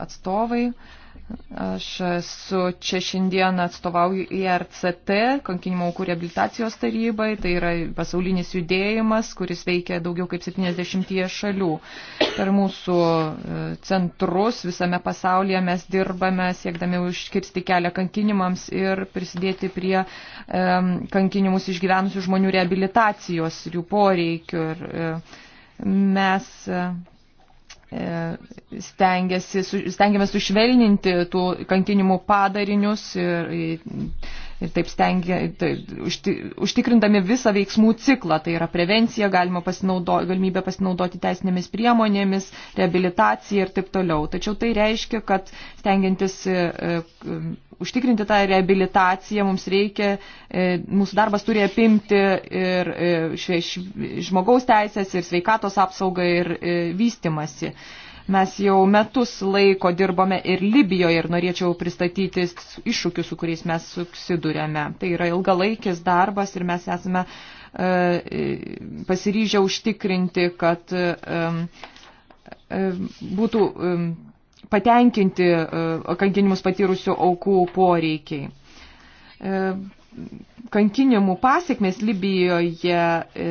atstovai. Aš su čia šiandien atstovauju IRCT, kankinimo aukų reabilitacijos tarybai, tai yra pasaulinis judėjimas, kuris veikia daugiau kaip 70 šalių. Per mūsų e, centrus visame pasaulyje mes dirbame, siekdami užkirsti kelią kankinimams ir prisidėti prie um, kankinimus išgyvenusių žmonių reabilitacijos ir jų poreikių. Ir, e, mes E, stengiasi, stengiamės sušvelninti tų kankinimų padarinius ir ir taip stengia, tai, užtikrindami visą veiksmų ciklą, tai yra prevencija, galima pasinaudo, galimybė pasinaudoti teisinėmis priemonėmis, rehabilitacija ir taip toliau. Tačiau tai reiškia, kad stengiantis e, e, užtikrinti tą rehabilitaciją mums reikia, e, mūsų darbas turi apimti ir žmogaus teisės, ir sveikatos apsaugą, ir vystimasi. Mes jau metus laiko dirbome ir Libijoje ir norėčiau pristatyti iššūkius, su kuriais mes susidurėme. Tai yra ilgalaikis darbas ir mes esame e, pasiryžę užtikrinti, kad e, e, būtų patenkinti kankinimus patyrusių aukų poreikiai kankinimų pasiekmes Libijoje e,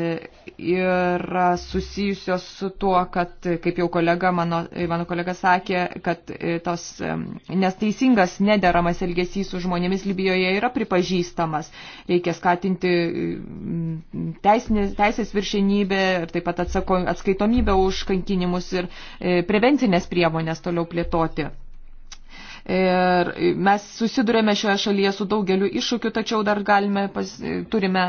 yra susijusios su tuo, kad, kaip jau kolega mano, mano kolega sakė, kad e, tos e, nesteisingas, nederamas elgesys su žmonėmis Libijoje yra pripažįstamas. Reikia skatinti teisinės, teisės viršenybę ir taip pat atsako, atskaitomybę už kankinimus ir prevencinės priemonės toliau plėtoti. Ir mes susidurėme šioje šalyje su daugeliu iššūkių, tačiau dar galime, pas, turime,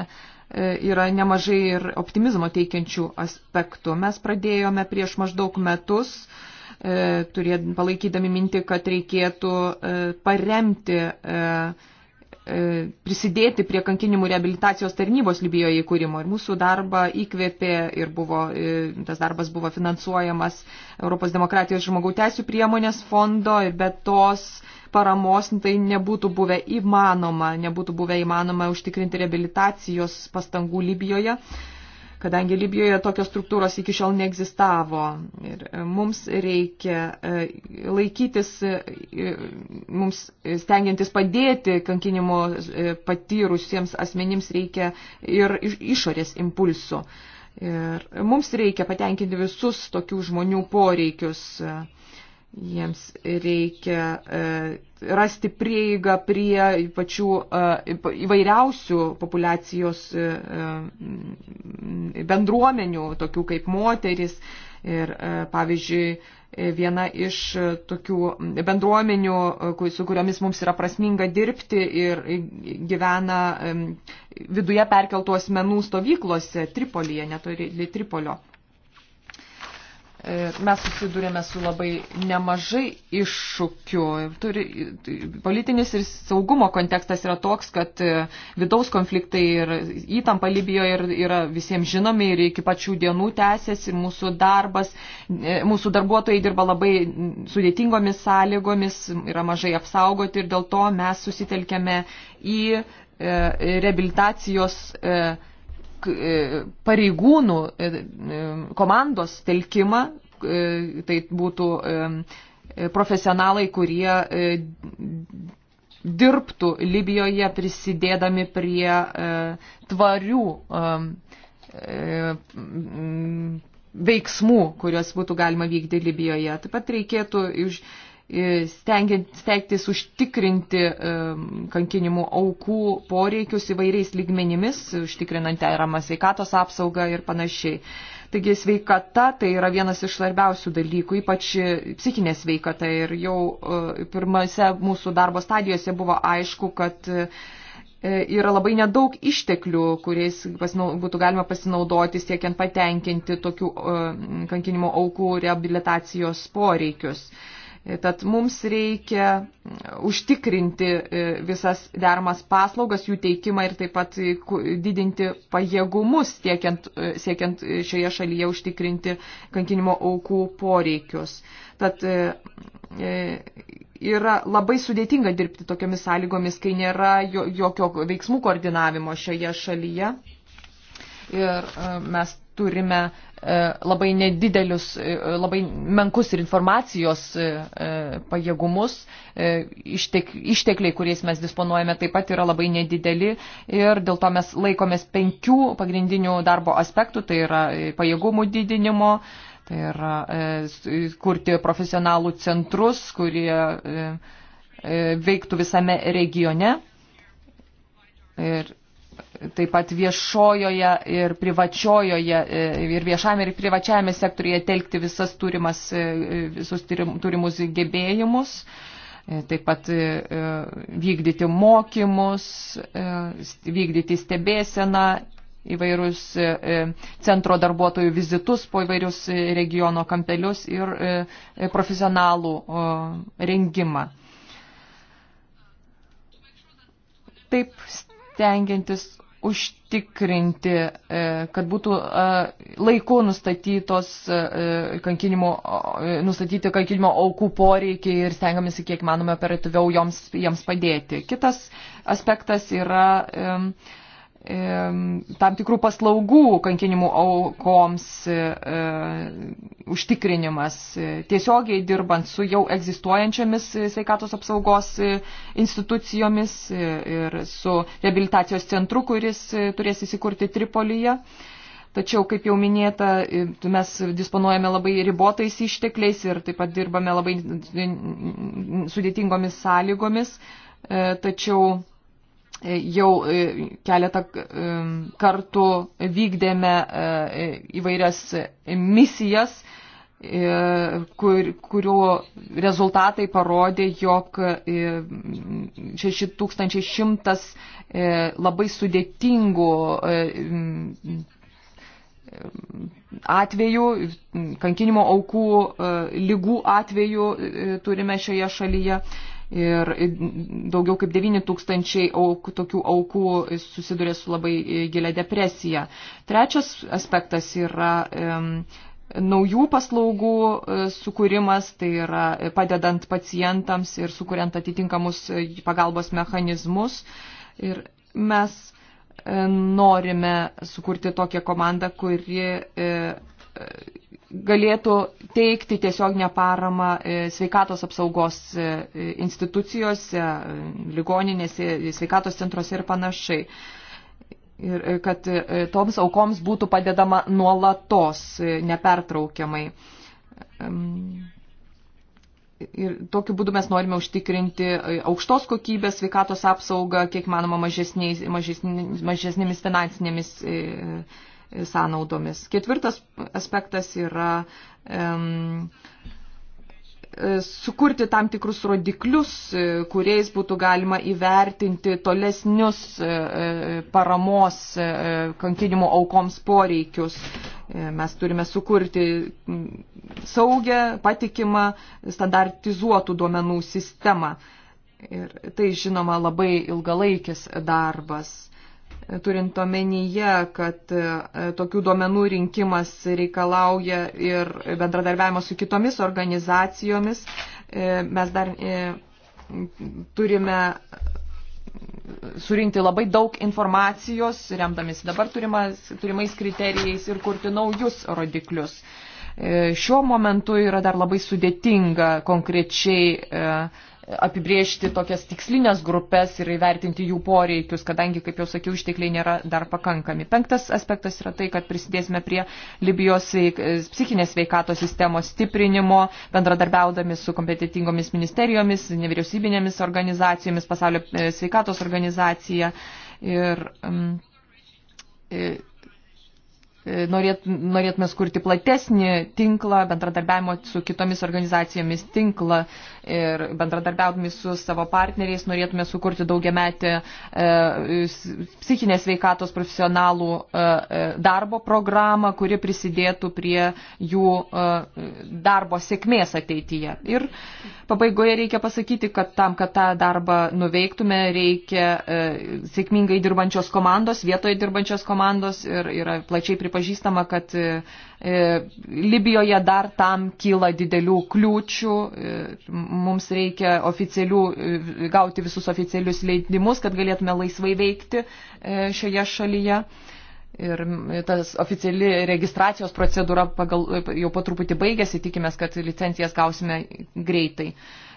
e, yra nemažai ir optimizmo teikiančių aspektų. Mes pradėjome prieš maždaug metus e, turėdami palaikydami mintį, kad reikėtų e, paremti E, prisidėti prie kankinimų reabilitacijos tarnybos Libijoje įkūrimo. Ir mūsų darbą įkvėpė ir buvo, e, tas darbas buvo finansuojamas Europos demokratijos žmogaus teisų priemonės fondo ir be tos paramos tai nebūtų buvę įmanoma, nebūtų buvę įmanoma užtikrinti reabilitacijos pastangų Libijoje kadangi Libijoje tokios struktūros iki šiol neegzistavo. Ir e, mums reikia e, laikytis, e, mums stengiantis padėti kankinimo patyrusiems asmenims reikia ir išorės impulsų. Ir mums reikia patenkinti visus tokių žmonių poreikius. Jiems reikia e, rasti prieigą prie pačių e, įvairiausių populacijos e, bendruomenių, tokių kaip moteris. Ir pavyzdžiui, viena iš tokių bendruomenių, su kuriomis mums yra prasminga dirbti ir gyvena viduje perkeltų asmenų stovyklose Tripolyje, netoli Tripolio. E, mes susidurėme su labai nemažai iššūkių. Turi, tai politinis ir saugumo kontekstas yra toks, kad e, vidaus konfliktai ir įtampa Libijoje yra, yra visiems žinomi ir iki pačių dienų tęsiasi ir mūsų darbas, e, mūsų darbuotojai dirba labai sudėtingomis sąlygomis, yra mažai apsaugoti ir dėl to mes susitelkėme į reabilitacijos E, pareigūnų e, e, komandos telkimą, tai būtų profesionalai, kurie dirbtų Libijoje prisidėdami prie tvarių veiksmų, kuriuos būtų galima vykdyti Libijoje. Taip pat reikėtų iš, E, stengtis užtikrinti e, kankinimų aukų poreikius įvairiais lygmenimis, užtikrinant deramą sveikatos apsaugą ir panašiai. Taigi sveikata tai yra vienas iš svarbiausių dalykų, ypač psichinė sveikata. Ir jau e, pirmose mūsų darbo stadijose buvo aišku, kad yra labai nedaug išteklių, kuriais pasinau, būtų galima pasinaudoti siekiant patenkinti tokių kankinimo aukų reabilitacijos poreikius. Uh, Tad mums reikia mm, užtikrinti e, visas dermas paslaugas, jų teikimą ir taip pat e, didinti pajėgumus, tiekiant, e, siekiant šioje šalyje užtikrinti kankinimo aukų poreikius. Tad yra labai sudėtinga dirbti tokiomis sąlygomis, kai nėra jokio veiksmų koordinavimo šioje šalyje. Ir mes turime e, labai nedidelius, e, labai menkus ir informacijos e, pajėgumus, Ištek, ištekliai, kuriais mes disponuojame, taip pat yra labai nedideli ir dėl to mes laikomės penkių pagrindinių darbo aspektų, tai yra pajėgumų didinimo, tai yra kurti profesionalų centrus, kurie veiktų visame regione. Ir taip pat viešojoje ir privačiojoje e, ir viešame ir privačiame sektorije telkti visas turimas, e, visus turimus gebėjimus, e, taip pat vykdyti mokymus, vykdyti stebėseną įvairius centro darbuotojų vizitus po įvairius regiono kampelius ir profesionalų rengimą. Taip stengiantis užtikrinti, e, kad būtų e, laiku nustatytos e, kankinimo, nustatyti kankinimo aukų poreikiai ir stengiamasi kiek manome operatyviau joms, jiems padėti. Kitas aspektas yra tam tikrų paslaugų kankinimų aukoms e, užtikrinimas, e, tiesiogiai dirbant su jau egzistuojančiamis e, sveikatos apsaugos e, institucijomis ir su rehabilitacijos centru, kuris turės įsikurti Tripolyje. Tačiau, kaip jau minėta, mes disponuojame labai ribotais ištekliais ir taip pat dirbame labai sudėtingomis sąlygomis. Tačiau E, jau e, keletą e, kartų vykdėme įvairias misijas, kur, kurių rezultatai parodė, jog 6100 labai sudėtingų atvejų, kankinimo aukų, lygų atvejų turime šioje šalyje ir daugiau kaip 9 tūkstančiai auk, tokių aukų susiduria su labai gilia depresija. Trečias aspektas yra um, naujų paslaugų e, sukūrimas, tai yra e, padedant pacientams ir sukuriant atitinkamus e, pagalbos mechanizmus. Ir mes norime sukurti tokią komandą, kuri galėtų teikti tiesioginę paramą e, sveikatos apsaugos e, institucijose, e, ligoninėse, sveikatos centruose ir panašiai. Ir kad toms aukoms būtų padedama nuolatos, nepertraukiamai. Ir tokiu būdu mes norime užtikrinti aukštos kokybės sveikatos apsaugą, kiek manoma, mažesnėmis finansinėmis sąnaudomis. Ketvirtas aspektas yra um, sukurti tam tikrus rodiklius, e, kuriais būtų galima įvertinti tolesnius e, paramos kankinimo aukoms poreikius. Mes turime sukurti saugę, patikimą, standartizuotų duomenų sistemą. Ir tai, žinoma, labai ilgalaikis darbas turint omenyje, kad e, tokių duomenų rinkimas reikalauja ir bendradarbiavimo su kitomis organizacijomis, e, mes dar e, turime surinkti labai daug informacijos, remdamėsi dabar turimas, turimais kriterijais ir kurti naujus rodiklius. Šiuo momentu yra dar labai sudėtinga konkrečiai apibriežti tokias tikslinės grupės ir įvertinti jų poreikius, kadangi, kaip jau sakiau, ištekliai nėra dar pakankami. Penktas aspektas yra tai, kad prisidėsime prie Libijos psichinės veikatos sistemos stiprinimo, bendradarbiaudami su kompetitingomis ministerijomis, nevyriausybinėmis organizacijomis, pasaulio e, sveikatos organizacija. Ir, um, norėt, norėtume skurti platesnį tinklą, bendradarbiavimo su kitomis organizacijomis tinklą, ir bendradarbiaudami su savo partneriais norėtume sukurti daugiametį e, psichinės veikatos profesionalų e, e, darbo programą, kuri prisidėtų prie jų darbo sėkmės ateityje. Ir pabaigoje reikia pasakyti, kad tam, kad tą darbą nuveiktume, reikia sėkmingai dirbančios komandos, vietoje dirbančios komandos ir yra plačiai pripažįstama, kad E, Libijoje dar tam kyla didelių kliūčių, e, mums reikia oficialių, e, gauti visus oficialius leidimus, kad galėtume laisvai veikti šioje šalyje. Ir tas oficiali registracijos procedūra pagal, jau po truputį baigėsi, tikimės, kad licencijas gausime greitai.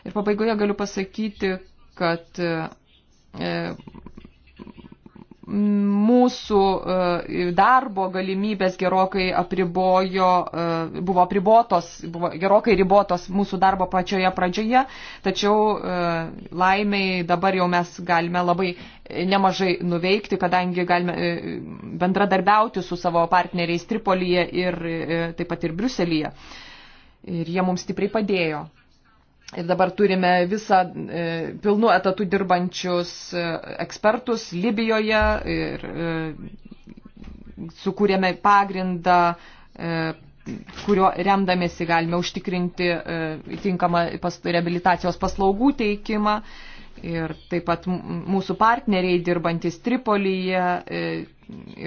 Ir pabaigoje galiu pasakyti, kad mūsų e, darbo galimybės gerokai apribojo, e, buvo apribotos, buvo gerokai ribotos mūsų darbo pačioje pradžioje, tačiau e, laimiai dabar jau mes galime labai nemažai nuveikti, kadangi galime bendradarbiauti su savo partneriais Tripolyje ir taip pat ir Briuselyje. Ir jie mums stipriai padėjo. Ir dabar turime visą e, pilnu etatu dirbančius e, ekspertus Libijoje ir e, sukūrėme pagrindą, e, kurio remdamėsi galime užtikrinti e, tinkamą pas, rehabilitacijos paslaugų teikimą. Ir taip pat mūsų partneriai dirbantis Tripolyje e,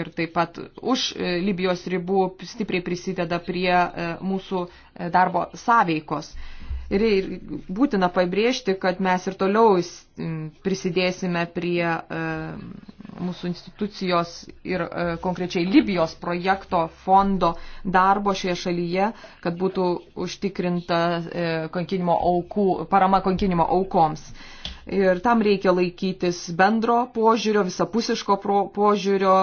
ir taip pat už e, Libijos ribų stipriai prisideda prie e, mūsų e, darbo sąveikos. E, Ir būtina pabrėžti, kad mes ir toliau prisidėsime prie e, mūsų institucijos ir e, konkrečiai Libijos projekto fondo darbo šioje šalyje, kad būtų užtikrinta e, kankinimo aukų, parama kankinimo aukoms. Ir tam reikia laikytis bendro požiūrio, visapusiško požiūrio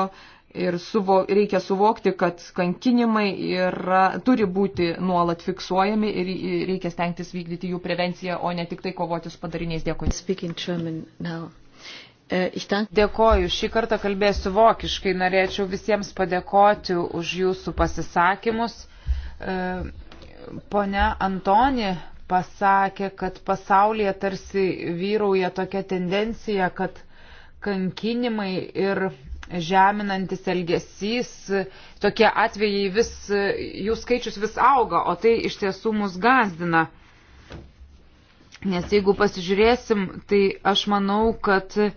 Ir suvo, reikia suvokti, kad kankinimai yra, turi būti nuolat fiksuojami ir reikia stengtis vykdyti jų prevenciją, o ne tik tai kovoti su padariniais. Dėkui. Eh, Dėkoju, šį kartą kalbėsiu vokiškai, norėčiau visiems padėkoti už jūsų pasisakymus. Eh, Pone Antoni pasakė, kad pasaulyje tarsi vyrauja tokia tendencija, kad kankinimai ir žeminantis elgesys, tokie atvejai vis, jų skaičius vis auga, o tai iš tiesų mus gazdina. Nes jeigu pasižiūrėsim, tai aš manau, kad e,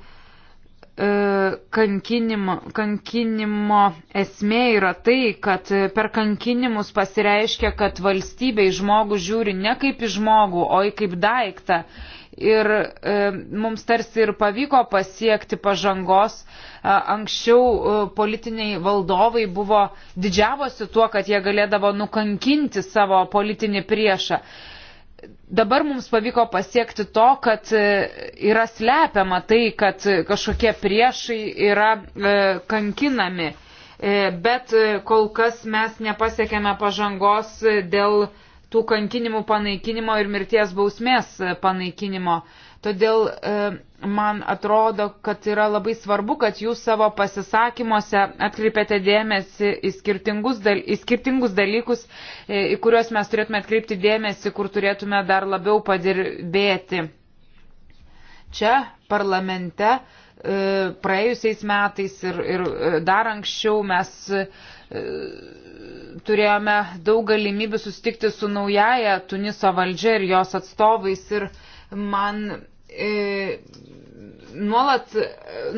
kankinimo, kankinimo esmė yra tai, kad per kankinimus pasireiškia, kad valstybė į žmogų žiūri ne kaip į žmogų, o į kaip daiktą ir e, mums tarsi ir pavyko pasiekti pažangos. E, anksčiau e, politiniai valdovai buvo didžiavosi tuo, kad jie galėdavo nukankinti savo politinį priešą. Dabar mums pavyko pasiekti to, kad e, yra slepiama tai, kad kažkokie priešai yra e, kankinami. E, bet e, kol kas mes nepasiekėme pažangos dėl e, tų kankinimų panaikinimo ir mirties bausmės panaikinimo. Todėl e, man atrodo, kad yra labai svarbu, kad jūs savo pasisakymuose atkreipėte dėmesį į skirtingus, dal, į skirtingus dalykus, e, į kuriuos mes turėtume atkreipti dėmesį, kur turėtume dar labiau padirbėti. Čia parlamente e, praėjusiais metais ir, ir e, dar anksčiau mes e, turėjome daug galimybių sustikti su naujaja Tuniso valdžia ir jos atstovais ir man e, nuolat,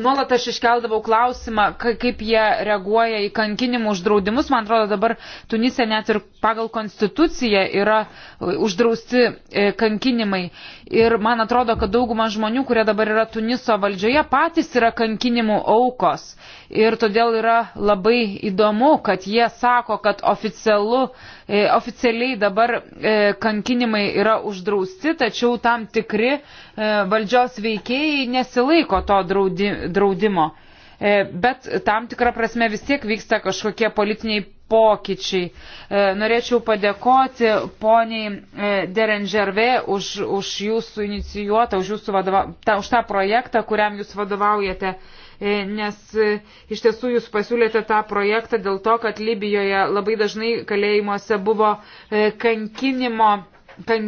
nuolat aš iškeldavau klausimą, kaip jie reaguoja į kankinimų uždraudimus. Man atrodo, dabar Tunise net ir pagal konstituciją yra uždrausti e, kankinimai. Ir man atrodo, kad dauguma žmonių, kurie dabar yra Tuniso valdžioje, patys yra kankinimų aukos ir todėl yra labai įdomu, kad jie sako, kad oficialu, e, oficialiai dabar e, kankinimai yra uždrausti, tačiau tam tikri e, valdžios veikėjai nesilaiko to draudi, draudimo. E, bet tam tikrą prasme vis tiek vyksta kažkokie politiniai pokyčiai. E, norėčiau padėkoti poniai e, Derenžervė už, už jūsų inicijuotą, už, jūsų vadova, ta, už tą projektą, kuriam jūs vadovaujate. E, nes e, iš tiesų jūs pasiūlėte tą projektą dėl to, kad Libijoje labai dažnai kalėjimuose buvo e, kankinimo, kan,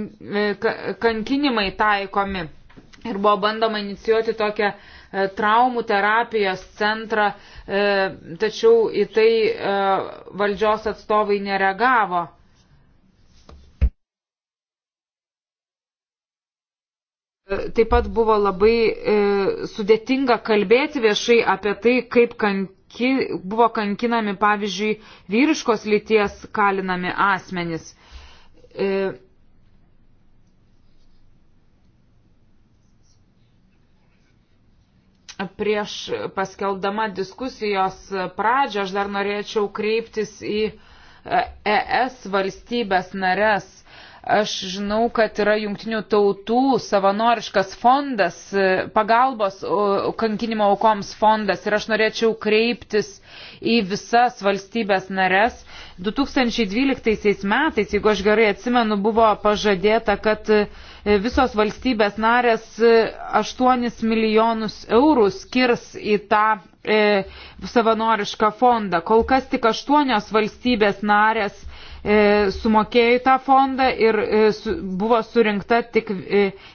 kankinimai taikomi ir buvo bandoma inicijuoti tokią traumų terapijos centrą, tačiau į tai valdžios atstovai nereagavo. Taip pat buvo labai e, sudėtinga kalbėti viešai apie tai, kaip kanki, buvo kankinami, pavyzdžiui, vyriškos lyties kalinami asmenys. E, prieš paskelbdama diskusijos pradžią aš dar norėčiau kreiptis į ES e valstybės nares Aš žinau, kad yra jungtinių tautų savanoriškas fondas, e, pagalbos kankinimo aukoms fondas ir aš norėčiau kreiptis į visas valstybės nares. 2012 metais, jeigu aš gerai atsimenu, buvo pažadėta, kad e, visos valstybės narės 8 e, milijonus eurų skirs į tą e, savanorišką fondą. Kol kas tik 8 valstybės narės E, sumokėjo į tą fondą ir e, buvo surinkta tik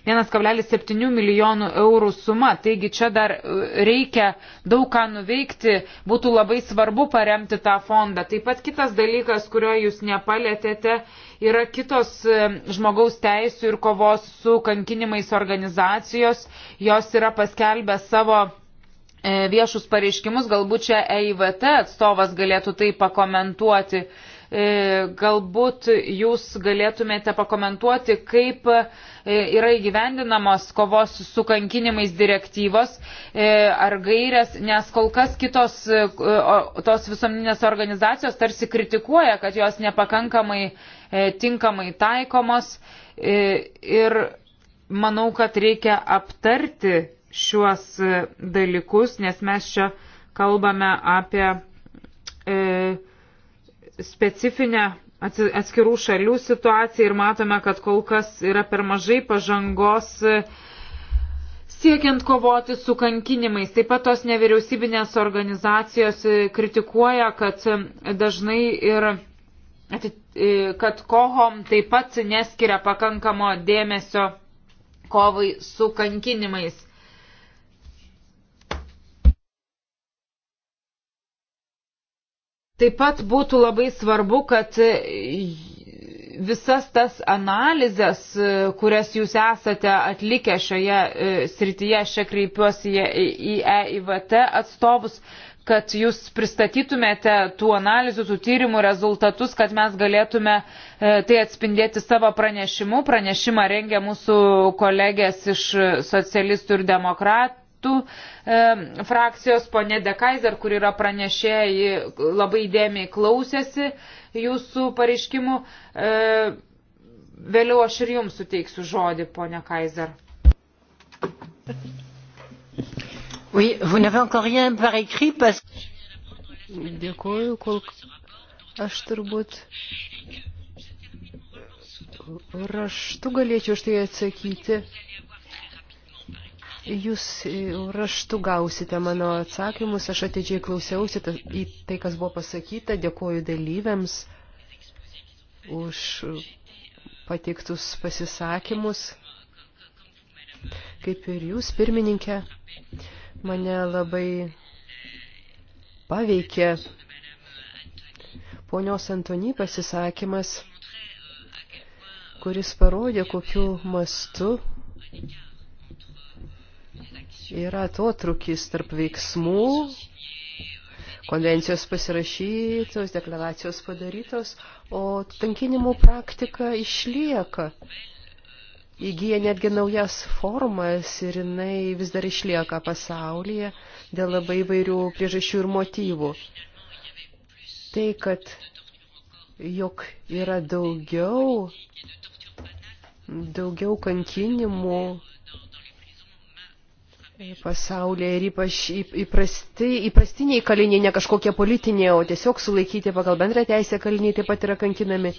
1,7 e, milijonų eurų suma. Taigi čia dar reikia daug ką nuveikti, būtų labai svarbu paremti tą fondą. Taip pat kitas dalykas, kurio jūs nepalėtėte, yra kitos žmogaus teisų ir kovos su kankinimais organizacijos. Jos yra paskelbę savo viešus pareiškimus, galbūt čia EIVT atstovas galėtų tai pakomentuoti. E, galbūt jūs galėtumėte pakomentuoti, kaip e, yra įgyvendinamos kovos su kankinimais direktyvos e, ar gairės, nes kol kas kitos tos visuomeninės organizacijos tarsi kritikuoja, kad jos nepakankamai tinkamai taikomos ir manau, kad reikia aptarti šiuos dalykus, nes mes čia kalbame apie e, specifinę atskirų šalių situaciją ir matome, kad kol kas yra per mažai pažangos e, siekiant kovoti su kankinimais. Taip pat tos nevyriausybinės organizacijos e, kritikuoja, kad e, dažnai ir kad kohom taip pat neskiria pakankamo dėmesio kovai su kankinimais. Taip pat būtų labai svarbu, kad e, visas tas analizės, e, kurias jūs esate atlikę šioje e, srityje, aš čia kreipiuosi į EIVT atstovus, kad jūs pristatytumėte tų analizų, tų tyrimų rezultatus, kad mes galėtume tai atspindėti savo pranešimu. Pranešimą rengia mūsų kolegės iš socialistų ir demokratų kartu e, frakcijos ponė Dekaiser, kur yra pranešė, labai dėmiai klausėsi jūsų pareiškimų. E, vėliau aš ir jums suteiksiu žodį, ponė Kaiser. Oui, vous n'avez encore rien par écrit parce que... Dėkuoju, kol aš turbūt raštu galėčiau štai atsakyti. Jūs e, raštu gausite mano atsakymus, aš atidžiai klausiausi į tai, kas buvo pasakyta, dėkoju dalyviams už pateiktus pasisakymus. Kaip ir jūs, pirmininkė, mane labai paveikė ponios Antony pasisakymas, kuris parodė, kokiu mastu Yra to trukis tarp veiksmų, konvencijos pasirašytos, deklaracijos padarytos, o tankinimo praktika išlieka. Įgyja netgi naujas formas ir jinai vis dar išlieka pasaulyje dėl labai vairių priežasčių ir motyvų. Tai, kad jog yra daugiau, daugiau kankinimų, pasaulyje ir ypač įprasti, įprastiniai kaliniai, ne kažkokie politiniai, o tiesiog sulaikyti pagal bendrą teisę kaliniai taip pat yra kankinami.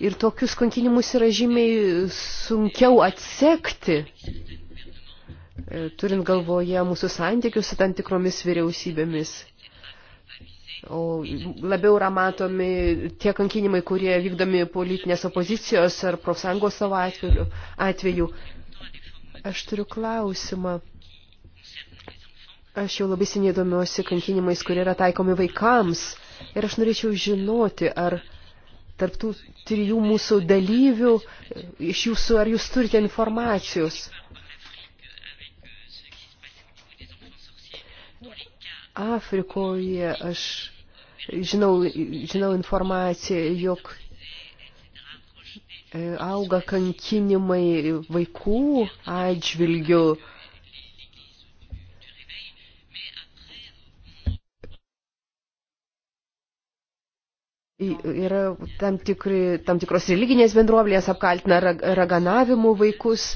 Ir tokius kankinimus yra žymiai sunkiau atsekti, e, turint galvoje mūsų santykius su tam tikromis vyriausybėmis. O labiau yra matomi tie kankinimai, kurie vykdomi politinės opozicijos ar profsąjungos savo atveju. atveju. Aš turiu klausimą. Aš jau labai seniai domiuosi kankinimais, kurie yra taikomi vaikams. Ir aš norėčiau žinoti, ar tarptų trijų mūsų dalyvių, iš jūsų, ar jūs turite informacijos. Afrikoje aš žinau, žinau informaciją, jog E, auga kankinimai vaikų atžvilgių. Yra tam, tikri, tam tikros religinės bendruomenės apkaltina raganavimu vaikus.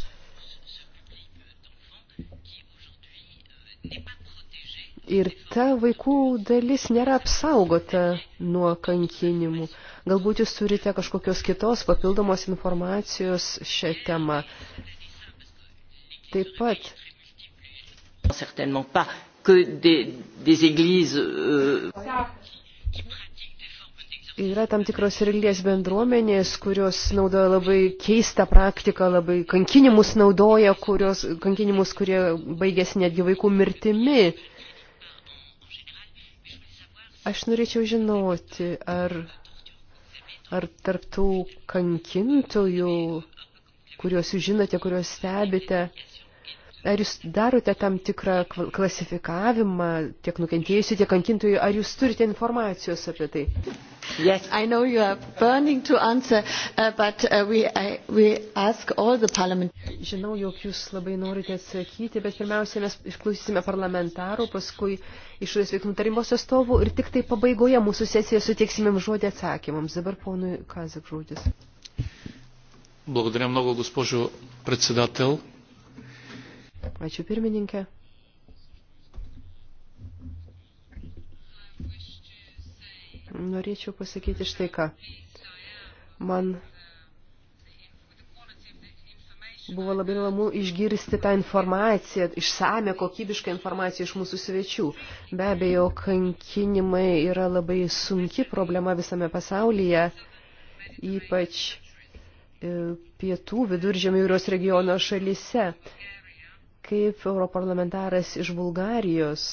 Ir ta vaikų dalis nėra apsaugota nuo kankinimų. Galbūt jūs turite kažkokios kitos papildomos informacijos šią temą. Taip pat. Certainement pas que des, des églises. Euh... Yra tam tikros religijos bendruomenės, kurios naudoja labai keistą praktiką, labai kankinimus naudoja, kurios, kankinimus, kurie baigėsi netgi vaikų mirtimi. Aš norėčiau žinoti, ar, ar tarptų kankintojų, kuriuos jūs žinote, kuriuos stebite, Ar jūs darote tam tikrą klasifikavimą tiek nukentėjusių, tiek kankintojų, ar jūs turite informacijos apie tai? Yes, I know you are burning to answer, uh, but uh, we, I, uh, we ask all the parliament. Žinau, jog jūs labai norite atsakyti, bet pirmiausia, mes išklausysime parlamentarų, paskui išorės veiklų tarybos atstovų ir tik tai pabaigoje mūsų sesiją suteiksime žodį atsakymams. Dabar ponui Kazak žodis. Благодаря много, госпожо председател. Ačiū pirmininkė. Norėčiau pasakyti štai ką. Man buvo labai lamu išgirsti tą informaciją, išsame kokybišką informaciją iš mūsų svečių. Be abejo, kankinimai yra labai sunki problema visame pasaulyje, ypač e, pietų viduržėmio jūros regiono šalyse kaip europarlamentaras iš Bulgarijos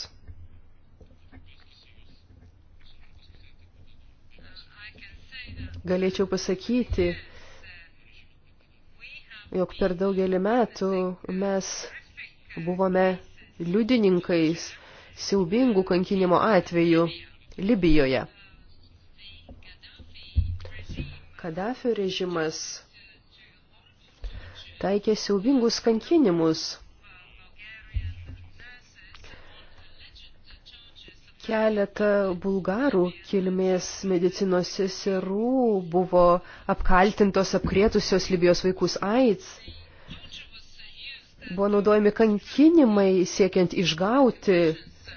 galėčiau pasakyti, jog per daugelį metų mes buvome liudininkais siaubingų kankinimo atvejų Libijoje. Kadafio režimas taikė siaubingus kankinimus Keletą bulgarų kilmės medicinos seserų buvo apkaltintos apkrėtusios Libijos vaikus AIDS. Buvo naudojami kankinimai siekiant išgauti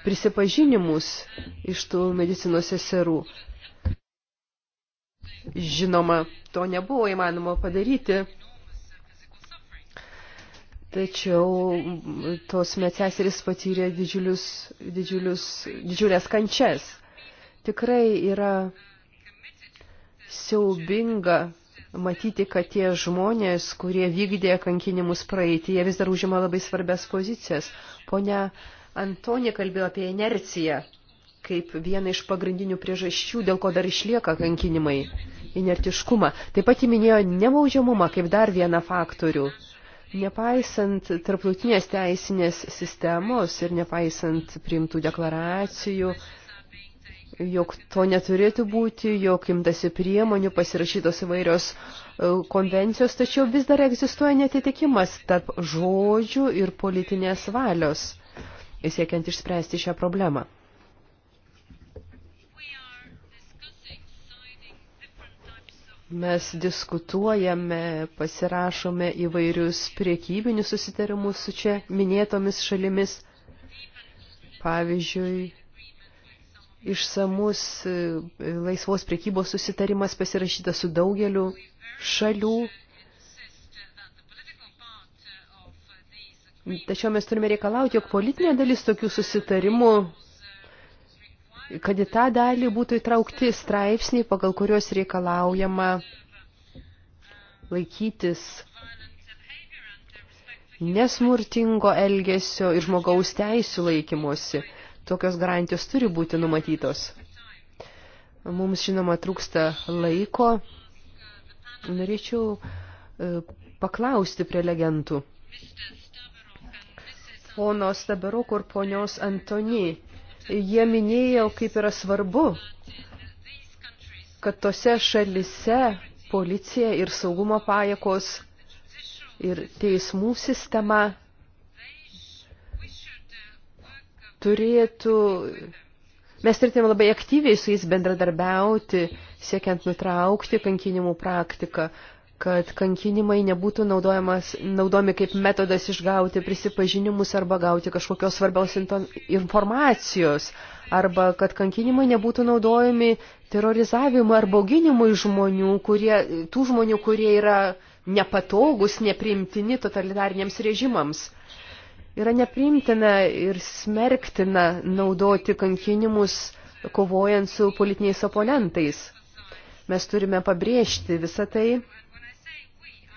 prisipažinimus iš tų medicinos seserų. Žinoma, to nebuvo įmanoma padaryti Tačiau tos medseserys patyrė didžiulius, didžiulius, didžiulės kančias. Tikrai yra siaubinga matyti, kad tie žmonės, kurie vykdė kankinimus praeitį, jie vis dar užima labai svarbias pozicijas. Pone Antonė kalbėjo apie inerciją kaip vieną iš pagrindinių priežasčių, dėl ko dar išlieka kankinimai, inertiškumą. Taip pat įminėjo nebaudžiamumą kaip dar vieną faktorių. Nepaisant tarptautinės teisinės sistemos ir nepaisant priimtų deklaracijų, jog to neturėtų būti, jog imtasi priemonių, pasirašytos įvairios e, konvencijos, tačiau vis dar egzistuoja netitikimas tarp žodžių ir politinės valios, siekiant išspręsti šią problemą. Mes diskutuojame, pasirašome įvairius priekybinius susitarimus su čia minėtomis šalimis. Pavyzdžiui, išsamus e, laisvos priekybos susitarimas pasirašytas su daugeliu šalių. Tačiau mes turime reikalauti, jog politinė dalis tokių susitarimų kad į tą dalį būtų įtraukti straipsniai, pagal kurios reikalaujama laikytis nesmurtingo elgesio ir žmogaus teisų laikymosi. Tokios garantijos turi būti numatytos. Mums, žinoma, trūksta laiko. Norėčiau e, paklausti prelegentų. Pono Staberok ir ponios Antoni, Jie minėjo, kaip yra svarbu, kad tose šalise policija ir saugumo pajėgos ir teismų sistema turėtų, mes turėtume labai aktyviai su jais bendradarbiauti, siekiant nutraukti kankinimų praktiką, kad kankinimai nebūtų naudojami kaip metodas išgauti prisipažinimus arba gauti kažkokios svarbiaus informacijos, arba kad kankinimai nebūtų naudojami terorizavimui ar bauginimui žmonių, kurie, tų žmonių, kurie yra nepatogus, nepriimtini totalitariniams režimams. Yra nepriimtina ir smerktina naudoti kankinimus kovojant su politiniais oponentais. Mes turime pabrėžti visą tai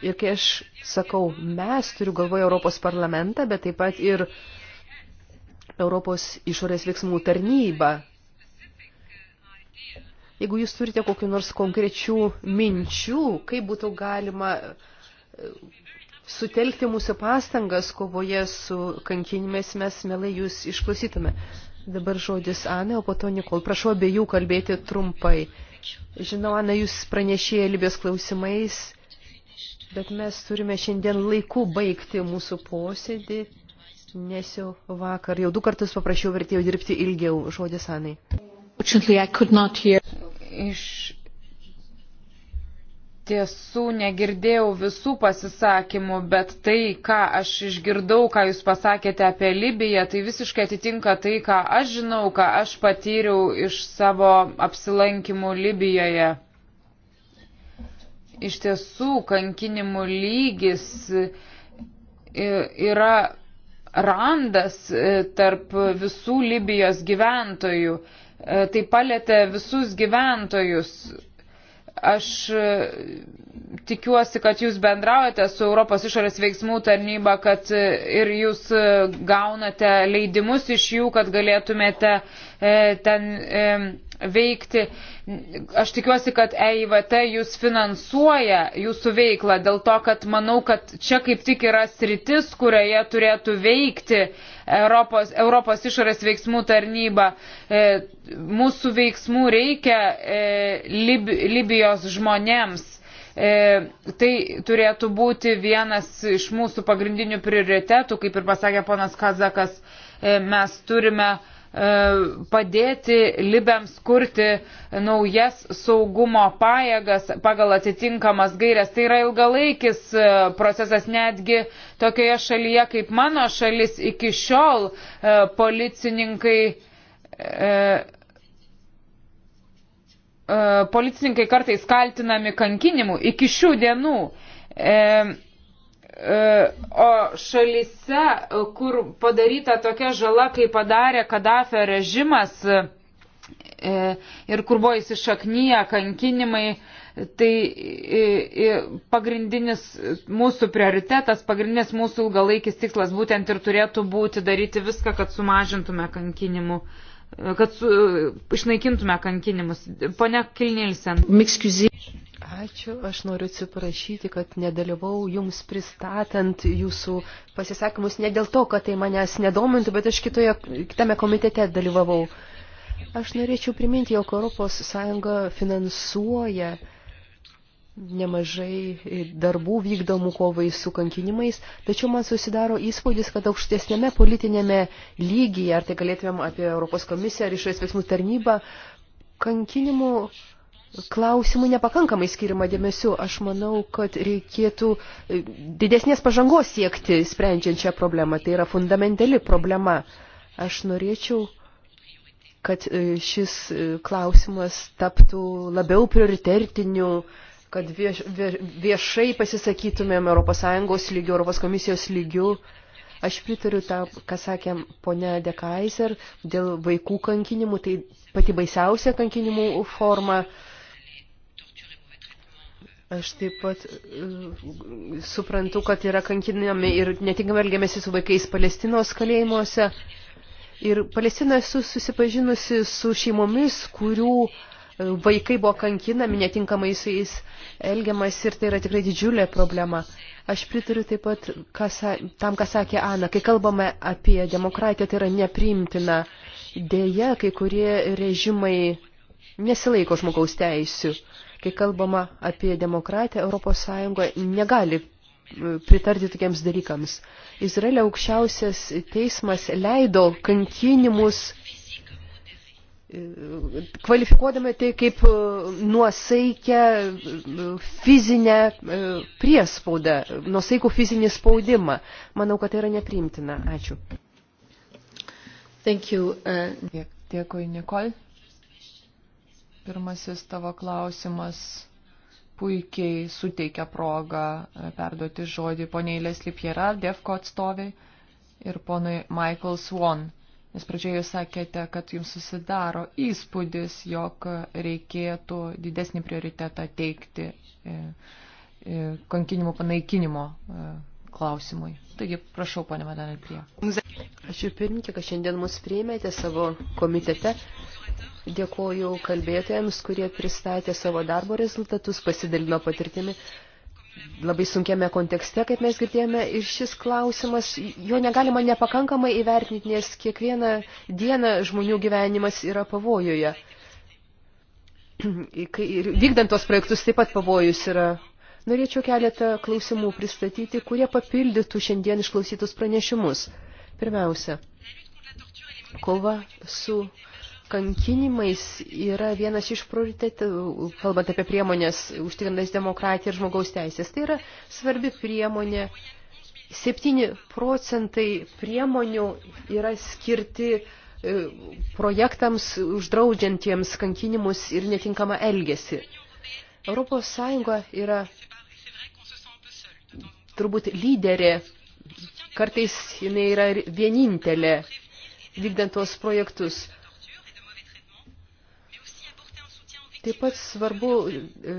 Ir kai aš sakau mes, turiu galvoje Europos parlamentą, bet taip pat ir Europos išorės veiksmų tarnybą. Jeigu jūs turite kokiu nors konkrečių minčių, kaip būtų galima e, sutelkti mūsų pastangas kovoje su kankinimės, mes mielai jūs išklausytume. Dabar žodis Ana, o po to Nikol. Prašau abiejų kalbėti trumpai. Žinau, Ana, jūs pranešėja Libijos klausimais Bet mes turime šiandien laiku baigti mūsų posėdį, nes jau vakar jau du kartus paprašiau vertėjų dirbti ilgiau. Žodis Anai. Iš tiesų negirdėjau visų pasisakymų, bet tai, ką aš išgirdau, ką jūs pasakėte apie Libiją, tai visiškai atitinka tai, ką aš žinau, ką aš patyriau iš savo apsilankimų Libijoje iš tiesų kankinimų lygis e, yra randas e, tarp visų Libijos gyventojų. E, tai palėtė visus gyventojus. Aš tikiuosi, kad jūs bendraujate su Europos išorės veiksmų tarnyba, kad ir jūs gaunate leidimus iš jų, kad galėtumėte ten veikti. Aš tikiuosi, kad EIVT jūs finansuoja jūsų veiklą dėl to, kad manau, kad čia kaip tik yra sritis, kurioje turėtų veikti Europos, Europos išorės veiksmų tarnyba. E, mūsų veiksmų reikia e, Lib, Libijos žmonėms. E, tai turėtų būti vienas iš mūsų pagrindinių prioritetų, kaip ir pasakė ponas Kazakas, e, mes turime e, E, padėti Libiams kurti naujas saugumo pajėgas pagal atitinkamas gairias. Tai yra ilgalaikis e, procesas netgi tokioje šalyje kaip mano šalis iki šiol e, policininkai. Policininkai kartais kaltinami kankinimu iki šių dienų. E, E, o šalise, kur padaryta tokia žala, kai padarė Kadafio režimas e, ir kur buvo įsišaknyje kankinimai, tai e, pagrindinis mūsų prioritetas, pagrindinis mūsų ilgalaikis tikslas būtent ir turėtų būti daryti viską, kad sumažintume kankinimų kad su, išnaikintume kankinimus. Pone Kilnilsen. Ačiū, aš noriu atsiprašyti, kad nedalyvau jums pristatant jūsų pasisakymus, ne dėl to, kad tai manęs nedomintų, bet aš kitoje, kitame komitete dalyvavau. Aš norėčiau priminti, jog Europos Sąjunga finansuoja nemažai darbų vykdomų kovai su kankinimais, tačiau man susidaro įspūdis, kad aukštesnėme politinėme lygyje, ar tai galėtumėm apie Europos komisiją ar išorės veiksmų tarnybą, kankinimų klausimui nepakankamai skirima dėmesiu. Aš manau, kad reikėtų e, didesnės pažangos siekti sprendžiant šią problemą. Tai yra fundamentali problema. Aš norėčiau, kad e, šis e, klausimas taptų labiau prioritetiniu, kad vieš, viešai pasisakytumėm ES lygių, ES komisijos lygių. Aš pritariu tą, ką sakė ponia Dekaiser, dėl vaikų kankinimų, tai pati baisiausia kankinimų forma. Uh, Aš taip pat uh, suprantu, kad yra kankinami ir netinkamai elgiamėsi su vaikais Palestinos kalėjimuose. Ir Palestina esu susipažinusi su šeimomis, kurių e, vaikai buvo kankinami, netinkamai su jais elgiamas ir tai yra tikrai didžiulė problema. Aš pritariu taip pat kas, tam, ką sakė Ana. Kai kalbame apie demokratiją, tai yra nepriimtina. Deja, kai kurie režimai nesilaiko žmogaus teisių. Uh, kai kalbama apie demokratiją, ES negali e, pritarti tokiems dalykams. Izraelio aukščiausias teismas leido kankinimus, e, kvalifikuodami tai kaip e, nuosaikę fizinę priespaudą, nuosaikų fizinį spaudimą. Manau, kad tai yra nepriimtina. Ačiū. Thank you. Uh... Dėkui, Nikol. Pirmasis tavo klausimas puikiai suteikia progą e, perduoti žodį poniai Leslie Piera, DEFCO atstoviai, ir ponui Michael Swan. Nes pradžioje jūs sakėte, kad jums susidaro įspūdis, jog reikėtų didesnį prioritetą teikti e, e, kankinimo panaikinimo klausimui. Taigi, prašau, ponė Madanė, prie. Ačiū pirmininkė, kad šiandien mus priėmėte savo komitete. Dėkuoju kalbėtojams, kurie pristatė savo darbo rezultatus, pasidalino patirtimi. Labai sunkiame kontekste, kaip mes girdėjome, ir šis klausimas, jo negalima nepakankamai įvertinti, nes kiekvieną dieną žmonių gyvenimas yra pavojoje. Ir vykdant tos projektus taip pat pavojus yra. Norėčiau keletą klausimų pristatyti, kurie papildytų šiandien išklausytus pranešimus. Pirmiausia, kova su kankinimais yra vienas iš prioritetų, kalbant apie priemonės užtikrintas demokratiją ir žmogaus teisės. Tai yra svarbi priemonė. 7 procentai priemonių yra skirti e, projektams uždraudžiantiems kankinimus ir netinkamą elgesį. Europos Sąjunga yra turbūt lyderė, kartais jinai yra vienintelė vykdant tuos projektus. Taip pat svarbu e,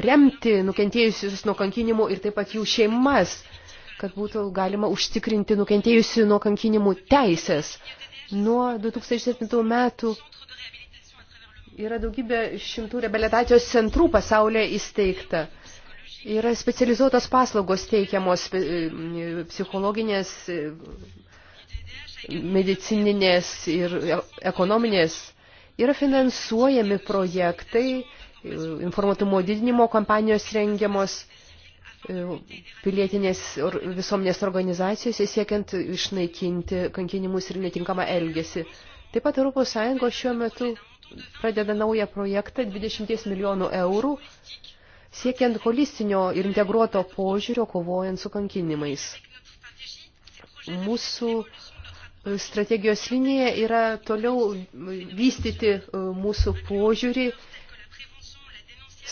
remti nukentėjusius nuo kankinimų ir taip pat jų šeimas, kad būtų galima užtikrinti nukentėjusių nuo kankinimų teisės. Nuo 2007 metų yra daugybė šimtų reabilitacijos centrų pasaulyje įsteigta. Yra specializuotos paslaugos teikiamos e, psichologinės, e, medicininės ir ekonominės Yra finansuojami projektai, informatumo didinimo kompanijos rengiamos e, pilietinės visuomenės organizacijose siekiant išnaikinti kankinimus ir netinkamą elgesį. Taip pat ES šiuo metu pradeda naują projektą 20 milijonų eurų siekiant holistinio ir integruoto požiūrio kovojant su kankinimais. Mūsų uh, strategijos linija yra toliau vystyti e, mūsų požiūrį,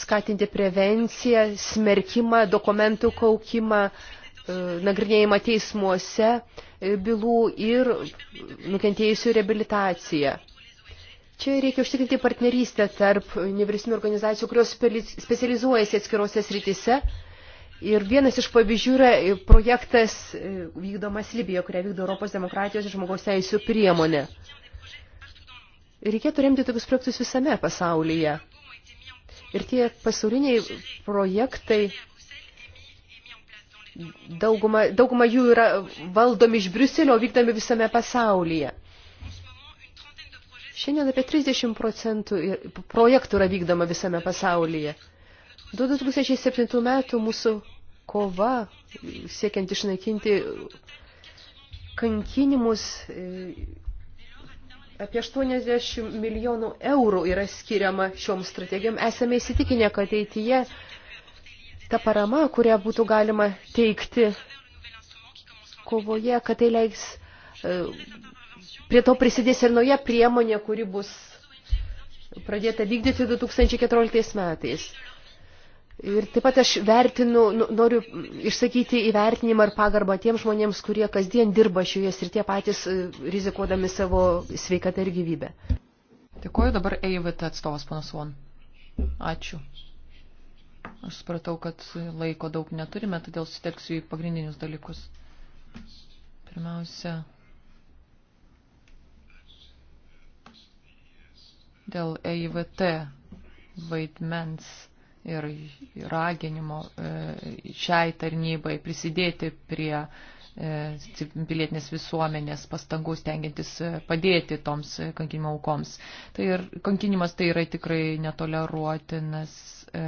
skatinti prevenciją, smerkimą, dokumentų kaukimą, e, nagrinėjimą teismuose e, bylų ir nukentėjusių reabilitaciją. Čia reikia užtikrinti partnerystę tarp nevyriausybinių organizacijų, kurios specializuojasi atskirose srityse Ir vienas iš pavyzdžių yra e, projektas e, vykdomas Libijoje, kurią vykdo Europos demokratijos ir žmogaus teisų priemonė. Reikėtų remti tokius projektus visame pasaulyje. Ir tie pasauliniai projektai, dauguma, dauguma jų yra valdomi iš Briuselio, vykdomi visame pasaulyje. Šiandien apie 30 procentų projektų yra vykdoma visame pasaulyje. 2007 metų mūsų kova siekiant išnaikinti kankinimus. E, apie 80 milijonų eurų yra skiriama šiom strategijom. Esame įsitikinę, kad ateityje ta parama, kurią būtų galima teikti kovoje, kad tai leiks e, prie to prisidės ir nauja priemonė, kuri bus pradėta vykdyti 2014 metais. Ir taip pat aš vertinu, nu, noriu išsakyti įvertinimą ir pagarbą tiems žmonėms, kurie kasdien dirba šioje srityje patys e, rizikuodami savo sveikatą ir gyvybę. Dėkuoju dabar EIVT atstovas, panas Von. Ačiū. Aš supratau, kad laiko daug neturime, todėl siteksiu į pagrindinius dalykus. Pirmiausia, dėl EIVT vaidmens ir raginimo e, šiai tarnybai prisidėti prie e, pilietinės visuomenės pastangų stengiantis e, padėti toms kankinimo aukoms. Tai ir kankinimas tai yra tikrai netoleruotinas. E,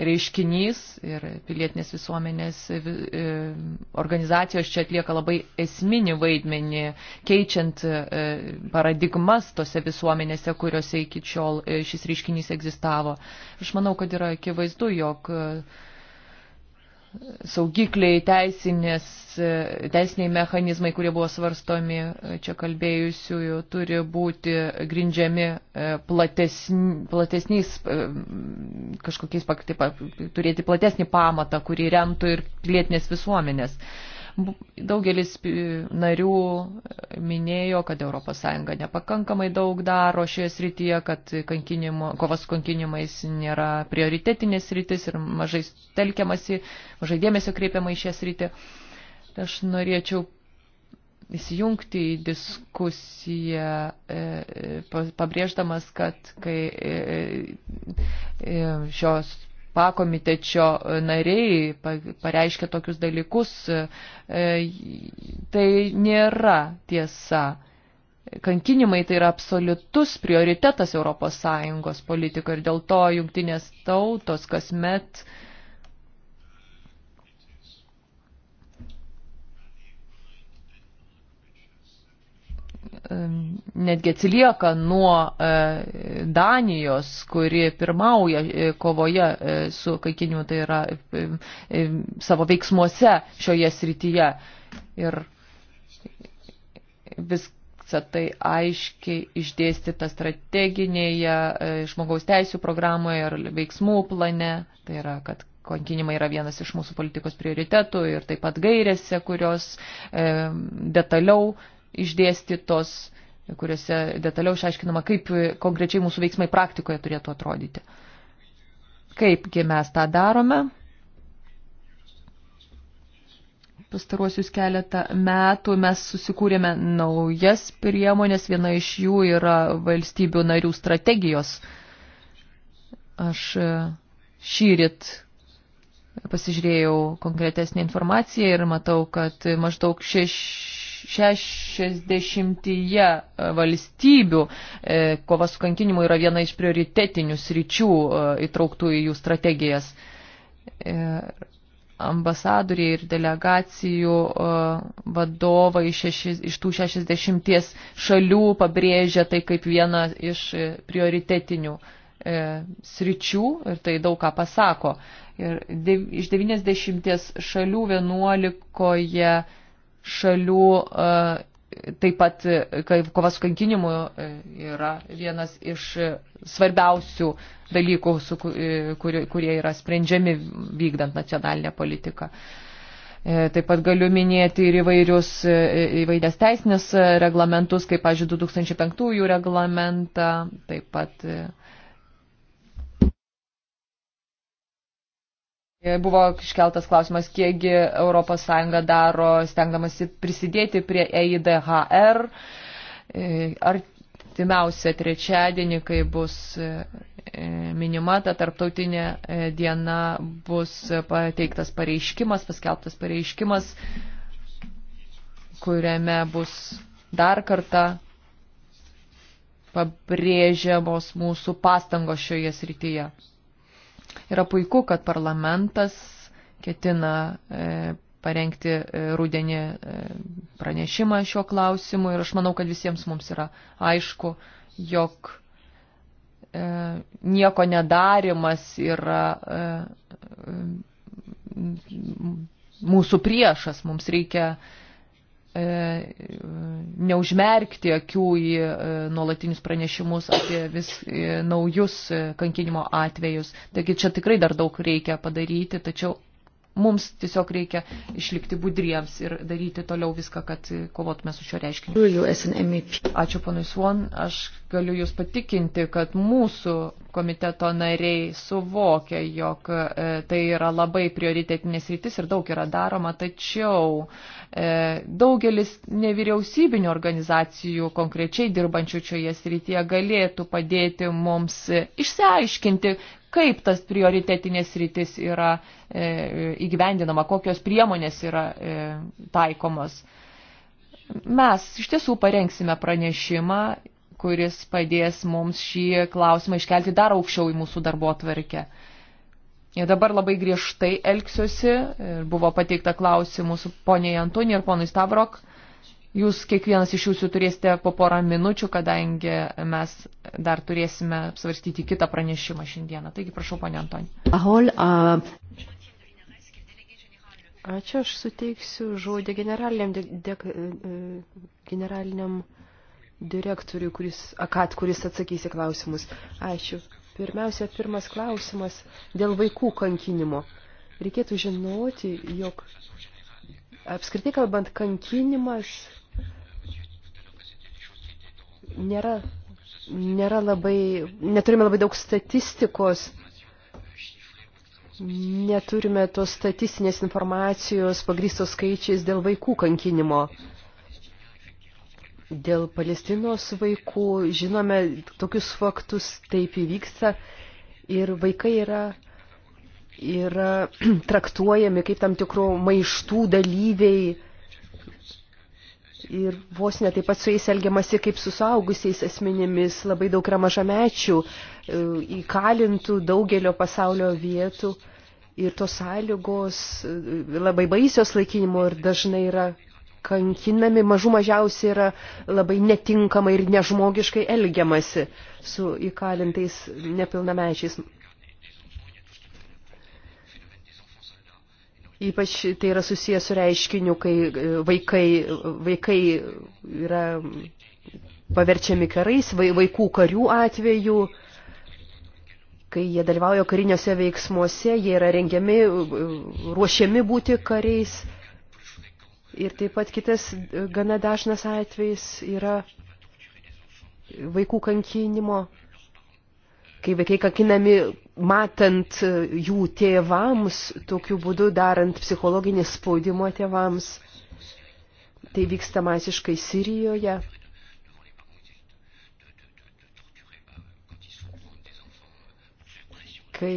reiškinys ir pilietinės visuomenės e, organizacijos čia atlieka labai esminį vaidmenį, keičiant e, paradigmas tose visuomenėse, kuriuose iki šiol e, šis reiškinys egzistavo. Aš manau, kad yra akivaizdu, jog saugikliai, teisinės, teisiniai mechanizmai, kurie buvo svarstomi čia kalbėjusiųjų, turi būti grindžiami e, platesni, platesniais, e, kažkokiais, taip, turėti platesnį pamatą, kurį remtų ir pilietinės visuomenės. Uh, Daugelis e, narių e, minėjo, kad ES nepakankamai daug daro šioje srityje, kad kovas su kankinimais nėra prioritetinės sritis ir mažai telkiamasi, mažai dėmesio kreipiama į šią sritį. Aš norėčiau įsijungti į diskusiją, e, pabrėždamas, kad kai šios pakomitečio e, nariai pareiškia tokius dalykus, e, tai nėra tiesa. Kankinimai tai yra absoliutus prioritetas ES politikoje ir dėl to jungtinės tautos kasmet uh, netgi atsilieka nuo e, Danijos, kuri pirmauja e, kovoje e, su kaikiniu, tai yra savo veiksmuose šioje srityje. Ir vis, visa tai aiškiai išdėstyta strateginėje žmogaus teisų programoje ir veiksmų plane. Tai yra, kad kankinimai yra vienas iš mūsų politikos prioritetų ir taip pat gairėse, kurios e, detaliau išdėstytos, kuriuose detaliau išaiškinama, kaip konkrečiai mūsų veiksmai praktikoje turėtų atrodyti. Kaipgi mes tą darome? Pastaruosius keletą metų mes susikūrėme naujas priemonės, viena iš jų yra valstybių narių strategijos. Aš e, šyrit pasižiūrėjau konkretesnį informaciją ir matau, kad maždaug šeš, 60 e, valstybių e, kova su kankinimu yra viena iš prioritetinių sričių e, įtrauktų į jų strategijas. Ambasadoriai ir delegacijų vadovai iš tų 60 šalių pabrėžia tai kaip vieną iš prioritetinių sričių ir tai daug ką pasako. Ir de, iš 90 šalių 11 šalių e, taip pat e, kova su kankinimu e, yra vienas iš svarbiausių dalykų, su, kurie, kurie yra sprendžiami vykdant nacionalinę politiką. Taip pat galiu minėti ir įvairius, įvairias teisinės reglamentus, kaip, pažiūrėjau, 2005 reglamentą, taip pat E, buvo iškeltas klausimas, kiekgi ES daro, stengdamasi prisidėti prie EIDHR. E, Ar timiausia trečiadienį, kai bus e, minima ta tarptautinė diena, bus pateiktas pareiškimas, paskelbtas pareiškimas, kuriame bus dar kartą pabrėžiamos mūsų pastangos šioje srityje. Yra puiku, kad parlamentas ketina e, parengti e, rudenį e, pranešimą šiuo klausimu ir aš manau, kad visiems mums yra aišku, jog nieko nedarimas yra mūsų priešas, mums reikia E, neužmerkti akių į e, nuolatinius pranešimus apie vis e, naujus kankinimo atvejus. Taigi čia tikrai dar daug reikia padaryti, tačiau Mums tiesiog reikia išlikti budriems ir daryti toliau viską, kad kovotume su šio reiškiniu. Ačiū, ponai Suon. Aš galiu Jūs patikinti, kad mūsų komiteto nariai suvokia, jog e, tai yra labai prioritetinės rytis ir daug yra daroma, tačiau e, daugelis nevyriausybinio organizacijų konkrečiai dirbančių šioje srityje galėtų padėti mums išsiaiškinti, kaip tas prioritetinės rytis yra e, įgyvendinama, kokios priemonės yra e, taikomos. Mes iš tiesų parengsime pranešimą, kuris padės mums šį klausimą iškelti dar aukščiau į mūsų darbo atvarkę. Ir dabar labai griežtai elgsiuosi, buvo pateikta klausimų su poniai Antoni ir ponui Stavrok Jūs kiekvienas iš jūsų turėsite po porą minučių, kadangi mes dar turėsime svarstyti kitą pranešimą šiandieną. Taigi prašau, ponė Antoni. Ahol, uh... Ačiū, aš suteiksiu žodį generaliniam, de, de, e, e, generaliniam direktoriui, kuris, akat, kuris atsakys į klausimus. Ačiū. Pirmiausia, pirmas klausimas dėl vaikų kankinimo. Reikėtų žinoti, jog apskritai kalbant, kankinimas nėra, nėra labai, neturime labai daug statistikos, neturime tos statistinės informacijos pagrįstos skaičiais dėl vaikų kankinimo. Dėl Palestinos vaikų žinome tokius faktus, taip įvyksta ir vaikai yra yra traktuojami kaip tam tikrų maištų dalyviai, Ir vos ne taip pat su jais elgiamasi kaip su suaugusiais asmenimis, labai daug yra mažamečių, e, įkalintų daugelio pasaulio vietų. Ir tos sąlygos e, labai baisios laikinimo ir dažnai yra kankinami, mažų mažiausiai yra labai netinkamai ir nežmogiškai elgiamasi su įkalintais nepilnamečiais Ypač tai yra susijęs su reiškiniu, kai e, vaikai, vaikai yra paverčiami karais, vaikų karių atveju, kai jie dalyvauja kariniuose veiksmuose, jie yra rengiami, e, ruošiami būti kariais. Ir taip pat kitas e, gana dažnas atvejis yra vaikų kankinimo, kai vaikai kankinami matant jų tėvams, tokiu būdu darant psichologinį spaudimą tėvams. Tai vyksta masiškai Sirijoje. Kai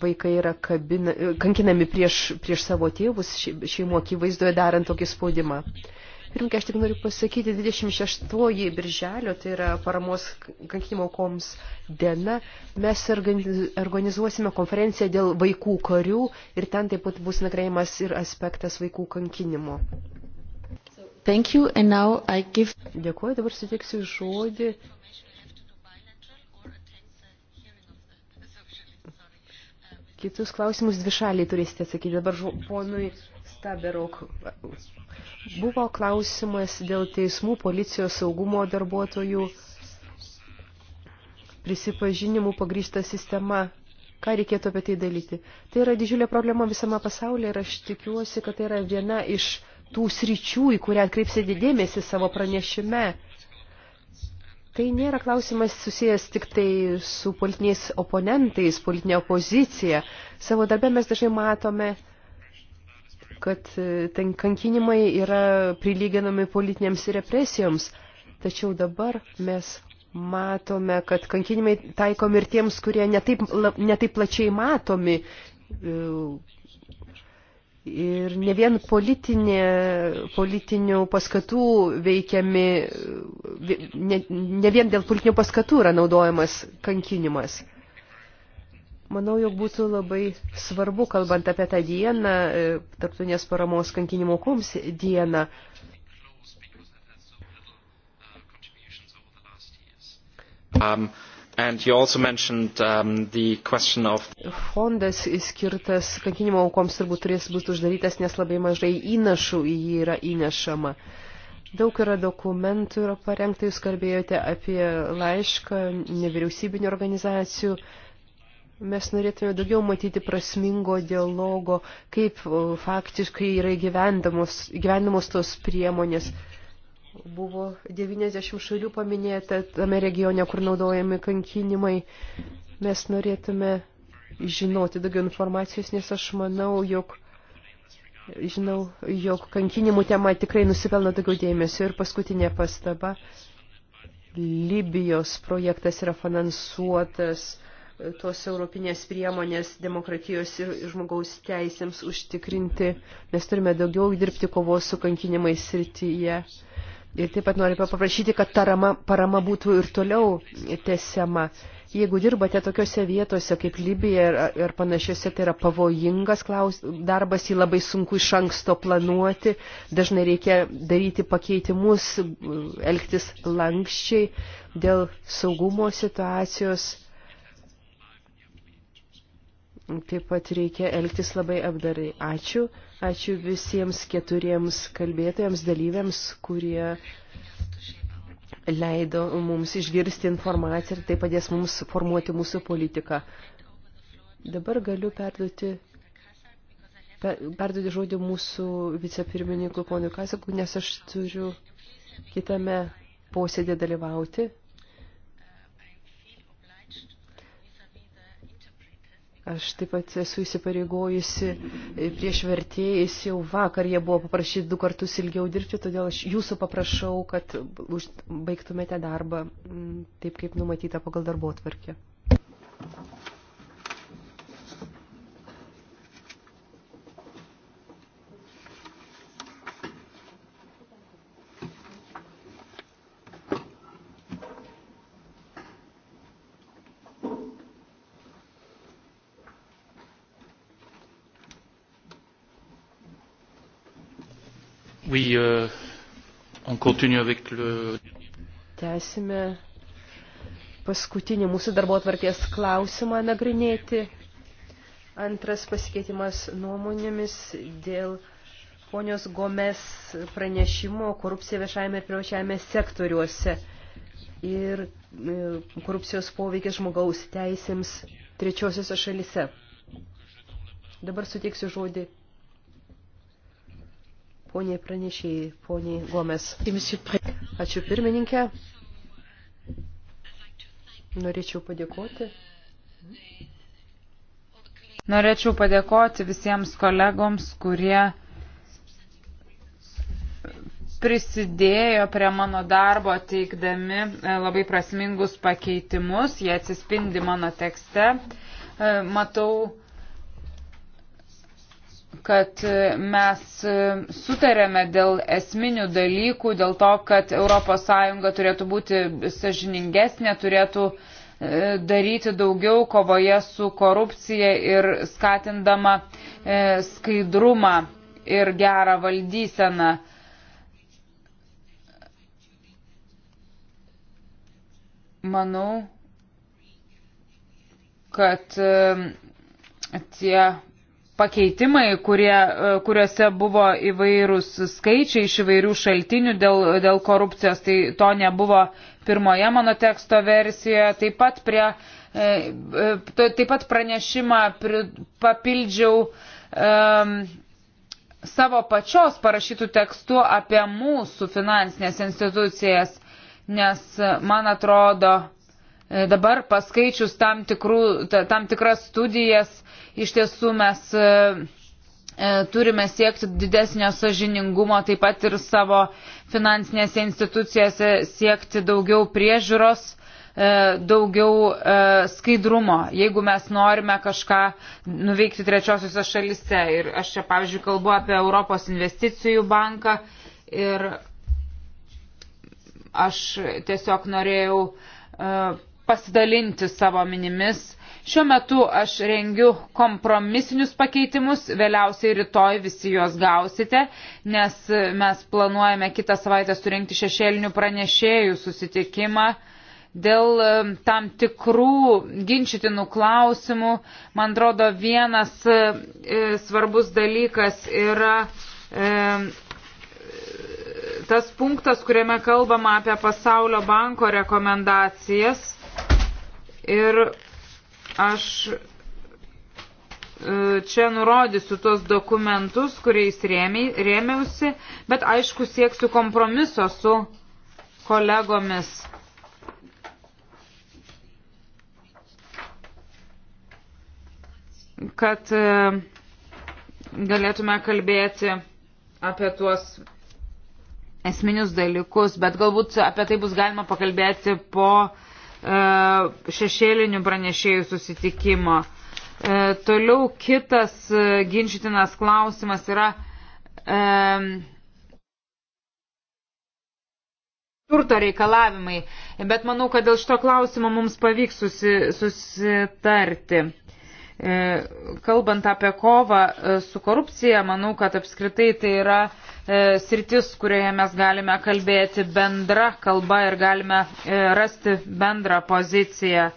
vaikai yra kabina, kankinami prieš, prieš savo tėvus šeimų akivaizdoje darant tokį spaudimą. Uh, Pirmkia, aš tik noriu pasakyti, 26 birželio, tai yra paramos kankinimo koms diena, mes organizuosime konferenciją dėl vaikų karių ir ten taip pat bus nagrėjimas ir aspektas vaikų kankinimo. Thank you, and now I give... Dėkuoju, dabar sutiksiu žodį Kitus klausimus dvišaliai turėsite atsakyti. Dabar žu, ponui Staberok Buvo klausimas dėl teismų policijos saugumo darbuotojų prisipažinimų pagrįsta sistema. Ką reikėtų apie tai dalyti? Tai yra didžiulė problema visame pasaulyje ir aš tikiuosi, kad tai yra viena iš tų sričių, į kurią atkreipsite dėmesį savo pranešime. Tai nėra klausimas susijęs tik tai su politiniais oponentais, politinė opozicija. Savo darbę mes dažnai matome kad e, ten kankinimai yra prilyginami politinėms represijoms. Tačiau dabar mes matome, kad kankinimai taikomi ir tiems, kurie netaip, netaip plačiai matomi. E, ir ne vien politinė, politinių paskatų veikiami, e, ne, ne vien dėl politinių paskatų yra naudojamas kankinimas. Manau, jog būtų labai svarbu, kalbant apie tą dieną, e, tarptautinės paramos kankinimo koms dieną, Um, and you also mentioned um, the question of... Fondas skirtas kankinimo aukoms turbūt turės būti uždarytas, nes labai mažai įnašų į jį yra įnešama. Daug yra dokumentų yra parengta, jūs kalbėjote apie laišką nevyriausybinio organizacijų. Uh, Mes norėtume daugiau matyti prasmingo dialogo, kaip faktiškai yra gyvendamos tos priemonės. Buvo 90 šalių paminėta tame regione, kur naudojami kankinimai. Mes norėtume žinoti daugiau informacijos, nes aš manau, jog, žinau, jog kankinimų tema tikrai nusipelno daugiau dėmesio. Ir paskutinė pastaba. Libijos projektas yra finansuotas tos europinės priemonės demokratijos ir žmogaus teisėms užtikrinti. Mes turime daugiau dirbti kovos su kankinimais srityje. Ir taip pat noriu paprašyti, kad tarama, parama būtų ir toliau tesiama. Jeigu dirbate tokiuose vietose kaip Libija ir, ir panašiuose, tai yra pavojingas klaus, darbas, jį labai sunku iš anksto planuoti, dažnai reikia daryti pakeitimus, elgtis lankščiai dėl saugumo situacijos Taip pat reikia elgtis labai apdarai. Ačiū. Ačiū visiems keturiems kalbėtojams, dalyviams, kurie leido mums išgirsti informaciją ir tai padės mums formuoti mūsų politiką. Dabar galiu perduoti, perduoti žodį mūsų vicepirmininkui ponui Kasakui, nes aš turiu kitame posėdė dalyvauti. Aš taip pat esu įsipareigojusi prieš vertėjais jau vakar, jie buvo paprašyti du kartus ilgiau dirbti, todėl aš jūsų paprašau, kad baigtumėte darbą taip, kaip numatyta pagal darbo tvarkį. Oui, euh, on continue avec le... Tęsime paskutinį mūsų darbo atvarkės klausimą nagrinėti. Antras pasikeitimas nuomonėmis dėl ponios Gomes pranešimo korupcija viešajame ir privačiajame sektoriuose ir e, korupcijos poveikis žmogaus teisėms trečiosiuose šalise. Dabar suteiksiu žodį Pone pranešėjai, poniai Gomes. Ačiū pirmininkė. Norėčiau padėkoti. Norėčiau padėkoti visiems kolegoms, kurie prisidėjo prie mano darbo teikdami e, labai prasmingus pakeitimus. Jie atsispindi mano tekste. E, matau, kad e, mes e, sutarėme dėl esminių dalykų, dėl to, kad ES turėtų būti sažiningesnė, turėtų e, daryti daugiau kovoje su korupcija ir skatindama skaidrumą ir gerą valdyseną. Manau, kad tie pakeitimai, kurie, e, kuriuose buvo įvairūs skaičiai iš įvairių šaltinių dėl, dėl korupcijos, tai to nebuvo pirmoje mano teksto versijoje. Taip pat, prie, e, e, taip pat pranešimą papildžiau um, savo pačios parašytų tekstų apie mūsų finansinės institucijas, nes man atrodo, dabar paskaičius tam, tikrų, tam tikras studijas, Iš tiesų mes e, e, turime siekti didesnio sažiningumo, taip pat ir savo finansinėse institucijose siekti daugiau priežiūros, e, daugiau skaidrumo, jeigu mes norime kažką nuveikti trečiosiuose šalise. Ir aš čia, pavyzdžiui, kalbu apie Europos investicijų banką ir aš tiesiog norėjau pasidalinti savo minimis Šiuo metu aš rengiu kompromisinius pakeitimus, vėliausiai rytoj visi juos gausite, nes mes planuojame kitą savaitę surinkti šešėlinių pranešėjų susitikimą. Dėl tam tikrų ginčytinų klausimų, man atrodo, vienas e, svarbus dalykas yra tas punktas, kuriame kalbama apie pasaulio banko rekomendacijas. Ir Aš e, čia nurodysiu tuos dokumentus, kuriais rėmiausi, bet aišku sieksiu kompromiso su kolegomis. kad e, galėtume kalbėti apie tuos esminius dalykus, bet galbūt apie tai bus galima pakalbėti po uh, E, šešėlinių pranešėjų susitikimo. E, toliau kitas e, ginčytinas klausimas yra e, turto reikalavimai, bet manau, kad dėl šito klausimo mums pavyks susi, susitarti. E, kalbant apie kovą e, su korupcija, manau, kad apskritai tai yra e, sritis, kurioje mes galime kalbėti bendra kalba ir galime rasti bendrą poziciją.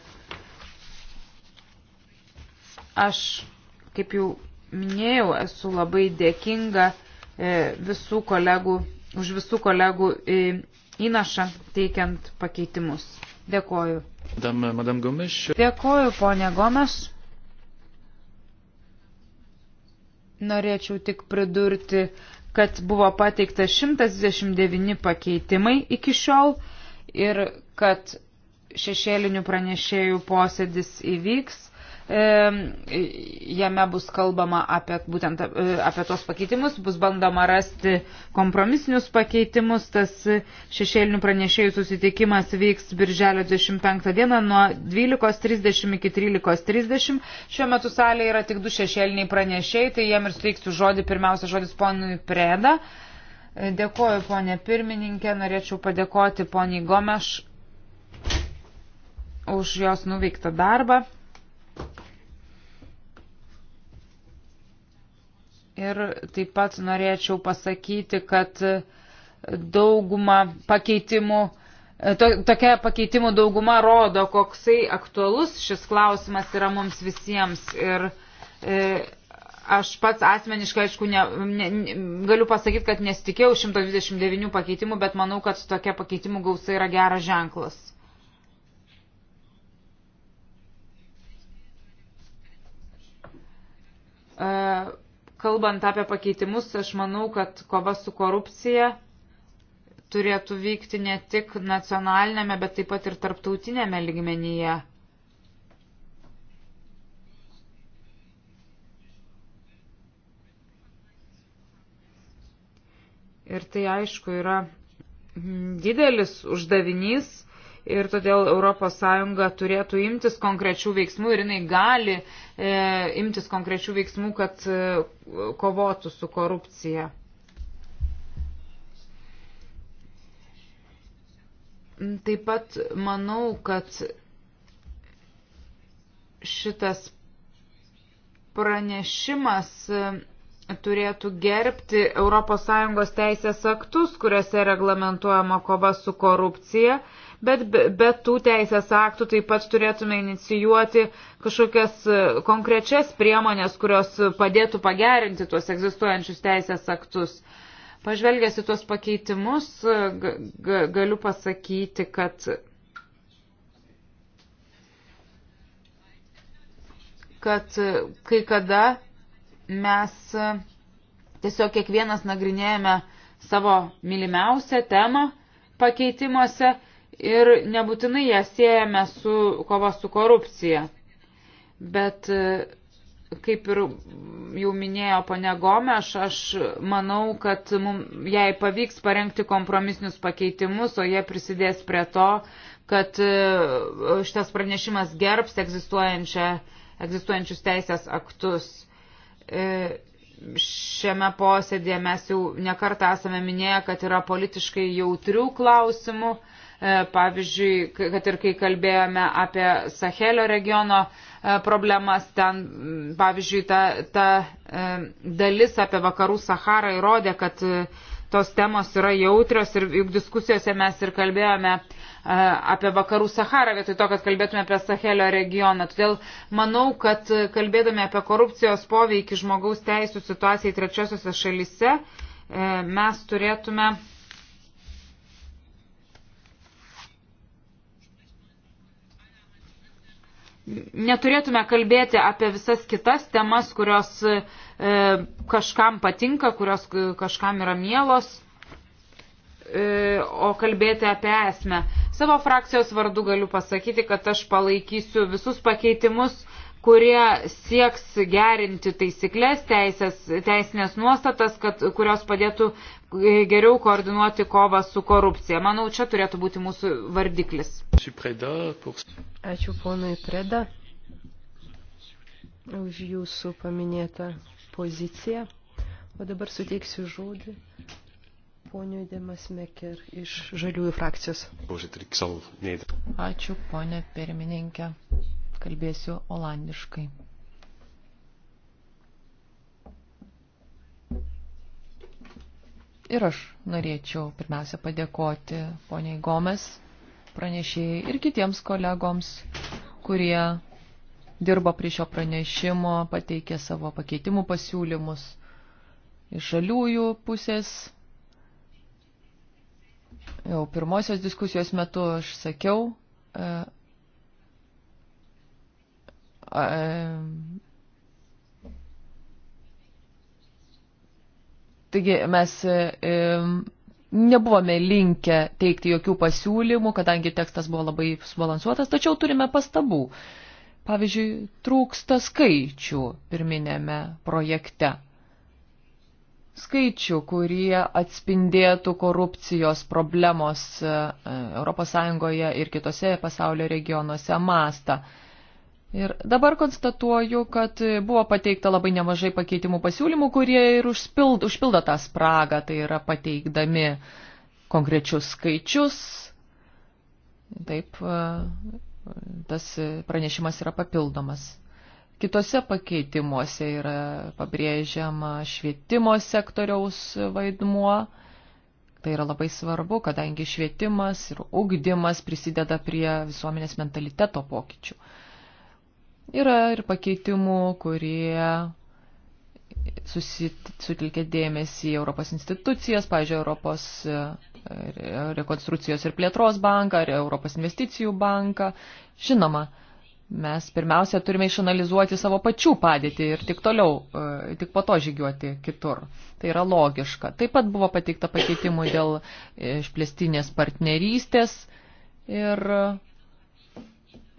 Aš, kaip jau minėjau, esu labai dėkinga visų kolegų, už visų kolegų įnašą teikiant pakeitimus. Dėkoju. Madame, Madame Gomes. Dėkoju, ponė Gomes. Norėčiau tik pridurti, kad buvo pateikta 129 pakeitimai iki šiol ir kad šešėlinių pranešėjų posėdis įvyks Jame bus kalbama apie, būtent e, apie tos pakeitimus, bus bandoma rasti kompromisinius pakeitimus. Tas šešėlinių pranešėjų susitikimas vyks birželio 25 dieną nuo 12.30 iki 13.30. Šiuo metu salėje yra tik du šešėliniai pranešėjai, tai jiem ir suteiksiu žodį, pirmiausia žodis ponui Preda. Dėkuoju, ponė pirmininkė, norėčiau padėkoti poniai Gomeš už jos nuveiktą darbą. Ir taip pat norėčiau pasakyti, kad dauguma pakeitimų, to, tokia pakeitimų dauguma rodo, koksai aktualus šis klausimas yra mums visiems. Ir e, aš pats asmeniškai, aišku, ne, ne, ne, galiu pasakyti, kad nesitikėjau 129 pakeitimų, bet manau, kad tokia pakeitimų gausa yra geras ženklas. Uh, e, kalbant apie pakeitimus, aš manau, kad kova su korupcija turėtų vykti ne tik nacionalinėme, bet taip pat ir tarptautinėme ligmenyje. Ir tai aišku yra didelis uždavinys ir todėl ES turėtų imtis konkrečių veiksmų ir jinai gali e, imtis konkrečių veiksmų, kad e, kovotų su korupcija. Taip pat manau, kad šitas pranešimas e, turėtų gerbti ES teisės aktus, kuriuose reglamentuojama kova su korupcija. E, bet be, be tų teisės aktų taip pat turėtume inicijuoti kažkokias e, konkrečias priemonės, kurios padėtų pagerinti tuos egzistuojančius teisės aktus. Pažvelgęs į tuos pakeitimus, e, galiu pasakyti, kad kad e, kai kada mes tiesiog kiekvienas nagrinėjame savo mylimiausią temą pakeitimuose ir nebūtinai ją siejame su kova su korupcija. Bet e, kaip ir jau minėjo pane Gomeš, aš manau, kad mum, jai pavyks parengti kompromisinius pakeitimus, o jie prisidės prie to, kad e, šitas pranešimas gerbs egzistuojančius teisės aktus. E, šiame posėdėje mes jau nekartą esame minėję, kad yra politiškai jautrių klausimų. E, pavyzdžiui, kad ir kai kalbėjome apie Sahelio regiono e, problemas, ten, pavyzdžiui, ta, ta e, dalis apie vakarų Saharą įrodė, kad tos temos yra jautrios ir juk diskusijose mes ir kalbėjome apie vakarų Saharą vietoj to, kad kalbėtume apie Sahelio regioną. Todėl manau, kad kalbėdami apie korupcijos poveikį žmogaus teisų situacijai trečiosiose šalise, mes turėtume neturėtume kalbėti apie visas kitas temas, kurios e, kažkam patinka, kurios e, kažkam yra mielos, e, o kalbėti apie esmę. Savo frakcijos vardu galiu pasakyti, kad aš palaikysiu visus pakeitimus, kurie sieks gerinti taisyklės, teisės, teisinės nuostatas, kad, kurios padėtų e, geriau koordinuoti kovą su korupcija. Manau, čia turėtų būti mūsų vardiklis. Ačiū ponui Preda už jūsų paminėtą poziciją. O dabar suteiksiu žodį poniu Demas Meker iš Žaliųjų frakcijos. Ačiū, ponė pirmininkė kalbėsiu olandiškai. Ir aš norėčiau pirmiausia padėkoti poniai Gomes, pranešėjai ir kitiems kolegoms, kurie dirbo prie šio pranešimo, pateikė savo pakeitimų pasiūlymus iš žaliųjų pusės. Jau pirmosios diskusijos metu aš sakiau, e, E, taigi mes e, e, nebuvome linkę teikti jokių pasiūlymų, kadangi tekstas buvo labai subalansuotas, tačiau turime pastabų. Pavyzdžiui, trūksta skaičių pirminėme projekte. Skaičių, kurie atspindėtų korupcijos problemos ES ir kitose pasaulio regionuose mastą. Ir dabar konstatuoju, kad buvo pateikta labai nemažai pakeitimų pasiūlymų, kurie ir užpild, užpildo tą spragą, tai yra pateikdami konkrečius skaičius. Taip, e, tas pranešimas yra papildomas. Kitose pakeitimuose yra pabrėžiama švietimo sektoriaus vaidmuo. Tai yra labai svarbu, kadangi švietimas ir ugdymas prisideda prie visuomenės mentaliteto pokyčių. Yra ir pakeitimų, kurie sutilkė dėmesį Europos institucijas, pažiūrėjau, Europos e, rekonstrukcijos ir plėtros banką, ar Europos investicijų banką. Žinoma, mes pirmiausia turime išanalizuoti savo pačių padėtį ir tik toliau, e, tik po to žygiuoti kitur. Tai yra logiška. Taip pat buvo pateikta pakeitimų dėl e, išplėstinės partnerystės ir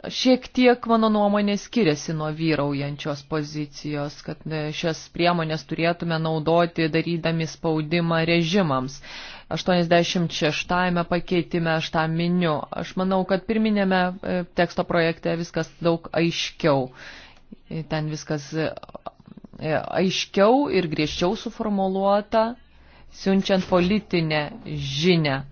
šiek tiek, mano nuomonė, skiriasi nuo vyraujančios pozicijos, kad e, šias priemonės turėtume naudoti darydami spaudimą režimams. 86 pakeitime aš tą miniu. Aš manau, kad pirminėme e, teksto projekte viskas daug aiškiau. E, ten viskas aiškiau ir griežčiau suformuoluota, siunčiant politinę žinę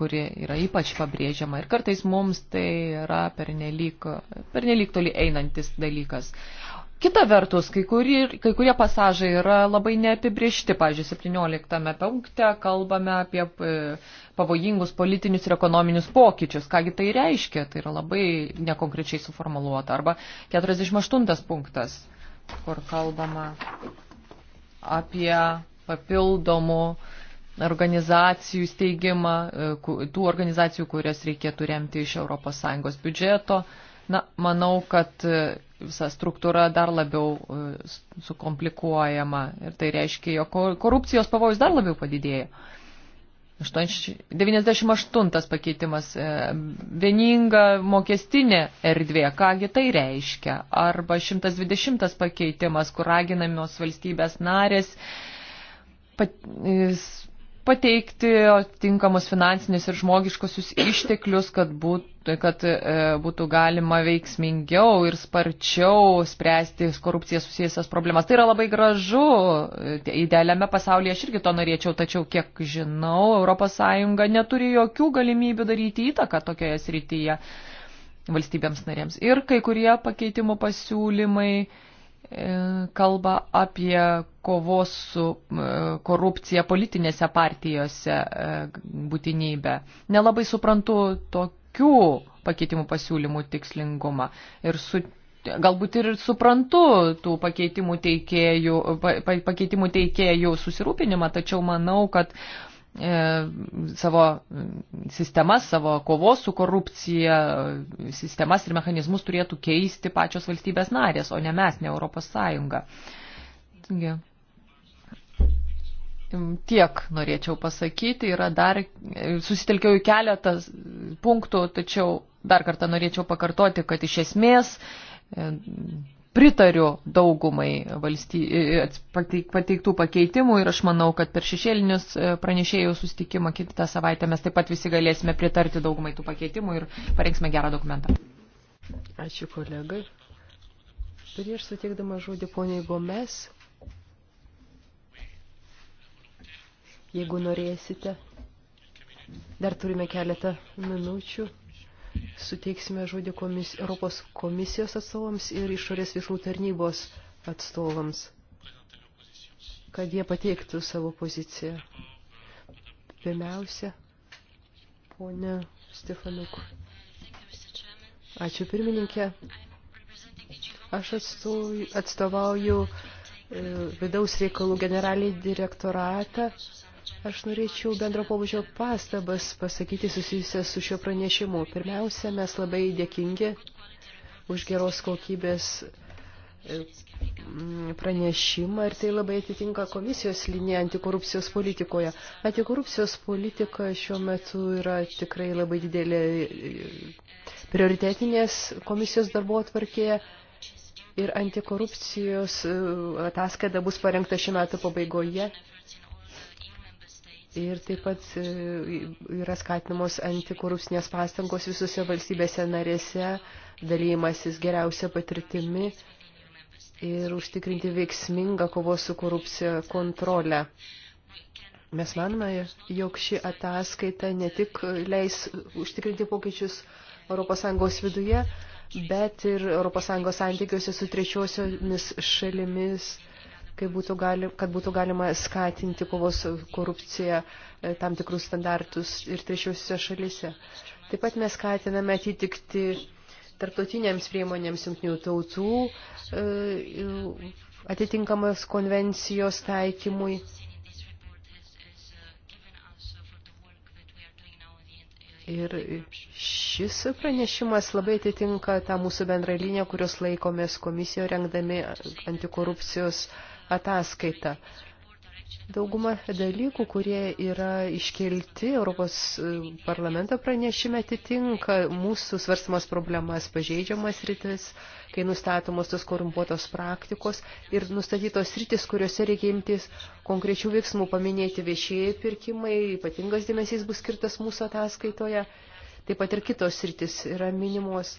kuri yra ypač pabrėžiama ir kartais mums tai yra pernelyg, pernelyg toli einantis dalykas. Kita vertus, kai, kuri, kai kurie pasažai yra labai neapibriešti. Pavyzdžiui, 17 punkte kalbame apie e, pavojingus politinius ir ekonominius pokyčius. Kągi tai reiškia, tai yra labai nekonkrečiai suformuluota. Arba 48 punktas, kur kalbama apie papildomų uh, organizacijų steigimą, e, tų organizacijų, kurias reikėtų remti iš ES biudžeto. Na, manau, kad e, visa struktūra dar labiau e, sukomplikuojama ir tai reiškia, jo korupcijos pavojus dar labiau padidėjo. 98 pakeitimas - vieninga mokestinė erdvė, kągi tai reiškia. Arba 120 pakeitimas, kur raginamios valstybės narės pat, pateikti tinkamus finansinius ir žmogiškosius išteklius, kad būtų, kad e, būtų galima veiksmingiau ir sparčiau spręsti korupciją susijusias problemas. Tai yra labai gražu, idealiame pasaulyje aš irgi to norėčiau, tačiau kiek žinau, ES neturi jokių galimybių daryti įtaką tokioje srityje valstybėms narėms. Ir kai kurie pakeitimų pasiūlymai E, kalba apie kovos su e, korupcija politinėse partijose e, būtinybę. Nelabai suprantu tokių pakeitimų pasiūlymų tikslingumą. Ir su, galbūt ir suprantu tų pakeitimų teikėjų, pa, pakeitimų teikėjų susirūpinimą, tačiau manau, kad E, savo sistemas, savo kovos su korupcija, sistemas ir mechanizmus turėtų keisti pačios valstybės narės, o ne mes, ne Europos Sąjunga. Taigi, tiek norėčiau pasakyti, yra dar, e, susitelkiau į keletą punktų, tačiau dar kartą norėčiau pakartoti, kad iš esmės e, pritariu daugumai valsty... E, e, pateiktų pakeitimų ir aš manau, kad per šešėlinius e, pranešėjų sustikimą kitą savaitę mes taip pat visi galėsime pritarti daugumai tų pakeitimų ir parengsime gerą dokumentą. Ačiū kolegai. Prieš sutikdama žodį poniai Gomes, jeigu norėsite, dar turime keletą minučių suteiksime žodį komis, Europos komisijos atstovams ir išorės veiksmų tarnybos atstovams, kad jie pateiktų savo poziciją. Pirmiausia, ponė Stefanuk. Ačiū pirmininkė. Aš atstovauju e, vidaus reikalų generalinį direktoratą Aš norėčiau bendro pobūdžio pastabas pasakyti susijusias su šio pranešimu. Pirmiausia, mes labai dėkingi už geros kokybės e, pranešimą ir tai labai atitinka komisijos linija antikorupcijos politikoje. Antikorupcijos politika šiuo metu yra tikrai labai didelė e, prioritetinės komisijos darbo atvarkėje ir antikorupcijos e, ataskaita bus parengta šiuo metu pabaigoje. Ir taip pat e, yra skatinamos antikorupsinės pastangos visose valstybėse narėse, dalymasis geriausia patirtimi ir užtikrinti veiksmingą kovos su korupcija kontrolę. Mes manome, jog ši ataskaita ne tik leis užtikrinti pokyčius ES viduje, bet ir ES santykiuose su trečiosiomis šalimis būtų gali, kad būtų galima skatinti kovos korupciją e, tam tikrus standartus ir trečiosiuose šalise. Taip pat mes skatiname atitikti tarptautinėms priemonėms jungtinių tautų e, atitinkamas konvencijos taikymui. Ir šis pranešimas labai atitinka tą mūsų bendrą liniją, kurios laikomės komisijoje rengdami antikorupcijos uh, ataskaitą. Dauguma dalykų, kurie yra iškelti Europos e, parlamento pranešime, atitinka mūsų svarstamas problemas pažeidžiamas rytis, kai nustatomos tos korumpuotos praktikos ir nustatytos rytis, kuriuose reikia imtis konkrečių veiksmų, paminėti viešieji pirkimai, ypatingas dėmesys bus skirtas mūsų ataskaitoje, taip pat ir kitos rytis yra minimos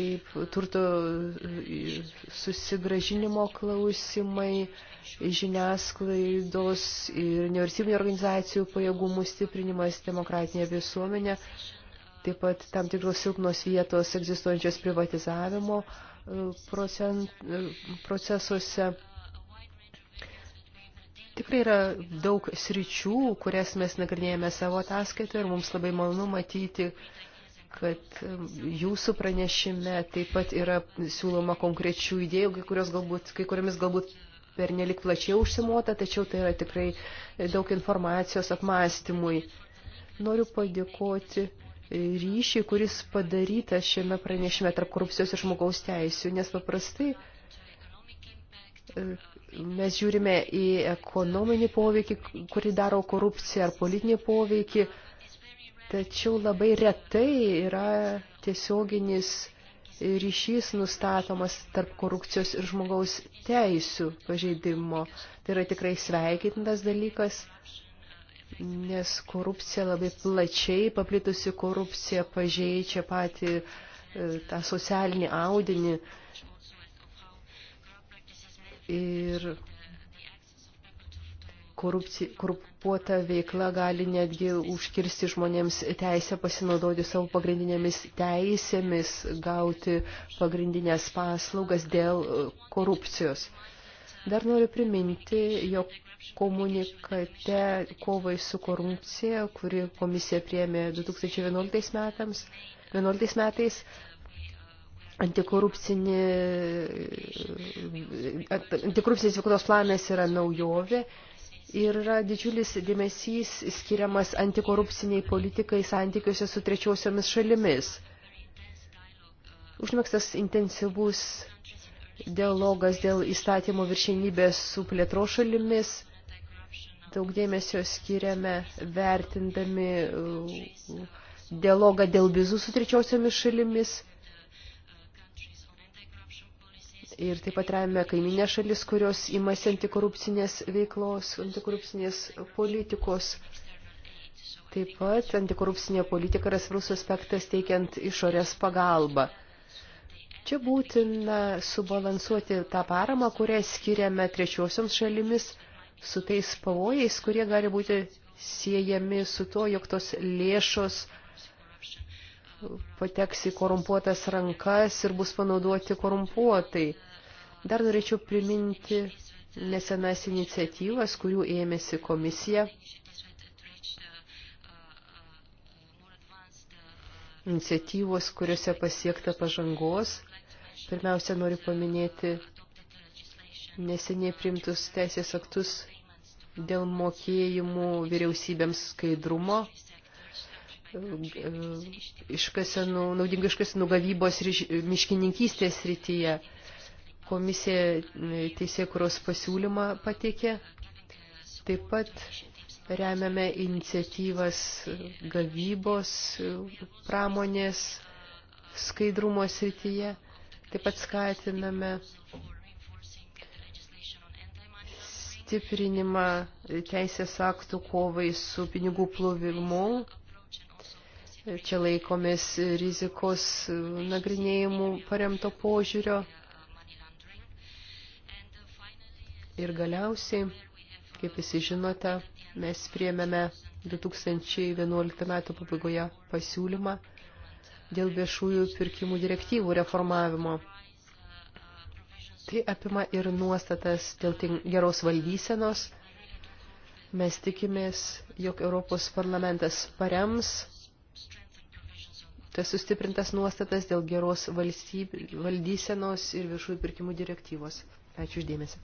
kaip turto susigražinimo klausimai, žiniasklaidos ir nevarsybinio organizacijų pajėgumų stiprinimas demokratinė visuomenė, taip pat tam tikros silpnos vietos egzistuojančios privatizavimo e, procent, e, procesuose. Tikrai yra daug sričių, kurias mes nagrinėjame savo ataskaitoje ir mums labai malonu matyti, uh, kad um, jūsų pranešime taip pat yra siūloma konkrečių idėjų, kai, kurios galbūt, kai kuriomis galbūt per nelik plačiai užsimota, tačiau tai yra tikrai daug informacijos apmąstymui. Noriu padėkoti ryšį, kuris padarytas šiame pranešime tarp korupcijos ir žmogaus teisių, nes paprastai e, mes žiūrime į ekonominį poveikį, kurį daro korupcija ar politinį poveikį Tačiau labai retai yra tiesioginis ryšys nustatomas tarp korupcijos ir žmogaus teisių pažeidimo. Tai yra tikrai sveikintas dalykas, nes korupcija labai plačiai, paplitusi korupcija pažeidžia patį e, tą socialinį audinį. Ir korupci, korumpuota veikla gali netgi užkirsti žmonėms teisę pasinaudoti savo pagrindinėmis teisėmis, gauti pagrindinės paslaugas dėl e, korupcijos. Dar noriu priminti, jog komunikate kovai su korupcija, kuri komisija priėmė 2011 metams, 11 metais, antikorupcinis e, e, veiklos planas yra naujovė Ir yra didžiulis dėmesys skiriamas antikorupciniai politikai santykiuose su trečiosiomis šalimis. Užmėgstas intensyvus dialogas dėl įstatymo viršenybės su plėtro šalimis. Daug dėmesio skiriame vertindami uh, dialogą dėl vizų su trečiosiomis šalimis. ir taip pat remiame kaiminę šalis, kurios imasi antikorupcinės veiklos, antikorupcinės politikos. Taip pat antikorupcinė politika yra svarbus aspektas teikiant išorės pagalbą. Čia būtina subalansuoti tą paramą, kurią skiriame trečiosioms šalimis su tais pavojais, kurie gali būti siejami su to, jog tos lėšos pateks į korumpuotas rankas ir bus panaudoti korumpuotai. Dar norėčiau priminti nesenas iniciatyvas, kurių ėmėsi komisija. Iniciatyvos, kuriuose pasiekta pažangos. Pirmiausia, noriu paminėti neseniai primtus teisės aktus dėl mokėjimų vyriausybėms skaidrumo, iškasenų, naudingiškas nugavybos miškininkystės rytyje. Komisija e, teisėkuros pasiūlymą pateikė. Taip pat remiame iniciatyvas gavybos e, pramonės skaidrumo srityje. Taip pat skatiname stiprinimą teisės aktų kovai su pinigų plovimu. Čia laikomės rizikos nagrinėjimų paremto požiūrio. Ir galiausiai, kaip visi žinote, mes priemėme 2011 metų pabaigoje pasiūlymą dėl viešųjų pirkimų direktyvų reformavimo. Tai apima ir nuostatas dėl geros valdysenos. Mes tikimės, jog Europos parlamentas parems tas sustiprintas nuostatas dėl geros valdysenos ir viešųjų pirkimų direktyvos. Ačiū uždėmesi.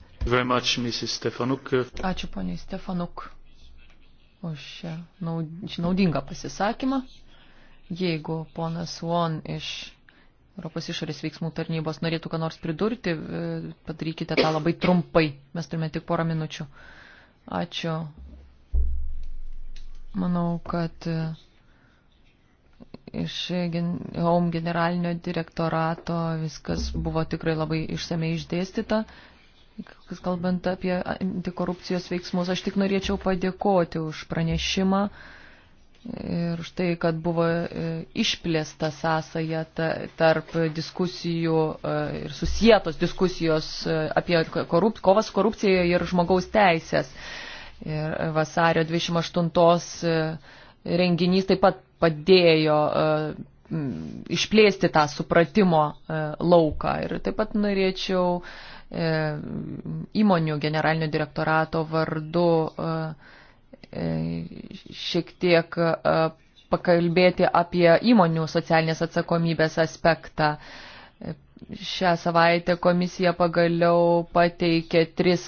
Ačiū poniai Stefanuk už šią naudingą pasisakymą. Jeigu ponas Won iš Europos išorės veiksmų tarnybos norėtų ką nors pridurti, e, padarykite tą labai trumpai. Mes turime tik porą minučių. Ačiū. Manau, kad e, iš Home generalinio direktorato viskas buvo tikrai labai išsamei išdėstyta. Kas kalbant apie antikorupcijos veiksmus, aš tik norėčiau padėkoti už pranešimą ir už tai, kad buvo e, išplėsta sąsaja tarp diskusijų e, ir susijėtos diskusijos e, apie korup, kovas korupciją ir žmogaus teisės. Ir vasario 28 renginys taip pat padėjo e, išplėsti tą supratimo e, lauką. Ir taip pat norėčiau e, įmonių generalinio direktorato vardu šiek tiek pakalbėti apie įmonių socialinės atsakomybės aspektą. Šią savaitę komisija pagaliau pateikė tris,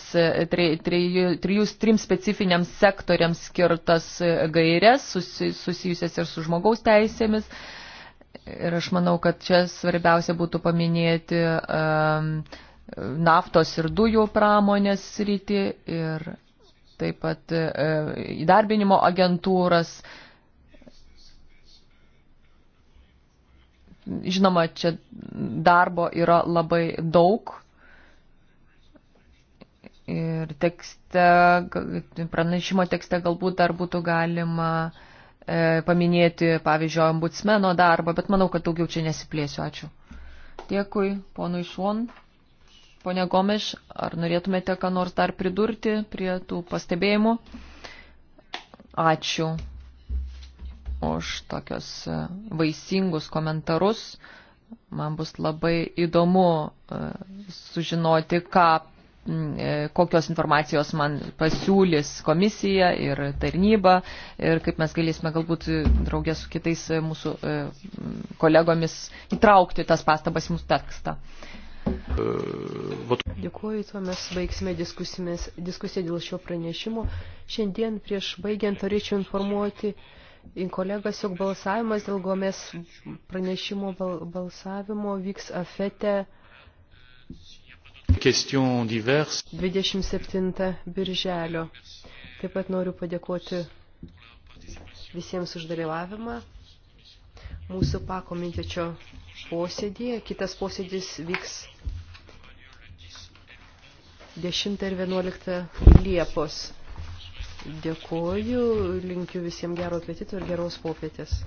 tri, tri, trijus, trims specifiniams sektoriams skirtas gairias susi, susijusias ir su žmogaus teisėmis. Ir aš manau, kad čia svarbiausia būtų paminėti um, naftos ir dujų pramonės sritį ir taip pat um, įdarbinimo agentūras. Um, Žinoma, čia darbo yra labai daug. Ir tekste, pranešimo tekste galbūt dar būtų galima e, paminėti, pavyzdžiui, ombudsmeno darbą, bet manau, kad daugiau čia nesiplėsiu. Ačiū. Dėkui, ponui Šuon. Pone Gomeš, ar norėtumėte ką nors dar pridurti prie tų pastebėjimų? Ačiū už tokios e, vaisingus komentarus. Man bus labai įdomu e, sužinoti, ką, e, kokios informacijos man pasiūlys komisija ir tarnyba ir kaip mes galėsime galbūt draugė su kitais mūsų kolegomis įtraukti tas pastabas į mūsų tekstą. Dėkuoju, tuo mes baigsime diskusiją dėl šio pranešimo. Šiandien prieš baigiant norėčiau informuoti kolegas, jog balsavimas dėl gomės pranešimo bal balsavimo vyks afete 27 birželio. Taip pat noriu padėkoti visiems už dalyvavimą mūsų pakomitečio posėdėje. Kitas posėdis vyks 10 ir 11 Liepos. Dėkuoju, linkiu visiems gero apetito ir geros popietės.